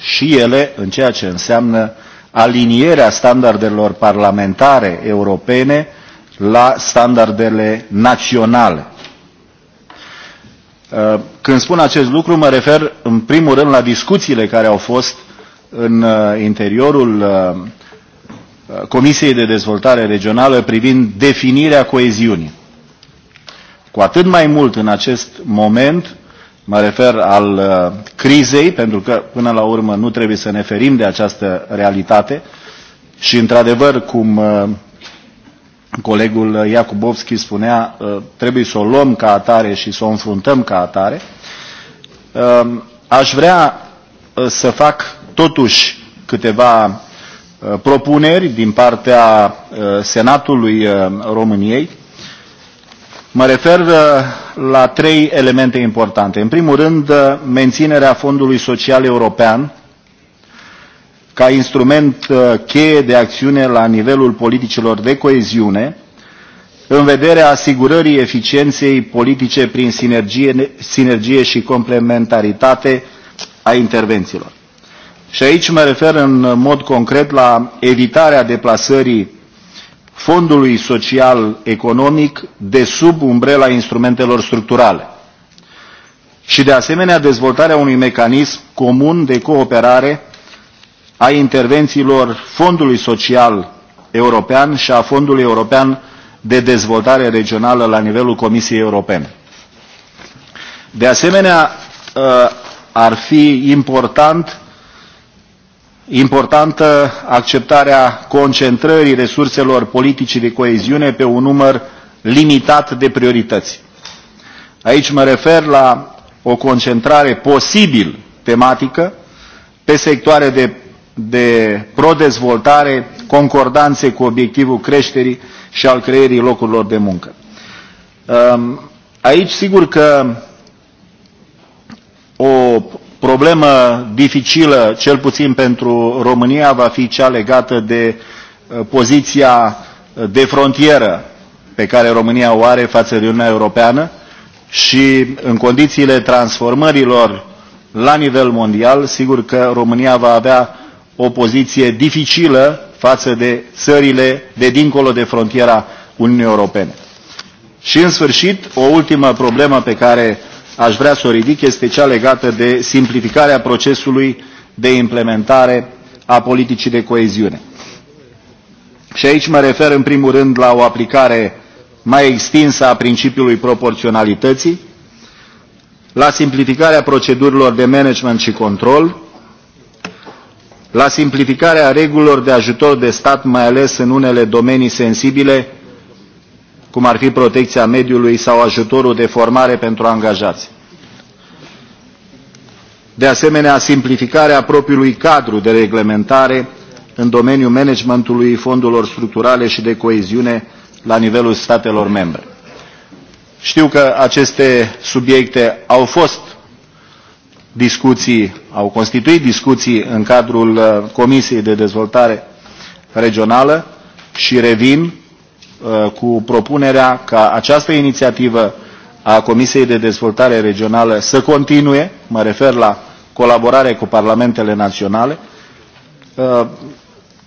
și ele în ceea ce înseamnă alinierea standardelor parlamentare europene la standardele naționale. Uh, când spun acest lucru, mă refer în primul rând la discuțiile care au fost în uh, interiorul uh, Comisiei de Dezvoltare Regională privind definirea coeziunii. Cu atât mai mult în acest moment Mă refer al uh, crizei, pentru că până la urmă nu trebuie să ne ferim de această realitate și într-adevăr, cum uh, colegul Iacubovski spunea, uh, trebuie să o luăm ca atare și să o înfruntăm ca atare. Uh, aș vrea uh, să fac totuși câteva uh, propuneri din partea Senatului României Mă refer uh, la trei elemente importante. În primul rând, uh, menținerea Fondului Social European ca instrument uh, cheie de acțiune la nivelul politicilor de coeziune, în vederea asigurării eficienței politice prin sinergie, sinergie și complementaritate a intervențiilor. Și aici mă refer în mod concret la evitarea deplasării Fondului Social Economic de sub umbrela instrumentelor structurale și de asemenea dezvoltarea unui mecanism comun de cooperare a intervențiilor Fondului Social European și a Fondului European de Dezvoltare Regională la nivelul Comisiei Europene. De asemenea, ar fi important importantă acceptarea concentrării resurselor politicii de coeziune pe un număr limitat de priorități. Aici mă refer la o concentrare posibil tematică pe sectoare de, de prodezvoltare, concordanțe cu obiectivul creșterii și al creierii locurilor de muncă. Um, aici, sigur că o problemă dificilă, cel puțin pentru România, va fi cea legată de eh, poziția de frontieră pe care România o are față de Uniunea Europeană și în condițiile transformărilor la nivel mondial, sigur că România va avea o poziție dificilă față de țările de dincolo de frontiera Uniunii Europene. Și în sfârșit, o ultimă problemă pe care aș vrea să o ridic este cea legată de simplificarea procesului de implementare a politicii de coeziune. Și aici mă refer în primul rând la o aplicare mai extinsă a principiului proporționalității, la simplificarea procedurilor de management și control, la simplificarea regulilor de ajutor de stat, mai ales în unele domenii sensibile, cum ar fi protecția mediului sau ajutorul de formare pentru angajați. De asemenea, simplificarea propriului cadru de reglementare în domeniul managementului fondurilor structurale și de coeziune la nivelul statelor membre. Știu că aceste subiecte au fost discuții, au constituit discuții în cadrul uh, Comisiei de Dezvoltare Regională și revin Uh, cu propunerea ca această inițiativă a Comisiei de Dezvoltare Regională să continue, mă refer la colaborare cu parlamentele naționale, uh,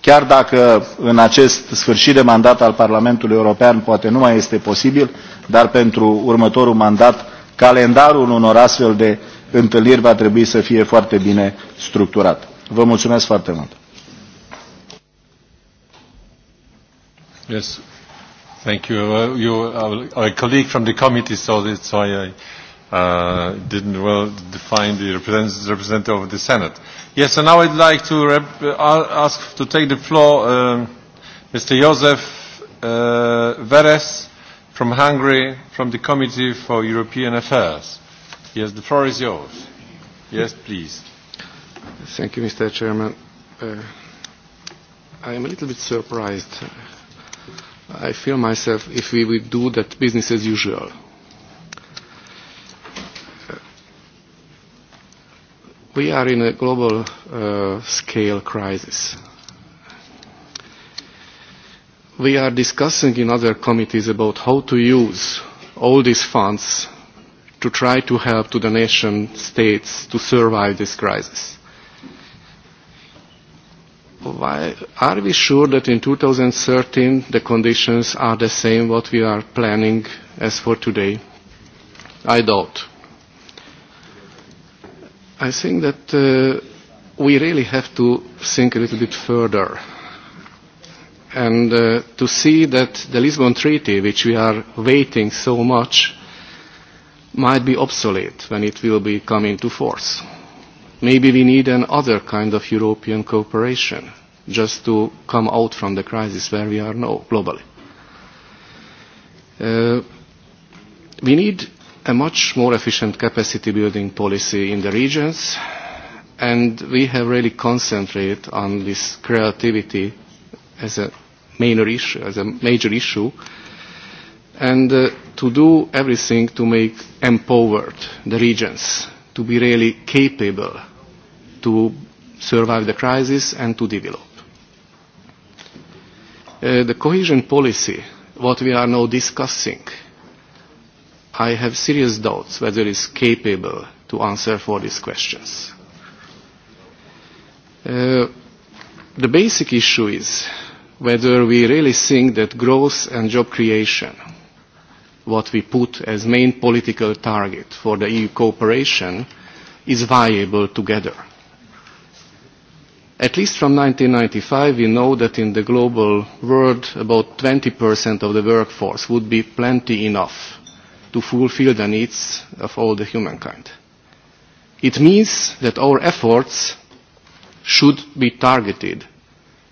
chiar dacă în acest sfârșit de mandat al Parlamentului European poate nu mai este posibil, dar pentru următorul mandat calendarul unor astfel de întâlniri va trebui să fie foarte bine structurat. Vă mulțumesc foarte mult! Yes. Thank you. Uh, you are uh, a colleague from the committee, so that's why I uh, didn't well define the representative of the Senate. Yes, and now I'd like to rep uh, ask to take the floor um, Mr. Josef uh, Veres from Hungary, from the Committee for European Affairs. Yes, the floor is yours. Yes, please. Thank you, Mr. Chairman. Uh, I am a little bit surprised I feel myself if we would do that business as usual. We are in a global uh, scale crisis. We are discussing in other committees about how to use all these funds to try to help to the nation states to survive this crisis why are we sure that in 2013 the conditions are the same what we are planning as for today? I doubt. I think that uh, we really have to think a little bit further and uh, to see that the Lisbon Treaty, which we are waiting so much, might be obsolete when it will be come into force Maybe we need another kind of European cooperation just to come out from the crisis where we are now globally. Uh, we need a much more efficient capacity building policy in the regions and we have really concentrated on this creativity as a major issue, as a major issue and uh, to do everything to make empowered the regions to be really capable to survive the crisis and to develop. Uh, the cohesion policy, what we are now discussing, I have serious doubts whether it is capable to answer for these questions. Uh, the basic issue is whether we really think that growth and job creation what we put as main political target for the EU cooperation is viable together. At least from 1995, we know that in the global world, about 20% of the workforce would be plenty enough to fulfill the needs of all the humankind. It means that our efforts should be targeted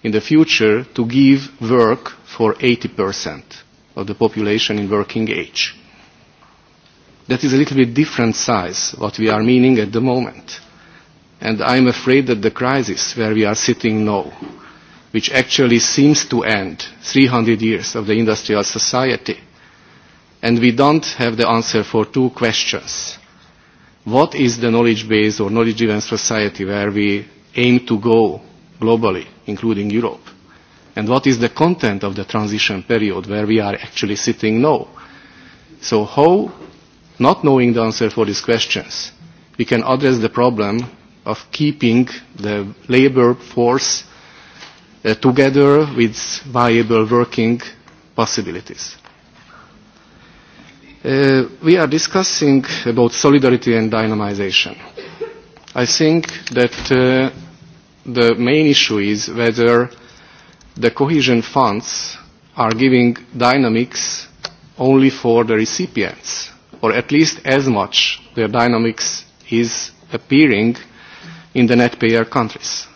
in the future to give work for 80 percent of the population in working age. That is a little bit different size what we are meaning at the moment. And I'm afraid that the crisis where we are sitting now, which actually seems to end 300 years of the industrial society, and we don't have the answer for two questions. What is the knowledge-based or knowledge-driven society where we aim to go globally, including Europe? and what is the content of the transition period where we are actually sitting now. So how, not knowing the answer for these questions, we can address the problem of keeping the labor force uh, together with viable working possibilities. Uh, we are discussing about solidarity and dynamization. I think that uh, the main issue is whether the cohesion funds are giving dynamics only for the recipients, or at least as much their dynamics is appearing in the net payer countries.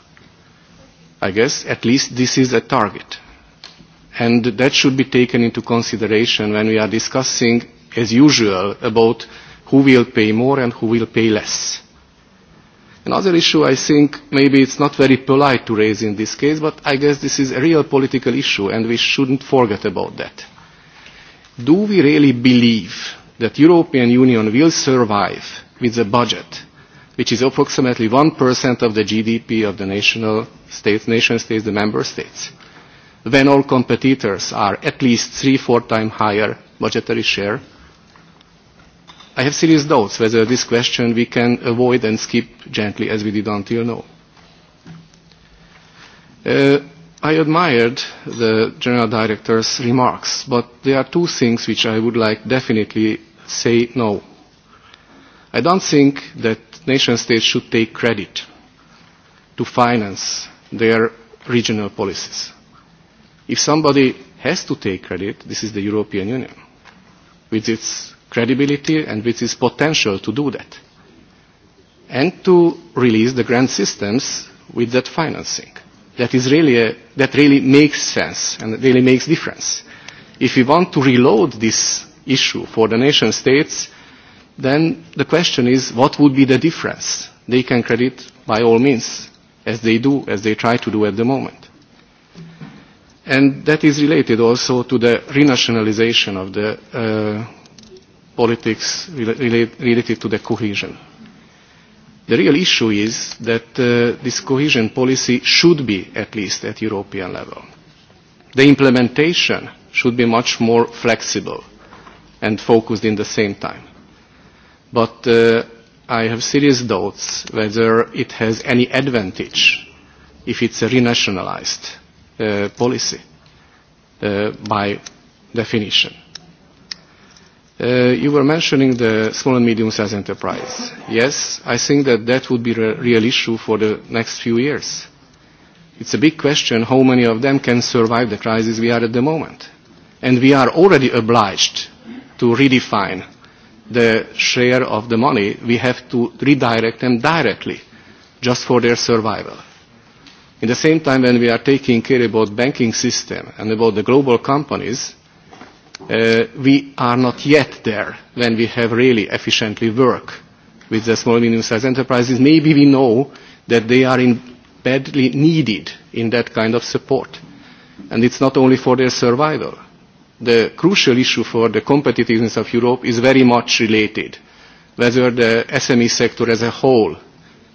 I guess at least this is a target. And that should be taken into consideration when we are discussing, as usual, about who will pay more and who will pay less. Another issue I think maybe it's not very polite to raise in this case, but I guess this is a real political issue and we shouldn't forget about that. Do we really believe that European Union will survive with a budget which is approximately 1% of the GDP of the national states, nation states, the member states, when all competitors are at least three, four times higher budgetary share I have serious doubts whether this question we can avoid and skip gently as we did until now. Uh, I admired the General Director's remarks, but there are two things which I would like definitely say no. I don't think that nation states should take credit to finance their regional policies. If somebody has to take credit, this is the European Union, with its credibility and with its potential to do that, and to release the grant systems with that financing. That, is really a, that really makes sense and really makes difference. If we want to reload this issue for the nation states, then the question is what would be the difference? They can credit by all means, as they do, as they try to do at the moment. And that is related also to the renationalization of the uh, politics relate, related to the cohesion. The real issue is that uh, this cohesion policy should be at least at European level. The implementation should be much more flexible and focused in the same time. But uh, I have serious doubts whether it has any advantage if it's a renationalized uh, policy uh, by definition. Uh, you were mentioning the small and medium-sized enterprise. Yes, I think that that would be a real issue for the next few years. It's a big question how many of them can survive the crisis we are at the moment. And we are already obliged to redefine the share of the money. We have to redirect them directly just for their survival. In the same time, when we are taking care about banking system and about the global companies, uh, we are not yet there when we have really efficiently work with the small and medium-sized enterprises. Maybe we know that they are in badly needed in that kind of support. And it's not only for their survival. The crucial issue for the competitiveness of Europe is very much related whether the SME sector as a whole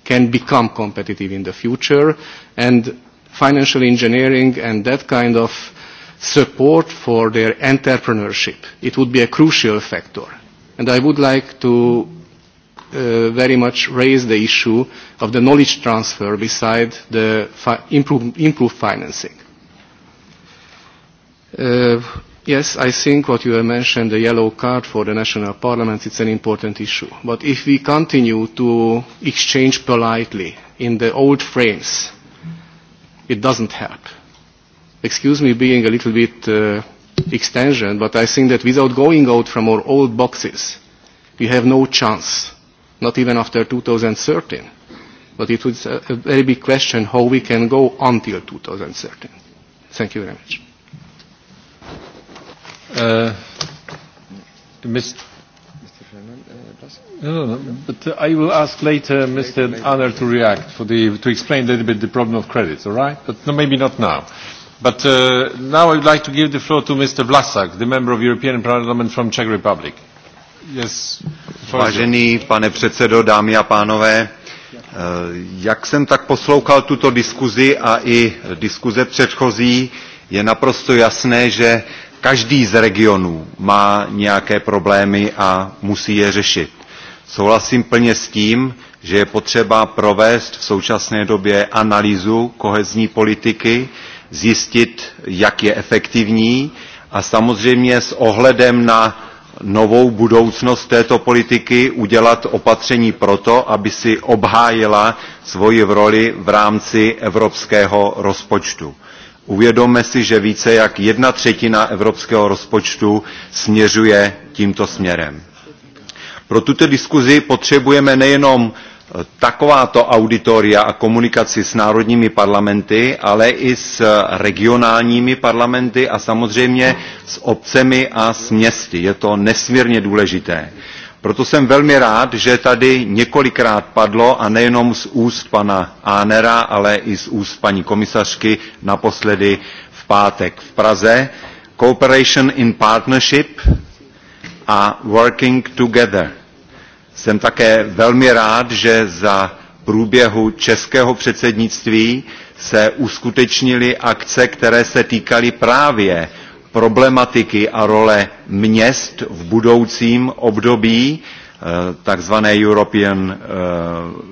can become competitive in the future and financial engineering and that kind of support for their entrepreneurship. It would be a crucial factor. And I would like to uh, very much raise the issue of the knowledge transfer beside the fi improve, improved financing. Uh, yes, I think what you have mentioned, the yellow card for the national parliaments, it's an important issue. But if we continue to exchange politely in the old frames, it doesn't help excuse me being a little bit uh, extension, but I think that without going out from our old boxes, we have no chance, not even after 2013. But it was a, a very big question how we can go until 2013. Thank you very much. Uh, Mr. Chairman, uh, no, no, no, but uh, I will ask later Mr. Later, later. Anner to react for the, to explain a little bit the problem of credits, all right? But no, maybe not now. Uh, But uh, now I would like to give the floor to Mr. Vlasak, the member of European Parliament from Czech Republic. Yes. Vážený pane předsedo, dámy a pánové, eh, jak jsem tak poslouchal tuto diskuzi a i diskuze předchozí, je naprosto jasné, že každý z regionů má nějaké problémy a musí je řešit. Souhlasím plně s tím, že je potřeba provést v současné době analýzu kohezní politiky, zjistit, jak je efektivní a samozřejmě s ohledem na novou budoucnost této politiky udělat opatření proto, aby si obhájila svoji roli v rámci evropského rozpočtu. Uvědomme si, že více jak jedna třetina evropského rozpočtu směřuje tímto směrem. Pro tuto diskuzi potřebujeme nejenom Eh, takováto auditoria a komunikaci s národními parlamenty, ale i s eh, regionálními parlamenty a samozřejmě s obcemi a s městy. Je to nesmírně důležité. Proto jsem velmi rád, že tady několikrát padlo, a nejenom z úst pana Ánera, ale i z úst paní komisařky naposledy v pátek v Praze, cooperation in partnership a working together Jsem také velmi rád, že za průběhu českého předsednictví se uskutečnily akce, které se týkaly právě problematiky a role měst v budoucím období, eh, takzvané European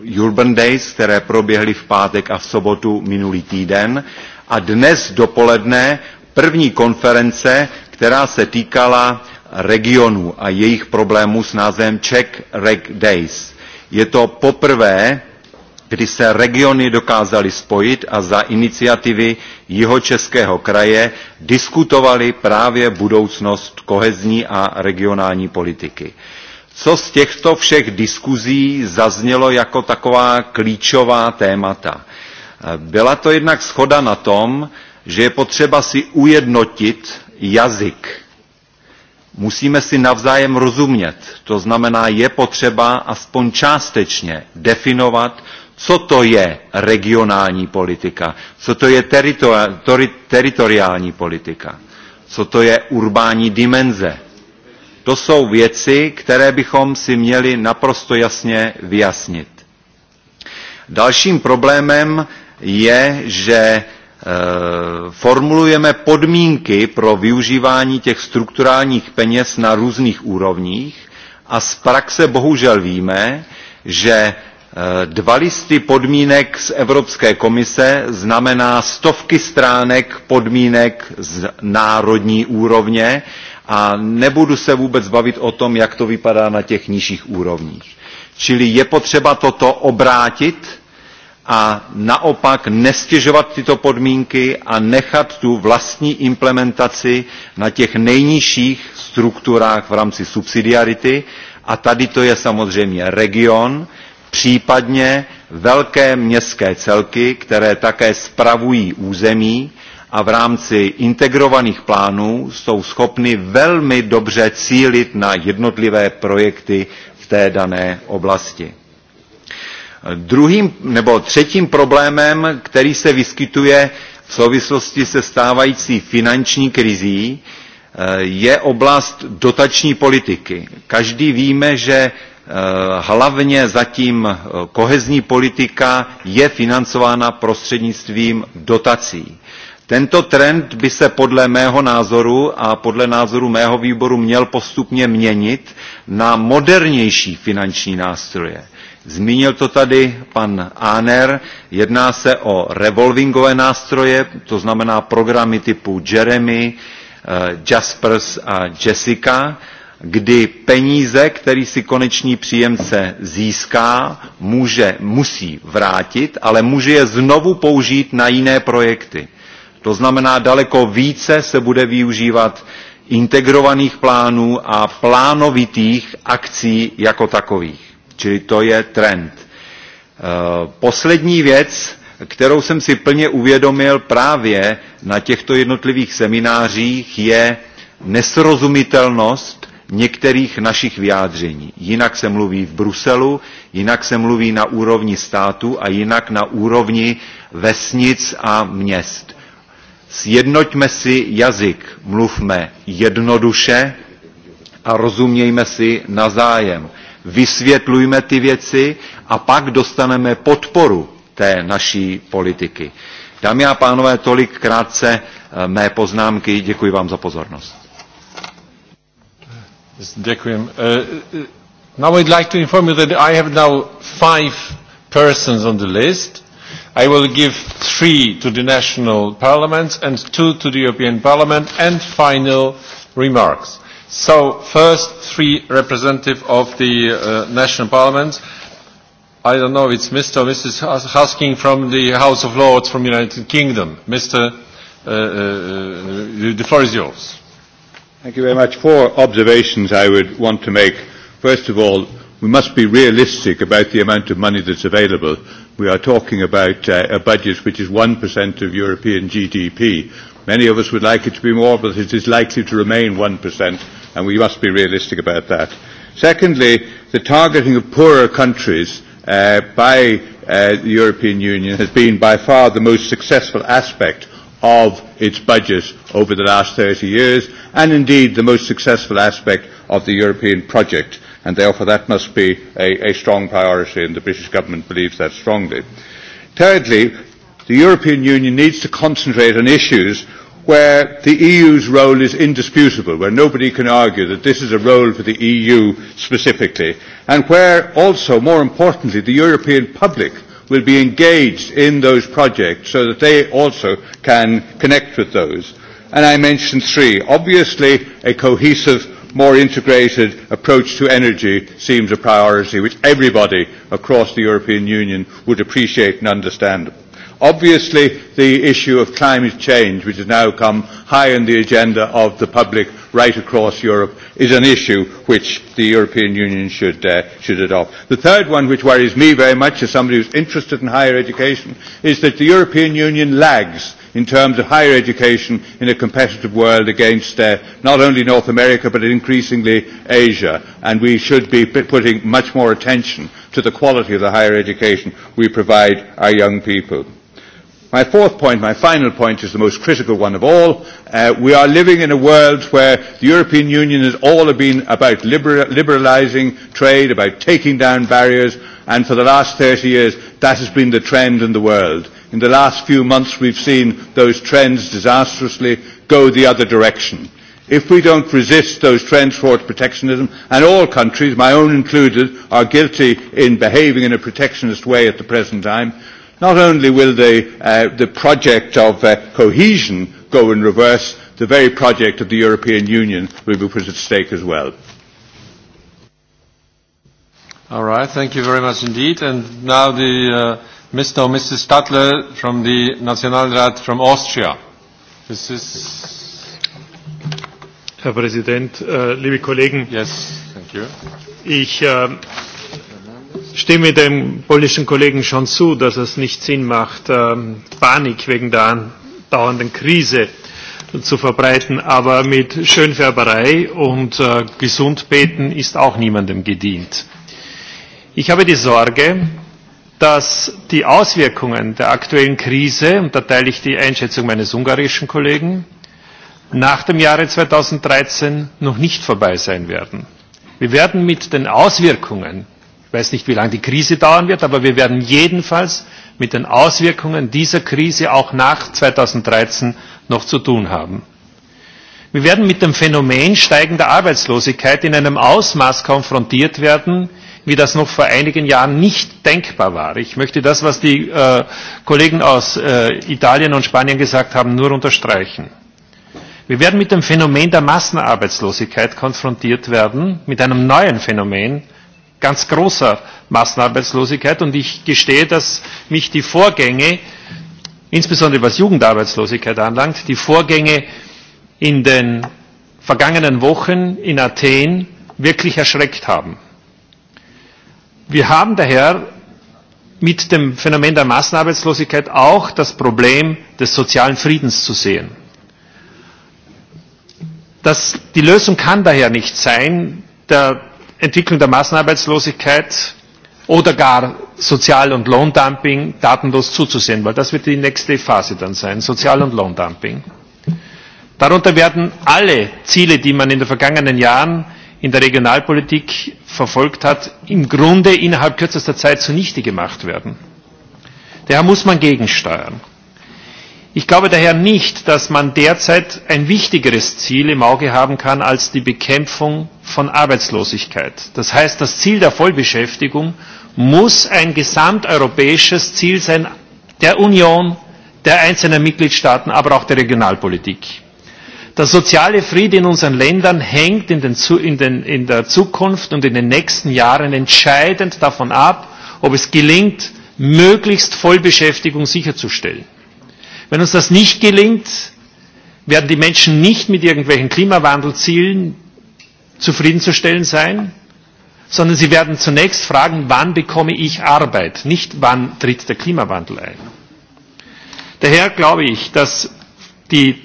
eh, Urban Days, které proběhly v pátek a v sobotu minulý týden. A dnes dopoledne první konference, která se týkala regionů a jejich problémů s názvem Czech Reg Days. Je to poprvé, kdy se regiony dokázaly spojit a za iniciativy Jihočeského kraje diskutovali právě budoucnost kohezní a regionální politiky. Co z těchto všech diskuzí zaznělo jako taková klíčová témata? Byla to jednak schoda na tom, že je potřeba si ujednotit jazyk Musíme si navzájem rozumět, to znamená, je potřeba aspoň částečně definovat, co to je regionální politika, co to je teritori- tori- teritoriální politika, co to je urbání dimenze. To jsou věci, které bychom si měli naprosto jasně vyjasnit. Dalším problémem je, že Eh, formulujeme podmínky pro využívání těch strukturálních peněz na různých úrovních a z praxe bohužel víme, že eh, dva listy podmínek z Evropské komise znamená stovky stránek podmínek z národní úrovně a nebudu se vůbec bavit o tom, jak to vypadá na těch nižších úrovních. Čili je potřeba toto obrátit a naopak nestěžovat tyto podmínky a nechat tu vlastní implementaci na těch nejnižších strukturách v rámci subsidiarity. A tady to je samozřejmě region, případně velké městské celky, které také spravují území a v rámci integrovaných plánů jsou schopny velmi dobře cílit na jednotlivé projekty v té dané oblasti. Druhým nebo třetím problémem, který se vyskytuje v souvislosti se stávající finanční krizí, eh, je oblast dotační politiky. Každý víme, že eh, hlavně zatím eh, kohezní politika je financována prostřednictvím dotací. Tento trend by se podle mého názoru a podle názoru mého výboru měl postupně měnit na modernější finanční nástroje. Zmínil to tady pan Áner, jedná se o revolvingové nástroje, to znamená programy typu Jeremy, eh, Jaspers a Jessica, kdy peníze, který si konečný příjemce získá, může, musí vrátit, ale může je znovu použít na jiné projekty. To znamená, daleko více se bude využívat integrovaných plánů a plánovitých akcí jako takových. Čili to je trend. E, poslední věc, kterou jsem si plně uvědomil právě na těchto jednotlivých seminářích, je nesrozumitelnost některých našich vyjádření. Jinak se mluví v Bruselu, jinak se mluví na úrovni státu a jinak na úrovni vesnic a měst. Sjednoťme si jazyk, mluvme jednoduše a rozumějme si nazájem vysvětlujme ty věci a pak dostaneme podporu té naší politiky. Dámy a pánové, tolik krátce eh, mé poznámky. Děkuji vám za pozornost. Děkujem. Uh, now I'd like to inform you that I have now five persons on the list. I will give three to the national parliaments and two to the European Parliament and final remarks. So, first three representatives of the uh, national parliaments. I don't know, it's Mr. or Mrs. Husking from the House of Lords from United Kingdom. Mr. Uh, uh, uh, the floor is yours. Thank you very much. Four observations I would want to make. First of all, we must be realistic about the amount of money that's available. We are talking about uh, a budget which is 1% of European GDP, Many of us would like it to be more, but it is likely to remain 1%, and we must be realistic about that. Secondly, the targeting of poorer countries uh, by uh, the European Union has been by far the most successful aspect of its budget over the last 30 years, and indeed the most successful aspect of the European project, and therefore that must be a, a strong priority, and the British government believes that strongly. Thirdly, the European Union needs to concentrate on issues where the EU's role is indisputable, where nobody can argue that this is a role for the EU specifically, and where also, more importantly, the European public will be engaged in those projects so that they also can connect with those. And I mentioned three. Obviously, a cohesive more integrated approach to energy seems a priority which everybody across the European Union would appreciate and understand. Obviously, the issue of climate change, which has now come high on the agenda of the public right across Europe, is an issue which the European Union should, uh, should adopt. The third one, which worries me very much as somebody who's interested in higher education, is that the European Union lags in terms of higher education in a competitive world against uh, not only North America but increasingly Asia. And we should be putting much more attention to the quality of the higher education we provide our young people. My fourth point, my final point, is the most critical one of all. Uh, we are living in a world where the European Union has all been about liberal, liberalising trade, about taking down barriers, and for the last 30 years that has been the trend in the world. In the last few months we've seen those trends disastrously go the other direction. If we don't resist those trends towards protectionism, and all countries, my own included, are guilty in behaving in a protectionist way at the present time, Not only will the, uh, the project of uh, cohesion go in reverse, the very project of the European Union will be put at stake as well. All right, thank you very much indeed. And now the uh, Mr. or Mrs. Stadler from the Nationalrat from Austria. This is Herr Präsident, äh, liebe Kollegen. Yes, thank you. Ich äh, stimme dem polnischen Kollegen schon zu, dass es nicht Sinn macht, ähm, Panik wegen der andauernden Krise zu verbreiten. Aber mit Schönfärberei und äh, Gesundbeten ist auch niemandem gedient. Ich habe die Sorge, dass die Auswirkungen der aktuellen Krise, und da teile ich die Einschätzung meines ungarischen Kollegen, nach dem Jahre 2013 noch nicht vorbei sein werden. Wir werden mit den Auswirkungen Ich weiß nicht, wie lange die Krise dauern wird, aber wir werden jedenfalls mit den Auswirkungen dieser Krise auch nach 2013 noch zu tun haben. Wir werden mit dem Phänomen steigender Arbeitslosigkeit in einem Ausmaß konfrontiert werden, wie das noch vor einigen Jahren nicht denkbar war. Ich möchte das, was die äh, Kollegen aus äh, Italien und Spanien gesagt haben, nur unterstreichen. Wir werden mit dem Phänomen der Massenarbeitslosigkeit konfrontiert werden, mit einem neuen Phänomen, ganz großer Massenarbeitslosigkeit. Und ich gestehe, dass mich die Vorgänge, insbesondere was Jugendarbeitslosigkeit anlangt, die Vorgänge in den vergangenen Wochen in Athen wirklich erschreckt haben. Wir haben daher mit dem Phänomen der Massenarbeitslosigkeit auch das Problem des sozialen Friedens zu sehen. Das, die Lösung kann daher nicht sein, der Entwicklung der Massenarbeitslosigkeit oder gar Sozial- und Lohndumping datenlos zuzusehen, weil das wird die nächste Phase dann sein, Sozial- und Lohndumping. Darunter werden alle Ziele, die man in den vergangenen Jahren in der Regionalpolitik verfolgt hat, im Grunde innerhalb kürzester Zeit zunichte gemacht werden. Daher muss man gegensteuern. Ich glaube daher nicht, dass man derzeit ein wichtigeres Ziel im Auge haben kann als die Bekämpfung von Arbeitslosigkeit. Das heißt, das Ziel der Vollbeschäftigung muss ein gesamteuropäisches Ziel sein der Union, der einzelnen Mitgliedstaaten, aber auch der Regionalpolitik. Der soziale Friede in unseren Ländern hängt in, den, in, den, in der Zukunft und in den nächsten Jahren entscheidend davon ab, ob es gelingt, möglichst Vollbeschäftigung sicherzustellen. Wenn uns das nicht gelingt, werden die Menschen nicht mit irgendwelchen Klimawandelzielen zufriedenzustellen sein, sondern sie werden zunächst fragen, wann bekomme ich Arbeit, nicht wann tritt der Klimawandel ein. Daher glaube ich, dass die,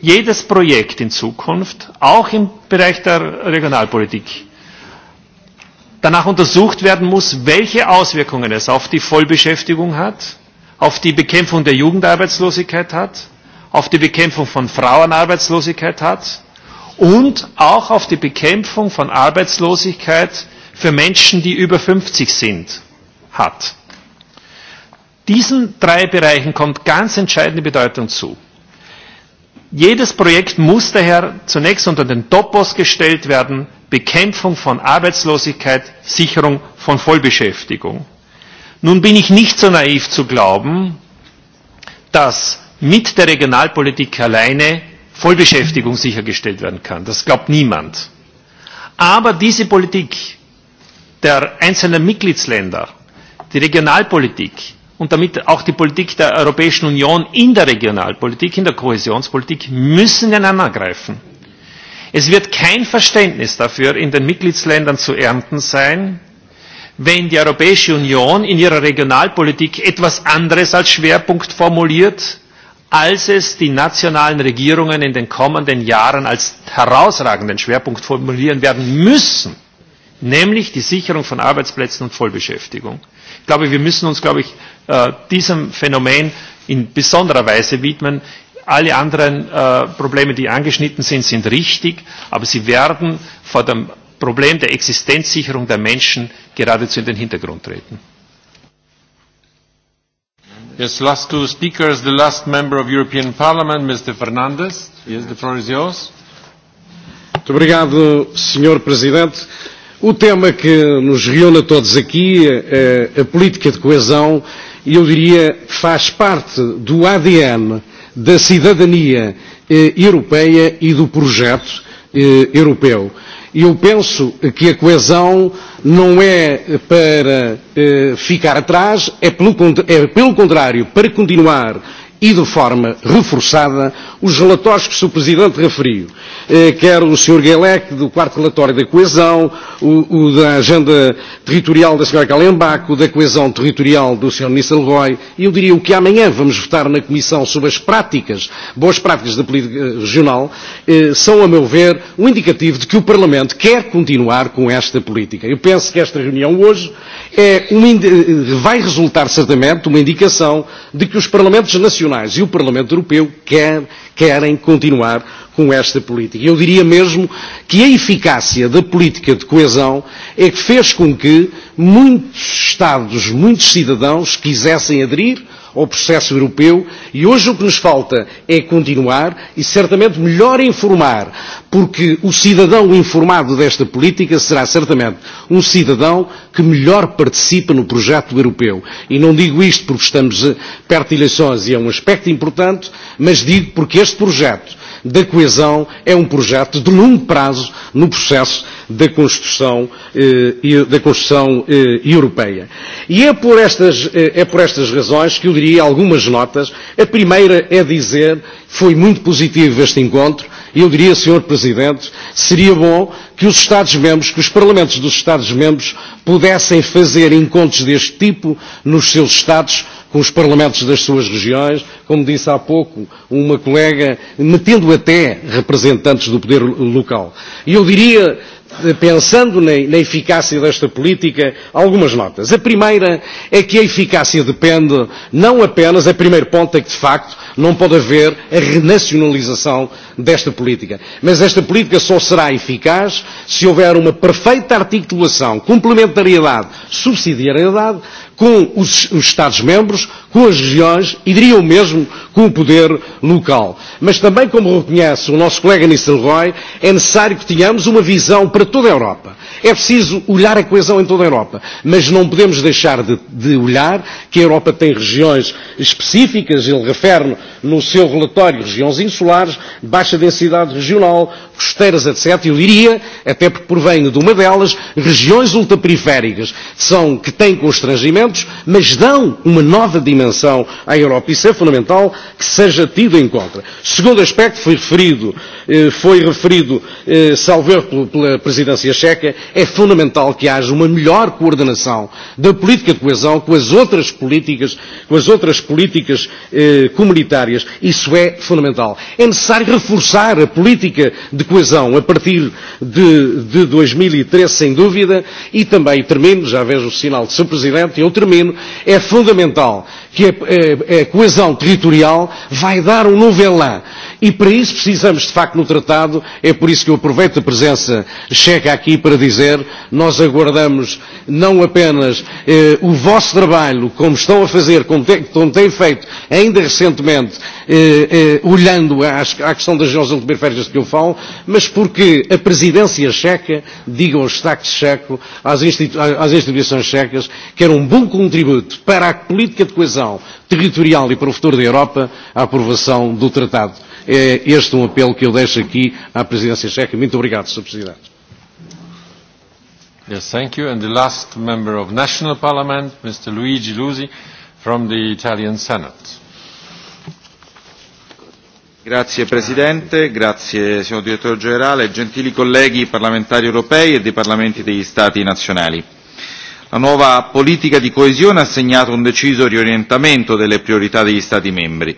jedes Projekt in Zukunft, auch im Bereich der Regionalpolitik, danach untersucht werden muss, welche Auswirkungen es auf die Vollbeschäftigung hat, auf die Bekämpfung der Jugendarbeitslosigkeit hat, auf die Bekämpfung von Frauenarbeitslosigkeit hat und auch auf die Bekämpfung von Arbeitslosigkeit für Menschen, die über 50 sind, hat. Diesen drei Bereichen kommt ganz entscheidende Bedeutung zu. Jedes Projekt muss daher zunächst unter den Topos gestellt werden, Bekämpfung von Arbeitslosigkeit, Sicherung von Vollbeschäftigung. Nun bin ich nicht so naiv zu glauben, dass mit der Regionalpolitik alleine Vollbeschäftigung sichergestellt werden kann. Das glaubt niemand. Aber diese Politik der einzelnen Mitgliedsländer, die Regionalpolitik und damit auch die Politik der Europäischen Union in der Regionalpolitik, in der Kohäsionspolitik müssen einander greifen. Es wird kein Verständnis dafür in den Mitgliedsländern zu ernten sein, wenn die Europäische Union in ihrer Regionalpolitik etwas anderes als Schwerpunkt formuliert, als es die nationalen Regierungen in den kommenden Jahren als herausragenden Schwerpunkt formulieren werden müssen, nämlich die Sicherung von Arbeitsplätzen und Vollbeschäftigung. Ich glaube, wir müssen uns, glaube ich, äh, diesem Phänomen in besonderer Weise widmen. Alle anderen äh, Probleme, die angeschnitten sind, sind richtig, aber sie werden vor dem Problem der Existenzsicherung der Menschen geradezu in den Hintergrund treten. Yes, last two speakers, the last member of European Parliament, Mr. Fernandes. Yes, the floor is yours. Muito obrigado, Sr. Presidente. O tema que nos reúne a todos aqui, a, a política de coesão, e, eu diria, faz parte do ADN da cidadania eh, europeia e do projeto eh, europeu. E eu penso que a coesão não é para eh, ficar atrás, é pelo, é pelo contrário, para continuar e de forma reforçada os relatórios que o Sr. Presidente referiu, eh, quer o Sr. Guelec do quarto relatório da coesão, o, o da agenda territorial da Sra. Calembach, o da coesão territorial do Sr. Nisselrooy, e eu diria o que amanhã vamos votar na Comissão sobre as práticas, boas práticas da política eh, regional, eh, são, a meu ver, um indicativo de que o Parlamento quer continuar com esta política. Eu penso que esta reunião hoje é uma, vai resultar certamente uma indicação de que os Parlamentos nacionais nacionais e o Parlamento Europeu quer, querem continuar com esta política. Eu diria mesmo que a eficácia da política de coesão é que fez com que muitos Estados, muitos cidadãos quisessem aderir ao processo europeu e hoje o que nos falta é continuar e certamente melhor informar, porque o cidadão informado desta política será certamente um cidadão que melhor participa no projeto europeu. E não digo isto porque estamos eh, perto de eleições e é um aspecto importante, mas digo porque este projeto da coesão é um projeto de longo prazo no processo da construção, eh, da construção eh, europeia. E é por, estas, eh, é por estas razões que eu diria algumas notas. A primeira é dizer foi muito positivo este encontro. E eu diria, Sr. Presidente, seria bom que os Estados-membros, que os Parlamentos dos Estados-membros pudessem fazer encontros deste tipo nos seus Estados, com os Parlamentos das suas regiões, como disse há pouco uma colega, metendo até representantes do poder local. E eu diria, pensando na, na eficácia desta política, algumas notas. A primeira é que a eficácia depende não apenas, a primeiro ponto é que de facto não pode haver a renacionalização desta política. Mas esta política só será eficaz se houver uma perfeita articulação, complementariedade, subsidiariedade com os, os Estados-membros, com as regiões e diria o mesmo com o poder local. Mas também, como reconhece o nosso colega Nistelrooy, é necessário que tenhamos uma visão para toda a Europa. É preciso olhar a coesão em toda a Europa, mas não podemos deixar de, de olhar que a Europa tem regiões específicas, ele refere no seu relatório regiões insulares, baixa densidade regional, costeiras, etc. Eu diria, até porque provenho de uma delas, regiões ultraperiféricas, são, que têm constrangimentos, mas dão uma nova dimensão à Europa. Isso é fundamental que seja tido em conta. Segundo aspecto, foi referido, eh, foi referido, eh, salvo erro pela presidência checa, é fundamental que haja uma melhor coordenação da política de coesão com as outras políticas, com as outras políticas eh, comunitárias. Isso é fundamental. É necessário reforçar a política de coesão a partir de, de 2013, e sem dúvida, e também termino, já vejo o sinal de Sr. Presidente, eu termino, é fundamental que a, a, a coesão territorial vai dar um novo elan E para isso precisamos, de facto, no tratado, é por isso que eu aproveito a presença checa aqui para dizer, nós aguardamos não apenas eh, o vosso trabalho, como estão a fazer, como tem, como tem feito ainda recentemente, eh, eh, olhando às, à questão das regiões ultraperiféricas que eu falo, mas porque a presidência checa, diga ao destaque checo, às, institu às instituições checas, que era um bom contributo para a política de coesão territorial e para o futuro da Europa, a aprovação do tratado é este um apelo que eu deixo aqui à presidência checa. Muito obrigado, Sr. Presidente. Yes, thank you. And the last member of National Parliament, Mr. Luigi Lusi from the Italian Senate. Grazie Presidente, grazie Signor Direttore Generale, gentili colleghi parlamentari europei e dei parlamenti degli Stati nazionali. La nuova politica di coesione ha segnato un deciso riorientamento delle priorità degli Stati membri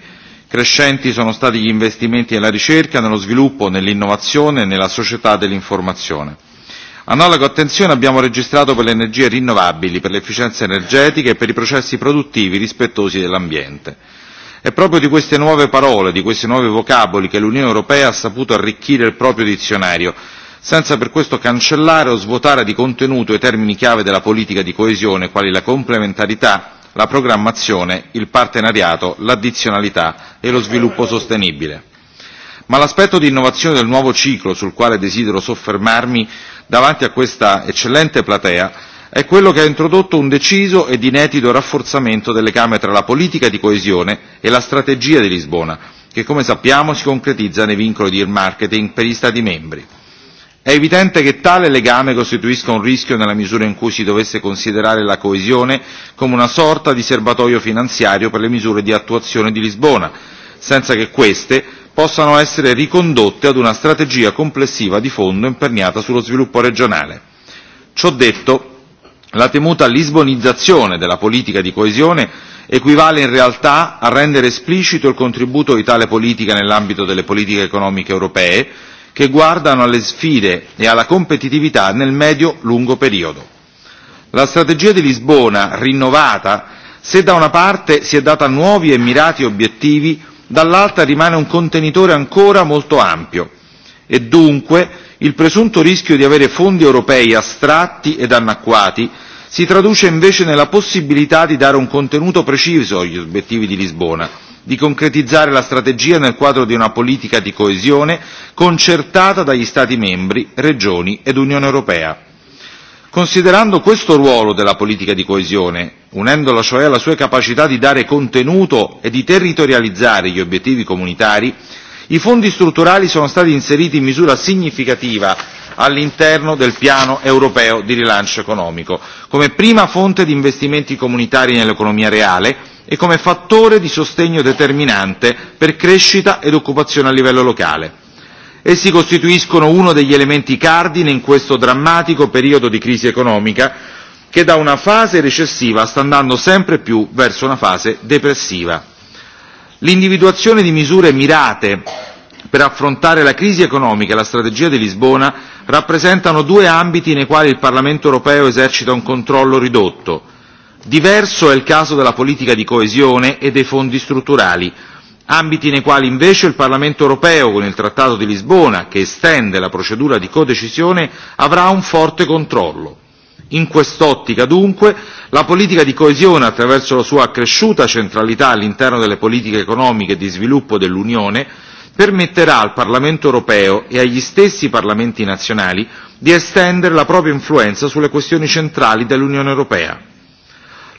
Crescenti sono stati gli investimenti nella ricerca, nello sviluppo, nell'innovazione e nella società dell'informazione. Analoga attenzione abbiamo registrato per le energie rinnovabili, per l'efficienza energetica e per i processi produttivi rispettosi dell'ambiente. È proprio di queste nuove parole, di questi nuovi vocaboli che l'Unione Europea ha saputo arricchire il proprio dizionario, senza per questo cancellare o svuotare di contenuto i termini chiave della politica di coesione, quali la complementarità, la programmazione, il partenariato, l'addizionalità e lo sviluppo sostenibile. Ma l'aspetto di innovazione del nuovo ciclo sul quale desidero soffermarmi davanti a questa eccellente platea è quello che ha introdotto un deciso ed inedito rafforzamento del legame tra la politica di coesione e la strategia di Lisbona, che come sappiamo si concretizza nei vincoli di marketing per gli Stati membri. È evidente che tale legame costituisca un rischio nella misura in cui si dovesse considerare la coesione come una sorta di serbatoio finanziario per le misure di attuazione di Lisbona, senza che queste possano essere ricondotte ad una strategia complessiva di fondo imperniata sullo sviluppo regionale. Ciò detto, la temuta lisbonizzazione della politica di coesione equivale in realtà a rendere esplicito il contributo di tale politica nell'ambito delle politiche economiche europee, che guardano alle sfide e alla competitività nel medio-lungo periodo. La strategia di Lisbona, rinnovata, se da una parte si è data nuovi e mirati obiettivi, dall'altra rimane un contenitore ancora molto ampio e dunque il presunto rischio di avere fondi europei astratti ed anacquati si traduce invece nella possibilità di dare un contenuto preciso agli obiettivi di Lisbona, di concretizzare la strategia nel quadro di una politica di coesione concertata dagli Stati membri, Regioni ed Unione Europea. Considerando questo ruolo della politica di coesione, unendola cioè alla sua capacità di dare contenuto e di territorializzare gli obiettivi comunitari, i fondi strutturali sono stati inseriti in misura significativa all'interno del piano europeo di rilancio economico, come prima fonte di investimenti comunitari nell'economia reale, e come fattore di sostegno determinante per crescita ed occupazione a livello locale. Essi costituiscono uno degli elementi cardine in questo drammatico periodo di crisi economica che da una fase recessiva sta andando sempre più verso una fase depressiva. L'individuazione di misure mirate per affrontare la crisi economica e la strategia di Lisbona rappresentano due ambiti nei quali il Parlamento europeo esercita un controllo ridotto Diverso è il caso della politica di coesione e dei fondi strutturali, ambiti nei quali invece il Parlamento europeo, con il Trattato di Lisbona, che estende la procedura di codecisione, avrà un forte controllo. In quest'ottica, dunque, la politica di coesione, attraverso la sua accresciuta centralità all'interno delle politiche economiche e di sviluppo dell'Unione, permetterà al Parlamento europeo e agli stessi Parlamenti nazionali di estendere la propria influenza sulle questioni centrali dell'Unione europea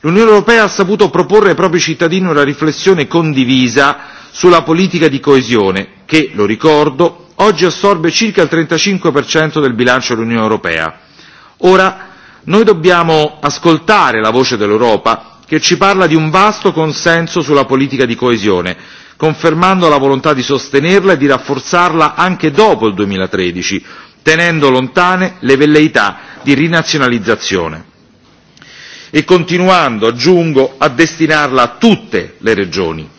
l'Unione Europea ha saputo proporre ai propri cittadini una riflessione condivisa sulla politica di coesione, che, lo ricordo, oggi assorbe circa il 35% del bilancio dell'Unione Europea. Ora, noi dobbiamo ascoltare la voce dell'Europa che ci parla di un vasto consenso sulla politica di coesione, confermando la volontà di sostenerla e di rafforzarla anche dopo il 2013, tenendo lontane le velleità di rinazionalizzazione e continuando, aggiungo, a destinarla a tutte le regioni.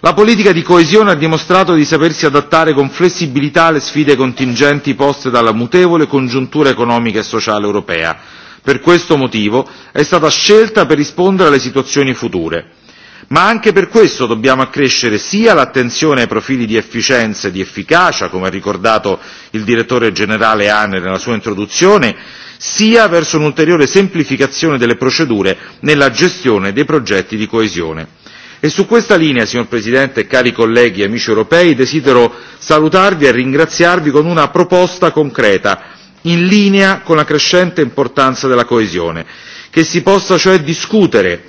La politica di coesione ha dimostrato di sapersi adattare con flessibilità alle sfide contingenti poste dalla mutevole congiuntura economica e sociale europea. Per questo motivo è stata scelta per rispondere alle situazioni future ma anche per questo dobbiamo accrescere sia l'attenzione ai profili di efficienza e di efficacia, come ha ricordato il direttore generale ANE nella sua introduzione, sia verso un'ulteriore semplificazione delle procedure nella gestione dei progetti di coesione. E su questa linea, signor Presidente, cari colleghi e amici europei, desidero salutarvi e ringraziarvi con una proposta concreta, in linea con la crescente importanza della coesione, che si possa cioè discutere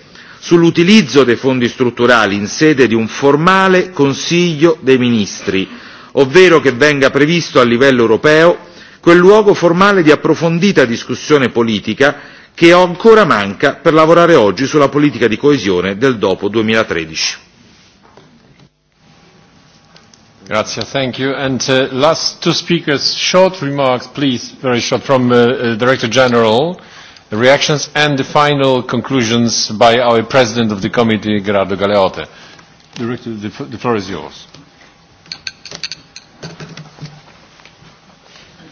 sull'utilizzo dei fondi strutturali in sede di un formale Consiglio dei Ministri, ovvero che venga previsto a livello europeo quel luogo formale di approfondita discussione politica che ancora manca per lavorare oggi sulla politica di coesione del dopo 2013. Grazie, thank you. And uh, last two speakers, short remarks, please, very short, from uh, uh, Director General reactions and the final conclusions by our president of the committee, Gerardo Galeote. Director, the, the floor is yours.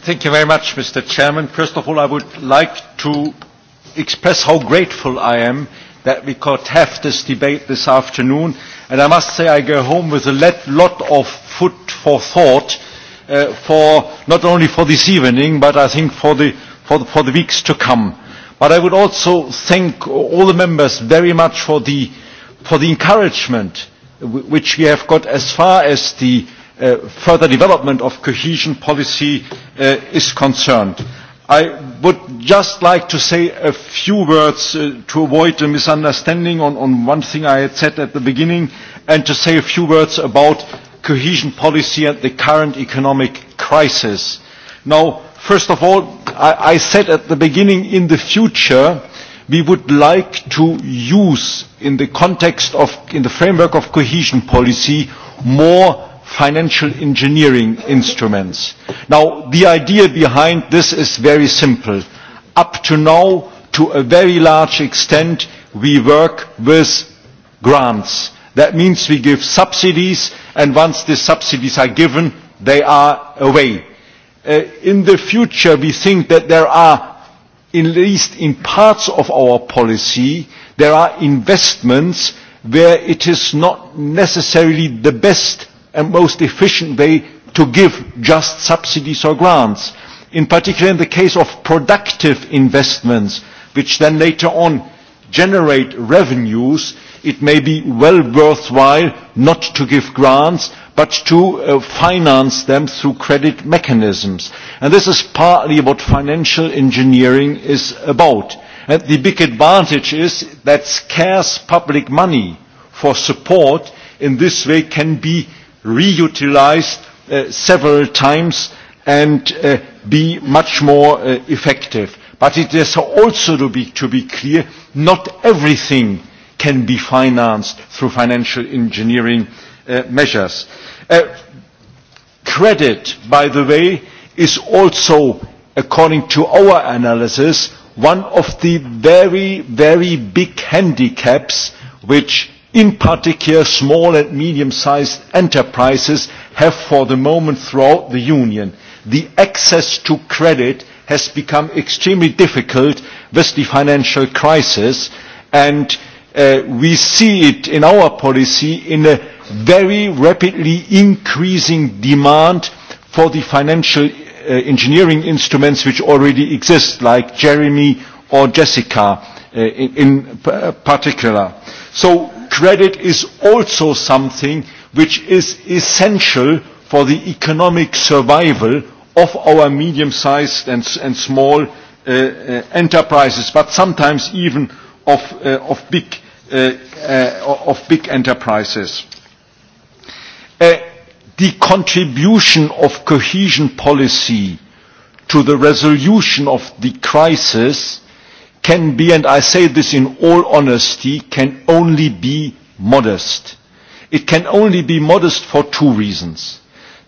Thank you very much, Mr. Chairman. First of all, I would like to express how grateful I am that we could have this debate this afternoon. And I must say I go home with a lot of food for thought uh, for not only for this evening, but I think for the, for the, for the weeks to come. But I would also thank all the members very much for the, for the encouragement which we have got as far as the uh, further development of cohesion policy uh, is concerned. I would just like to say a few words uh, to avoid a misunderstanding on, on one thing I had said at the beginning and to say a few words about cohesion policy and the current economic crisis. Now, First of all, I, I said at the beginning, in the future, we would like to use, in the context of, in the framework of cohesion policy, more financial engineering instruments. Now, the idea behind this is very simple. Up to now, to a very large extent, we work with grants. That means we give subsidies, and once the subsidies are given, they are away uh, in the future we think that there are, at least in parts of our policy, there are investments where it is not necessarily the best and most efficient way to give just subsidies or grants. In particular in the case of productive investments, which then later on generate revenues, it may be well worthwhile not to give grants, but to uh, finance them through credit mechanisms. And this is partly what financial engineering is about. And the big advantage is that scarce public money for support in this way can be reutilized uh, several times and uh, be much more uh, effective. But it is also to be, to be clear, not everything can be financed through financial engineering uh, measures. Uh, credit, by the way, is also, according to our analysis, one of the very, very big handicaps which in particular small and medium-sized enterprises have for the moment throughout the Union. The access to credit has become extremely difficult with the financial crisis and uh, we see it in our policy in a very rapidly increasing demand for the financial uh, engineering instruments which already exist like Jeremy or Jessica uh, in, in uh, particular. So credit is also something which is essential for the economic survival of our medium-sized and, and small uh, uh, enterprises, but sometimes even of, uh, of, big, uh, of big enterprises. The contribution of cohesion policy to the resolution of the crisis can be, and I say this in all honesty, can only be modest. It can only be modest for two reasons.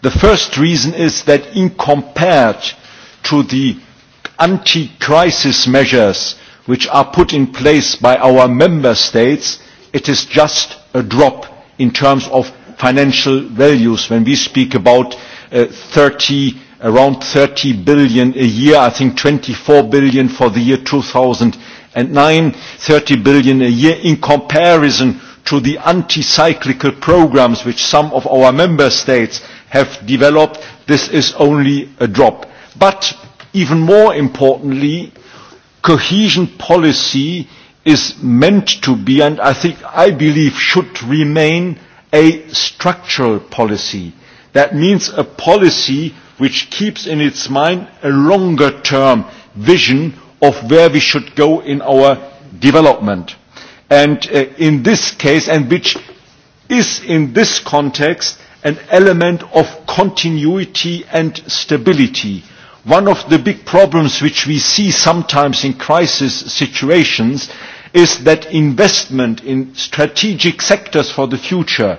The first reason is that in compared to the anti-crisis measures which are put in place by our member states, it is just a drop in terms of financial values. When we speak about uh, 30, around 30 billion a year, I think 24 billion for the year 2009, 30 billion a year in comparison to the anti-cyclical programs which some of our member states have developed, this is only a drop. But even more importantly, cohesion policy is meant to be, and I think, I believe, should remain a structural policy. That means a policy which keeps in its mind a longer term vision of where we should go in our development. And uh, in this case, and which is in this context an element of continuity and stability. One of the big problems which we see sometimes in crisis situations is that investment in strategic sectors for the future,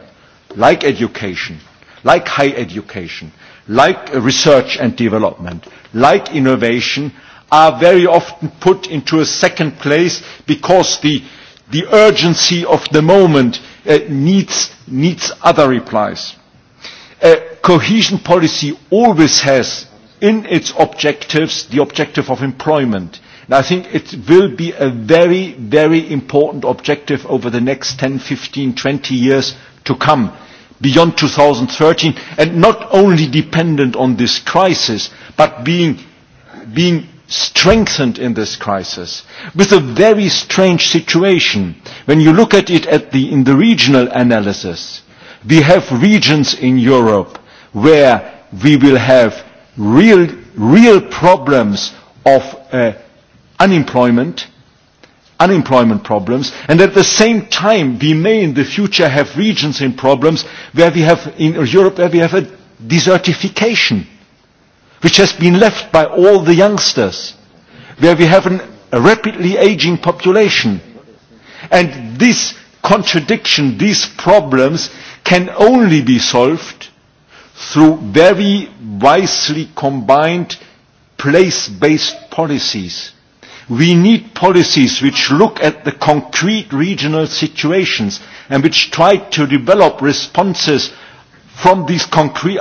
like education, like high education, like research and development, like innovation, are very often put into a second place because the, the urgency of the moment uh, needs, needs other replies. Uh, cohesion policy always has in its objectives the objective of employment. And I think it will be a very, very important objective over the next 10, 15, 20 years to come, beyond 2013, and not only dependent on this crisis, but being, being strengthened in this crisis with a very strange situation. When you look at it at the, in the regional analysis, We have regions in Europe where we will have real, real problems of uh, unemployment, unemployment problems, and at the same time we may in the future have regions in problems where we have, in Europe, where we have a desertification, which has been left by all the youngsters, where we have an, a rapidly aging population. And this contradiction, these problems can only be solved through very wisely combined place-based policies. We need policies which look at the concrete regional situations and which try to develop responses from these concrete,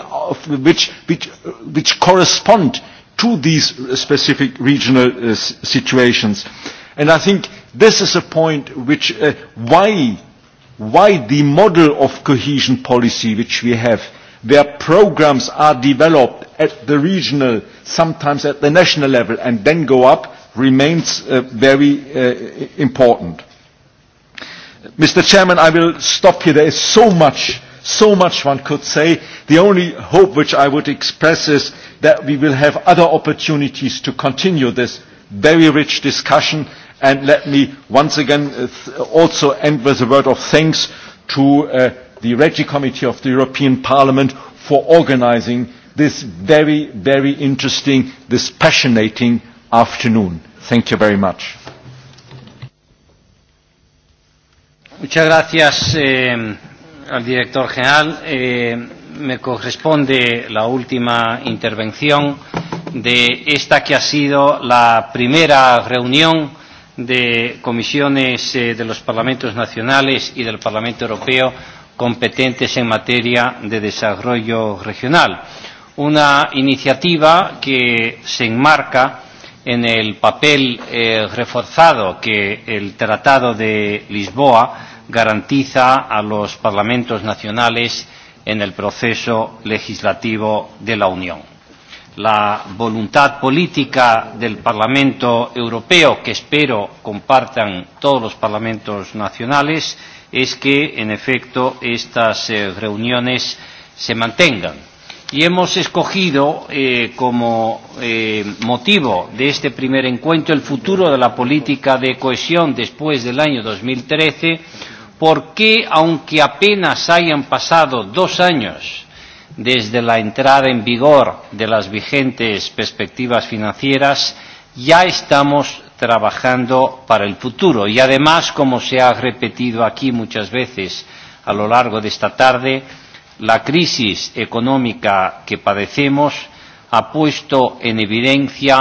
which, which, which correspond to these specific regional uh, situations. And I think this is a point which, uh, why why the model of cohesion policy which we have, where programs are developed at the regional, sometimes at the national level, and then go up, remains uh, very uh, important. Mr. Chairman, I will stop here. There is so much, so much one could say. The only hope which I would express is that we will have other opportunities to continue this very rich discussion And let me once again uh, also end with a word of thanks to uh, the Regi Committee of the European Parliament for organizing this very, very interesting, this passionating afternoon. Thank you very much. Muchas gracias eh, al director general. Eh, me corresponde la última intervención de esta que ha sido la primera reunión de comisiones eh, de los parlamentos nacionales y del Parlamento Europeo competentes en materia de desarrollo regional. Una iniciativa que se enmarca en el papel eh, reforzado que el Tratado de Lisboa garantiza a los parlamentos nacionales en el proceso legislativo de la Unión la voluntad política del Parlamento Europeo, que espero compartan todos los parlamentos nacionales, es que, en efecto, estas eh, reuniones se mantengan. Y hemos escogido eh, como eh, motivo de este primer encuentro el futuro de la política de cohesión después del año 2013, porque, aunque apenas hayan pasado dos años desde la entrada en vigor de las vigentes perspectivas financieras, ya estamos trabajando para el futuro. Y además, como se ha repetido aquí muchas veces a lo largo de esta tarde, la crisis económica que padecemos ha puesto en evidencia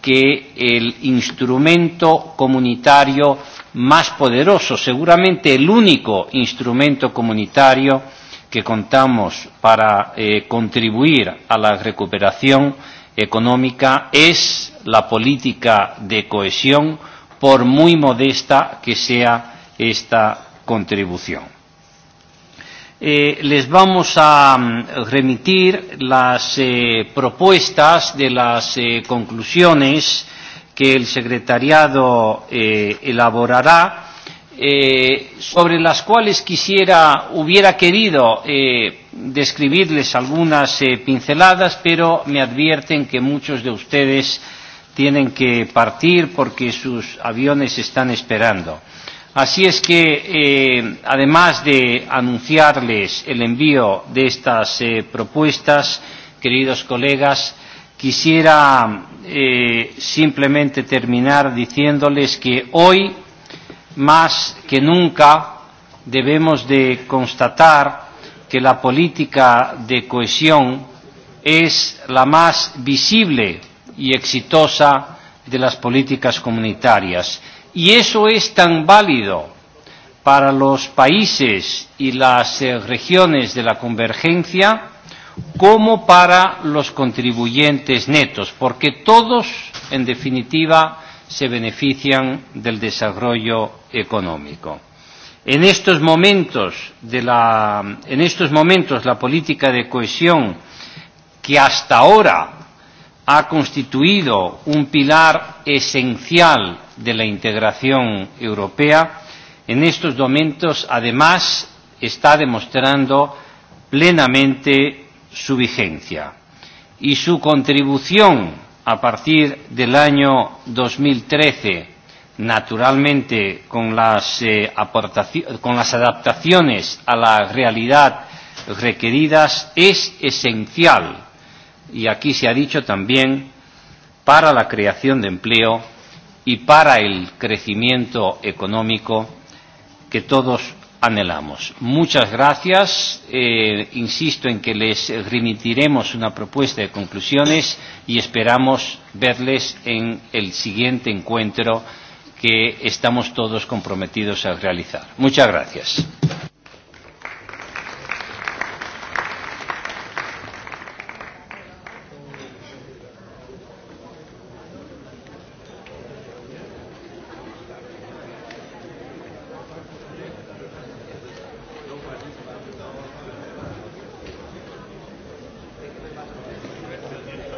que el instrumento comunitario más poderoso, seguramente el único instrumento comunitario que contamos para eh, contribuir a la recuperación económica es la política de cohesión, por muy modesta que sea esta contribución. Eh, les vamos a um, remitir las eh, propuestas de las eh, conclusiones que el secretariado eh, elaborará eh, sobre las cuales quisiera, hubiera querido eh, describirles algunas eh, pinceladas, pero me advierten que muchos de ustedes tienen que partir porque sus aviones están esperando. Así es que, eh, además de anunciarles el envío de estas eh, propuestas, queridos colegas, quisiera eh, simplemente terminar diciéndoles que hoy más que nunca debemos de constatar que la política de cohesión es la más visible y exitosa de las políticas comunitarias. Y eso es tan válido para los países y las eh, regiones de la convergencia como para los contribuyentes netos, porque todos, en definitiva, se benefician del desarrollo económico. En estos momentos, de la, en estos momentos la política de cohesión que hasta ahora ha constituido un pilar esencial de la integración europea, en estos momentos además está demostrando plenamente su vigencia y su contribución a partir del año 2013, naturalmente con las, eh, con las adaptaciones a la realidad requeridas, es esencial, y aquí se ha dicho también, para la creación de empleo y para el crecimiento económico que todos anhelamos. Muchas gracias. Eh, insisto en que les remitiremos una propuesta de conclusiones y esperamos verles en el siguiente encuentro que estamos todos comprometidos a realizar. Muchas gracias.